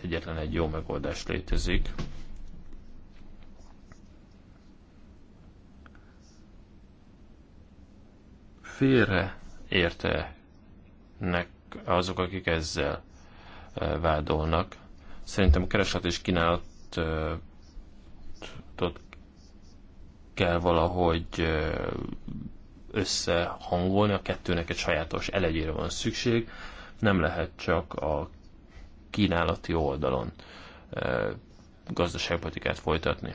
egyetlen egy jó megoldás létezik. félre nek azok, akik ezzel vádolnak. Szerintem a kereslet és kínálatot kell valahogy összehangolni, a kettőnek egy sajátos elegyére van szükség, nem lehet csak a kínálati oldalon gazdaságpolitikát folytatni.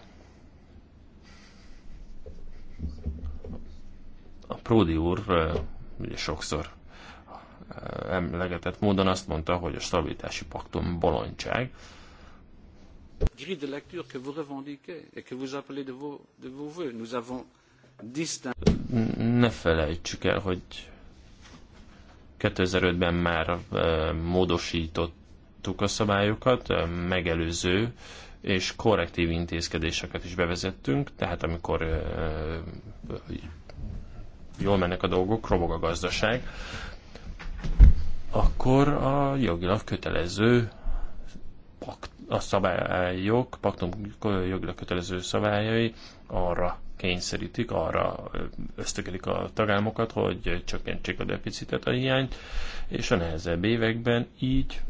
A Pródi úr ugye sokszor emlegetett módon azt mondta, hogy a stabilitási paktum bolondság. ne felejtsük el, hogy 2005-ben már módosítottuk a szabályokat, megelőző és korrektív intézkedéseket is bevezettünk, tehát amikor jól mennek a dolgok, robog a gazdaság, akkor a jogilag kötelező pakt, a szabályok, paktum jogilag kötelező szabályai arra kényszerítik, arra ösztökelik a tagállamokat, hogy csökkentsék a deficitet, a hiányt, és a nehezebb években így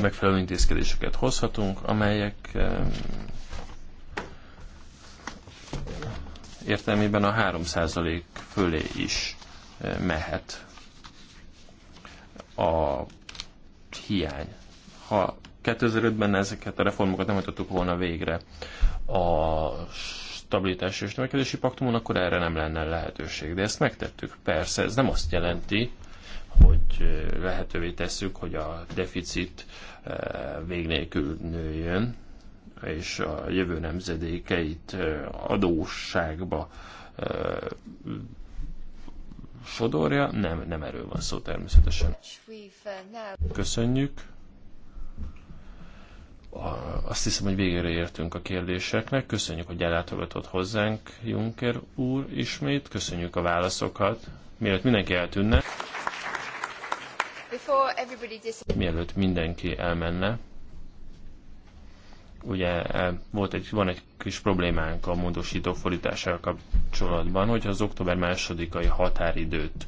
megfelelő intézkedéseket hozhatunk, amelyek értelmében a 3% fölé is eh, mehet a hiány. Ha 2005-ben ezeket a reformokat nem hajtottuk volna végre a stabilitási és növekedési paktumon, akkor erre nem lenne lehetőség. De ezt megtettük. Persze, ez nem azt jelenti, hogy eh, lehetővé tesszük, hogy a deficit eh, vég nélkül nőjön, és a jövő nemzedékeit adósságba sodorja. Nem, nem erről van szó természetesen. Köszönjük. Azt hiszem, hogy végére értünk a kérdéseknek. Köszönjük, hogy ellátogatott hozzánk, Juncker úr, ismét. Köszönjük a válaszokat. Mielőtt mindenki eltűnne, mielőtt mindenki elmenne, ugye e, volt egy, van egy kis problémánk a módosító fordítással kapcsolatban, hogyha az október másodikai határidőt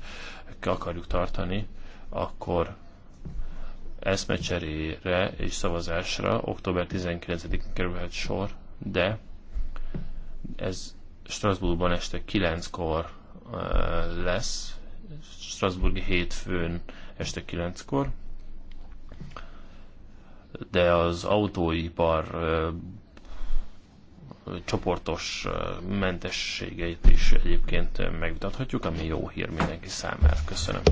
akarjuk tartani, akkor eszmecserére és szavazásra október 19-én kerülhet sor, de ez Strasbourgban este 9-kor e, lesz, Strasbourg hétfőn este 9-kor, de az autóipar csoportos mentességeit is egyébként megvitathatjuk, ami jó hír mindenki számára. Köszönöm.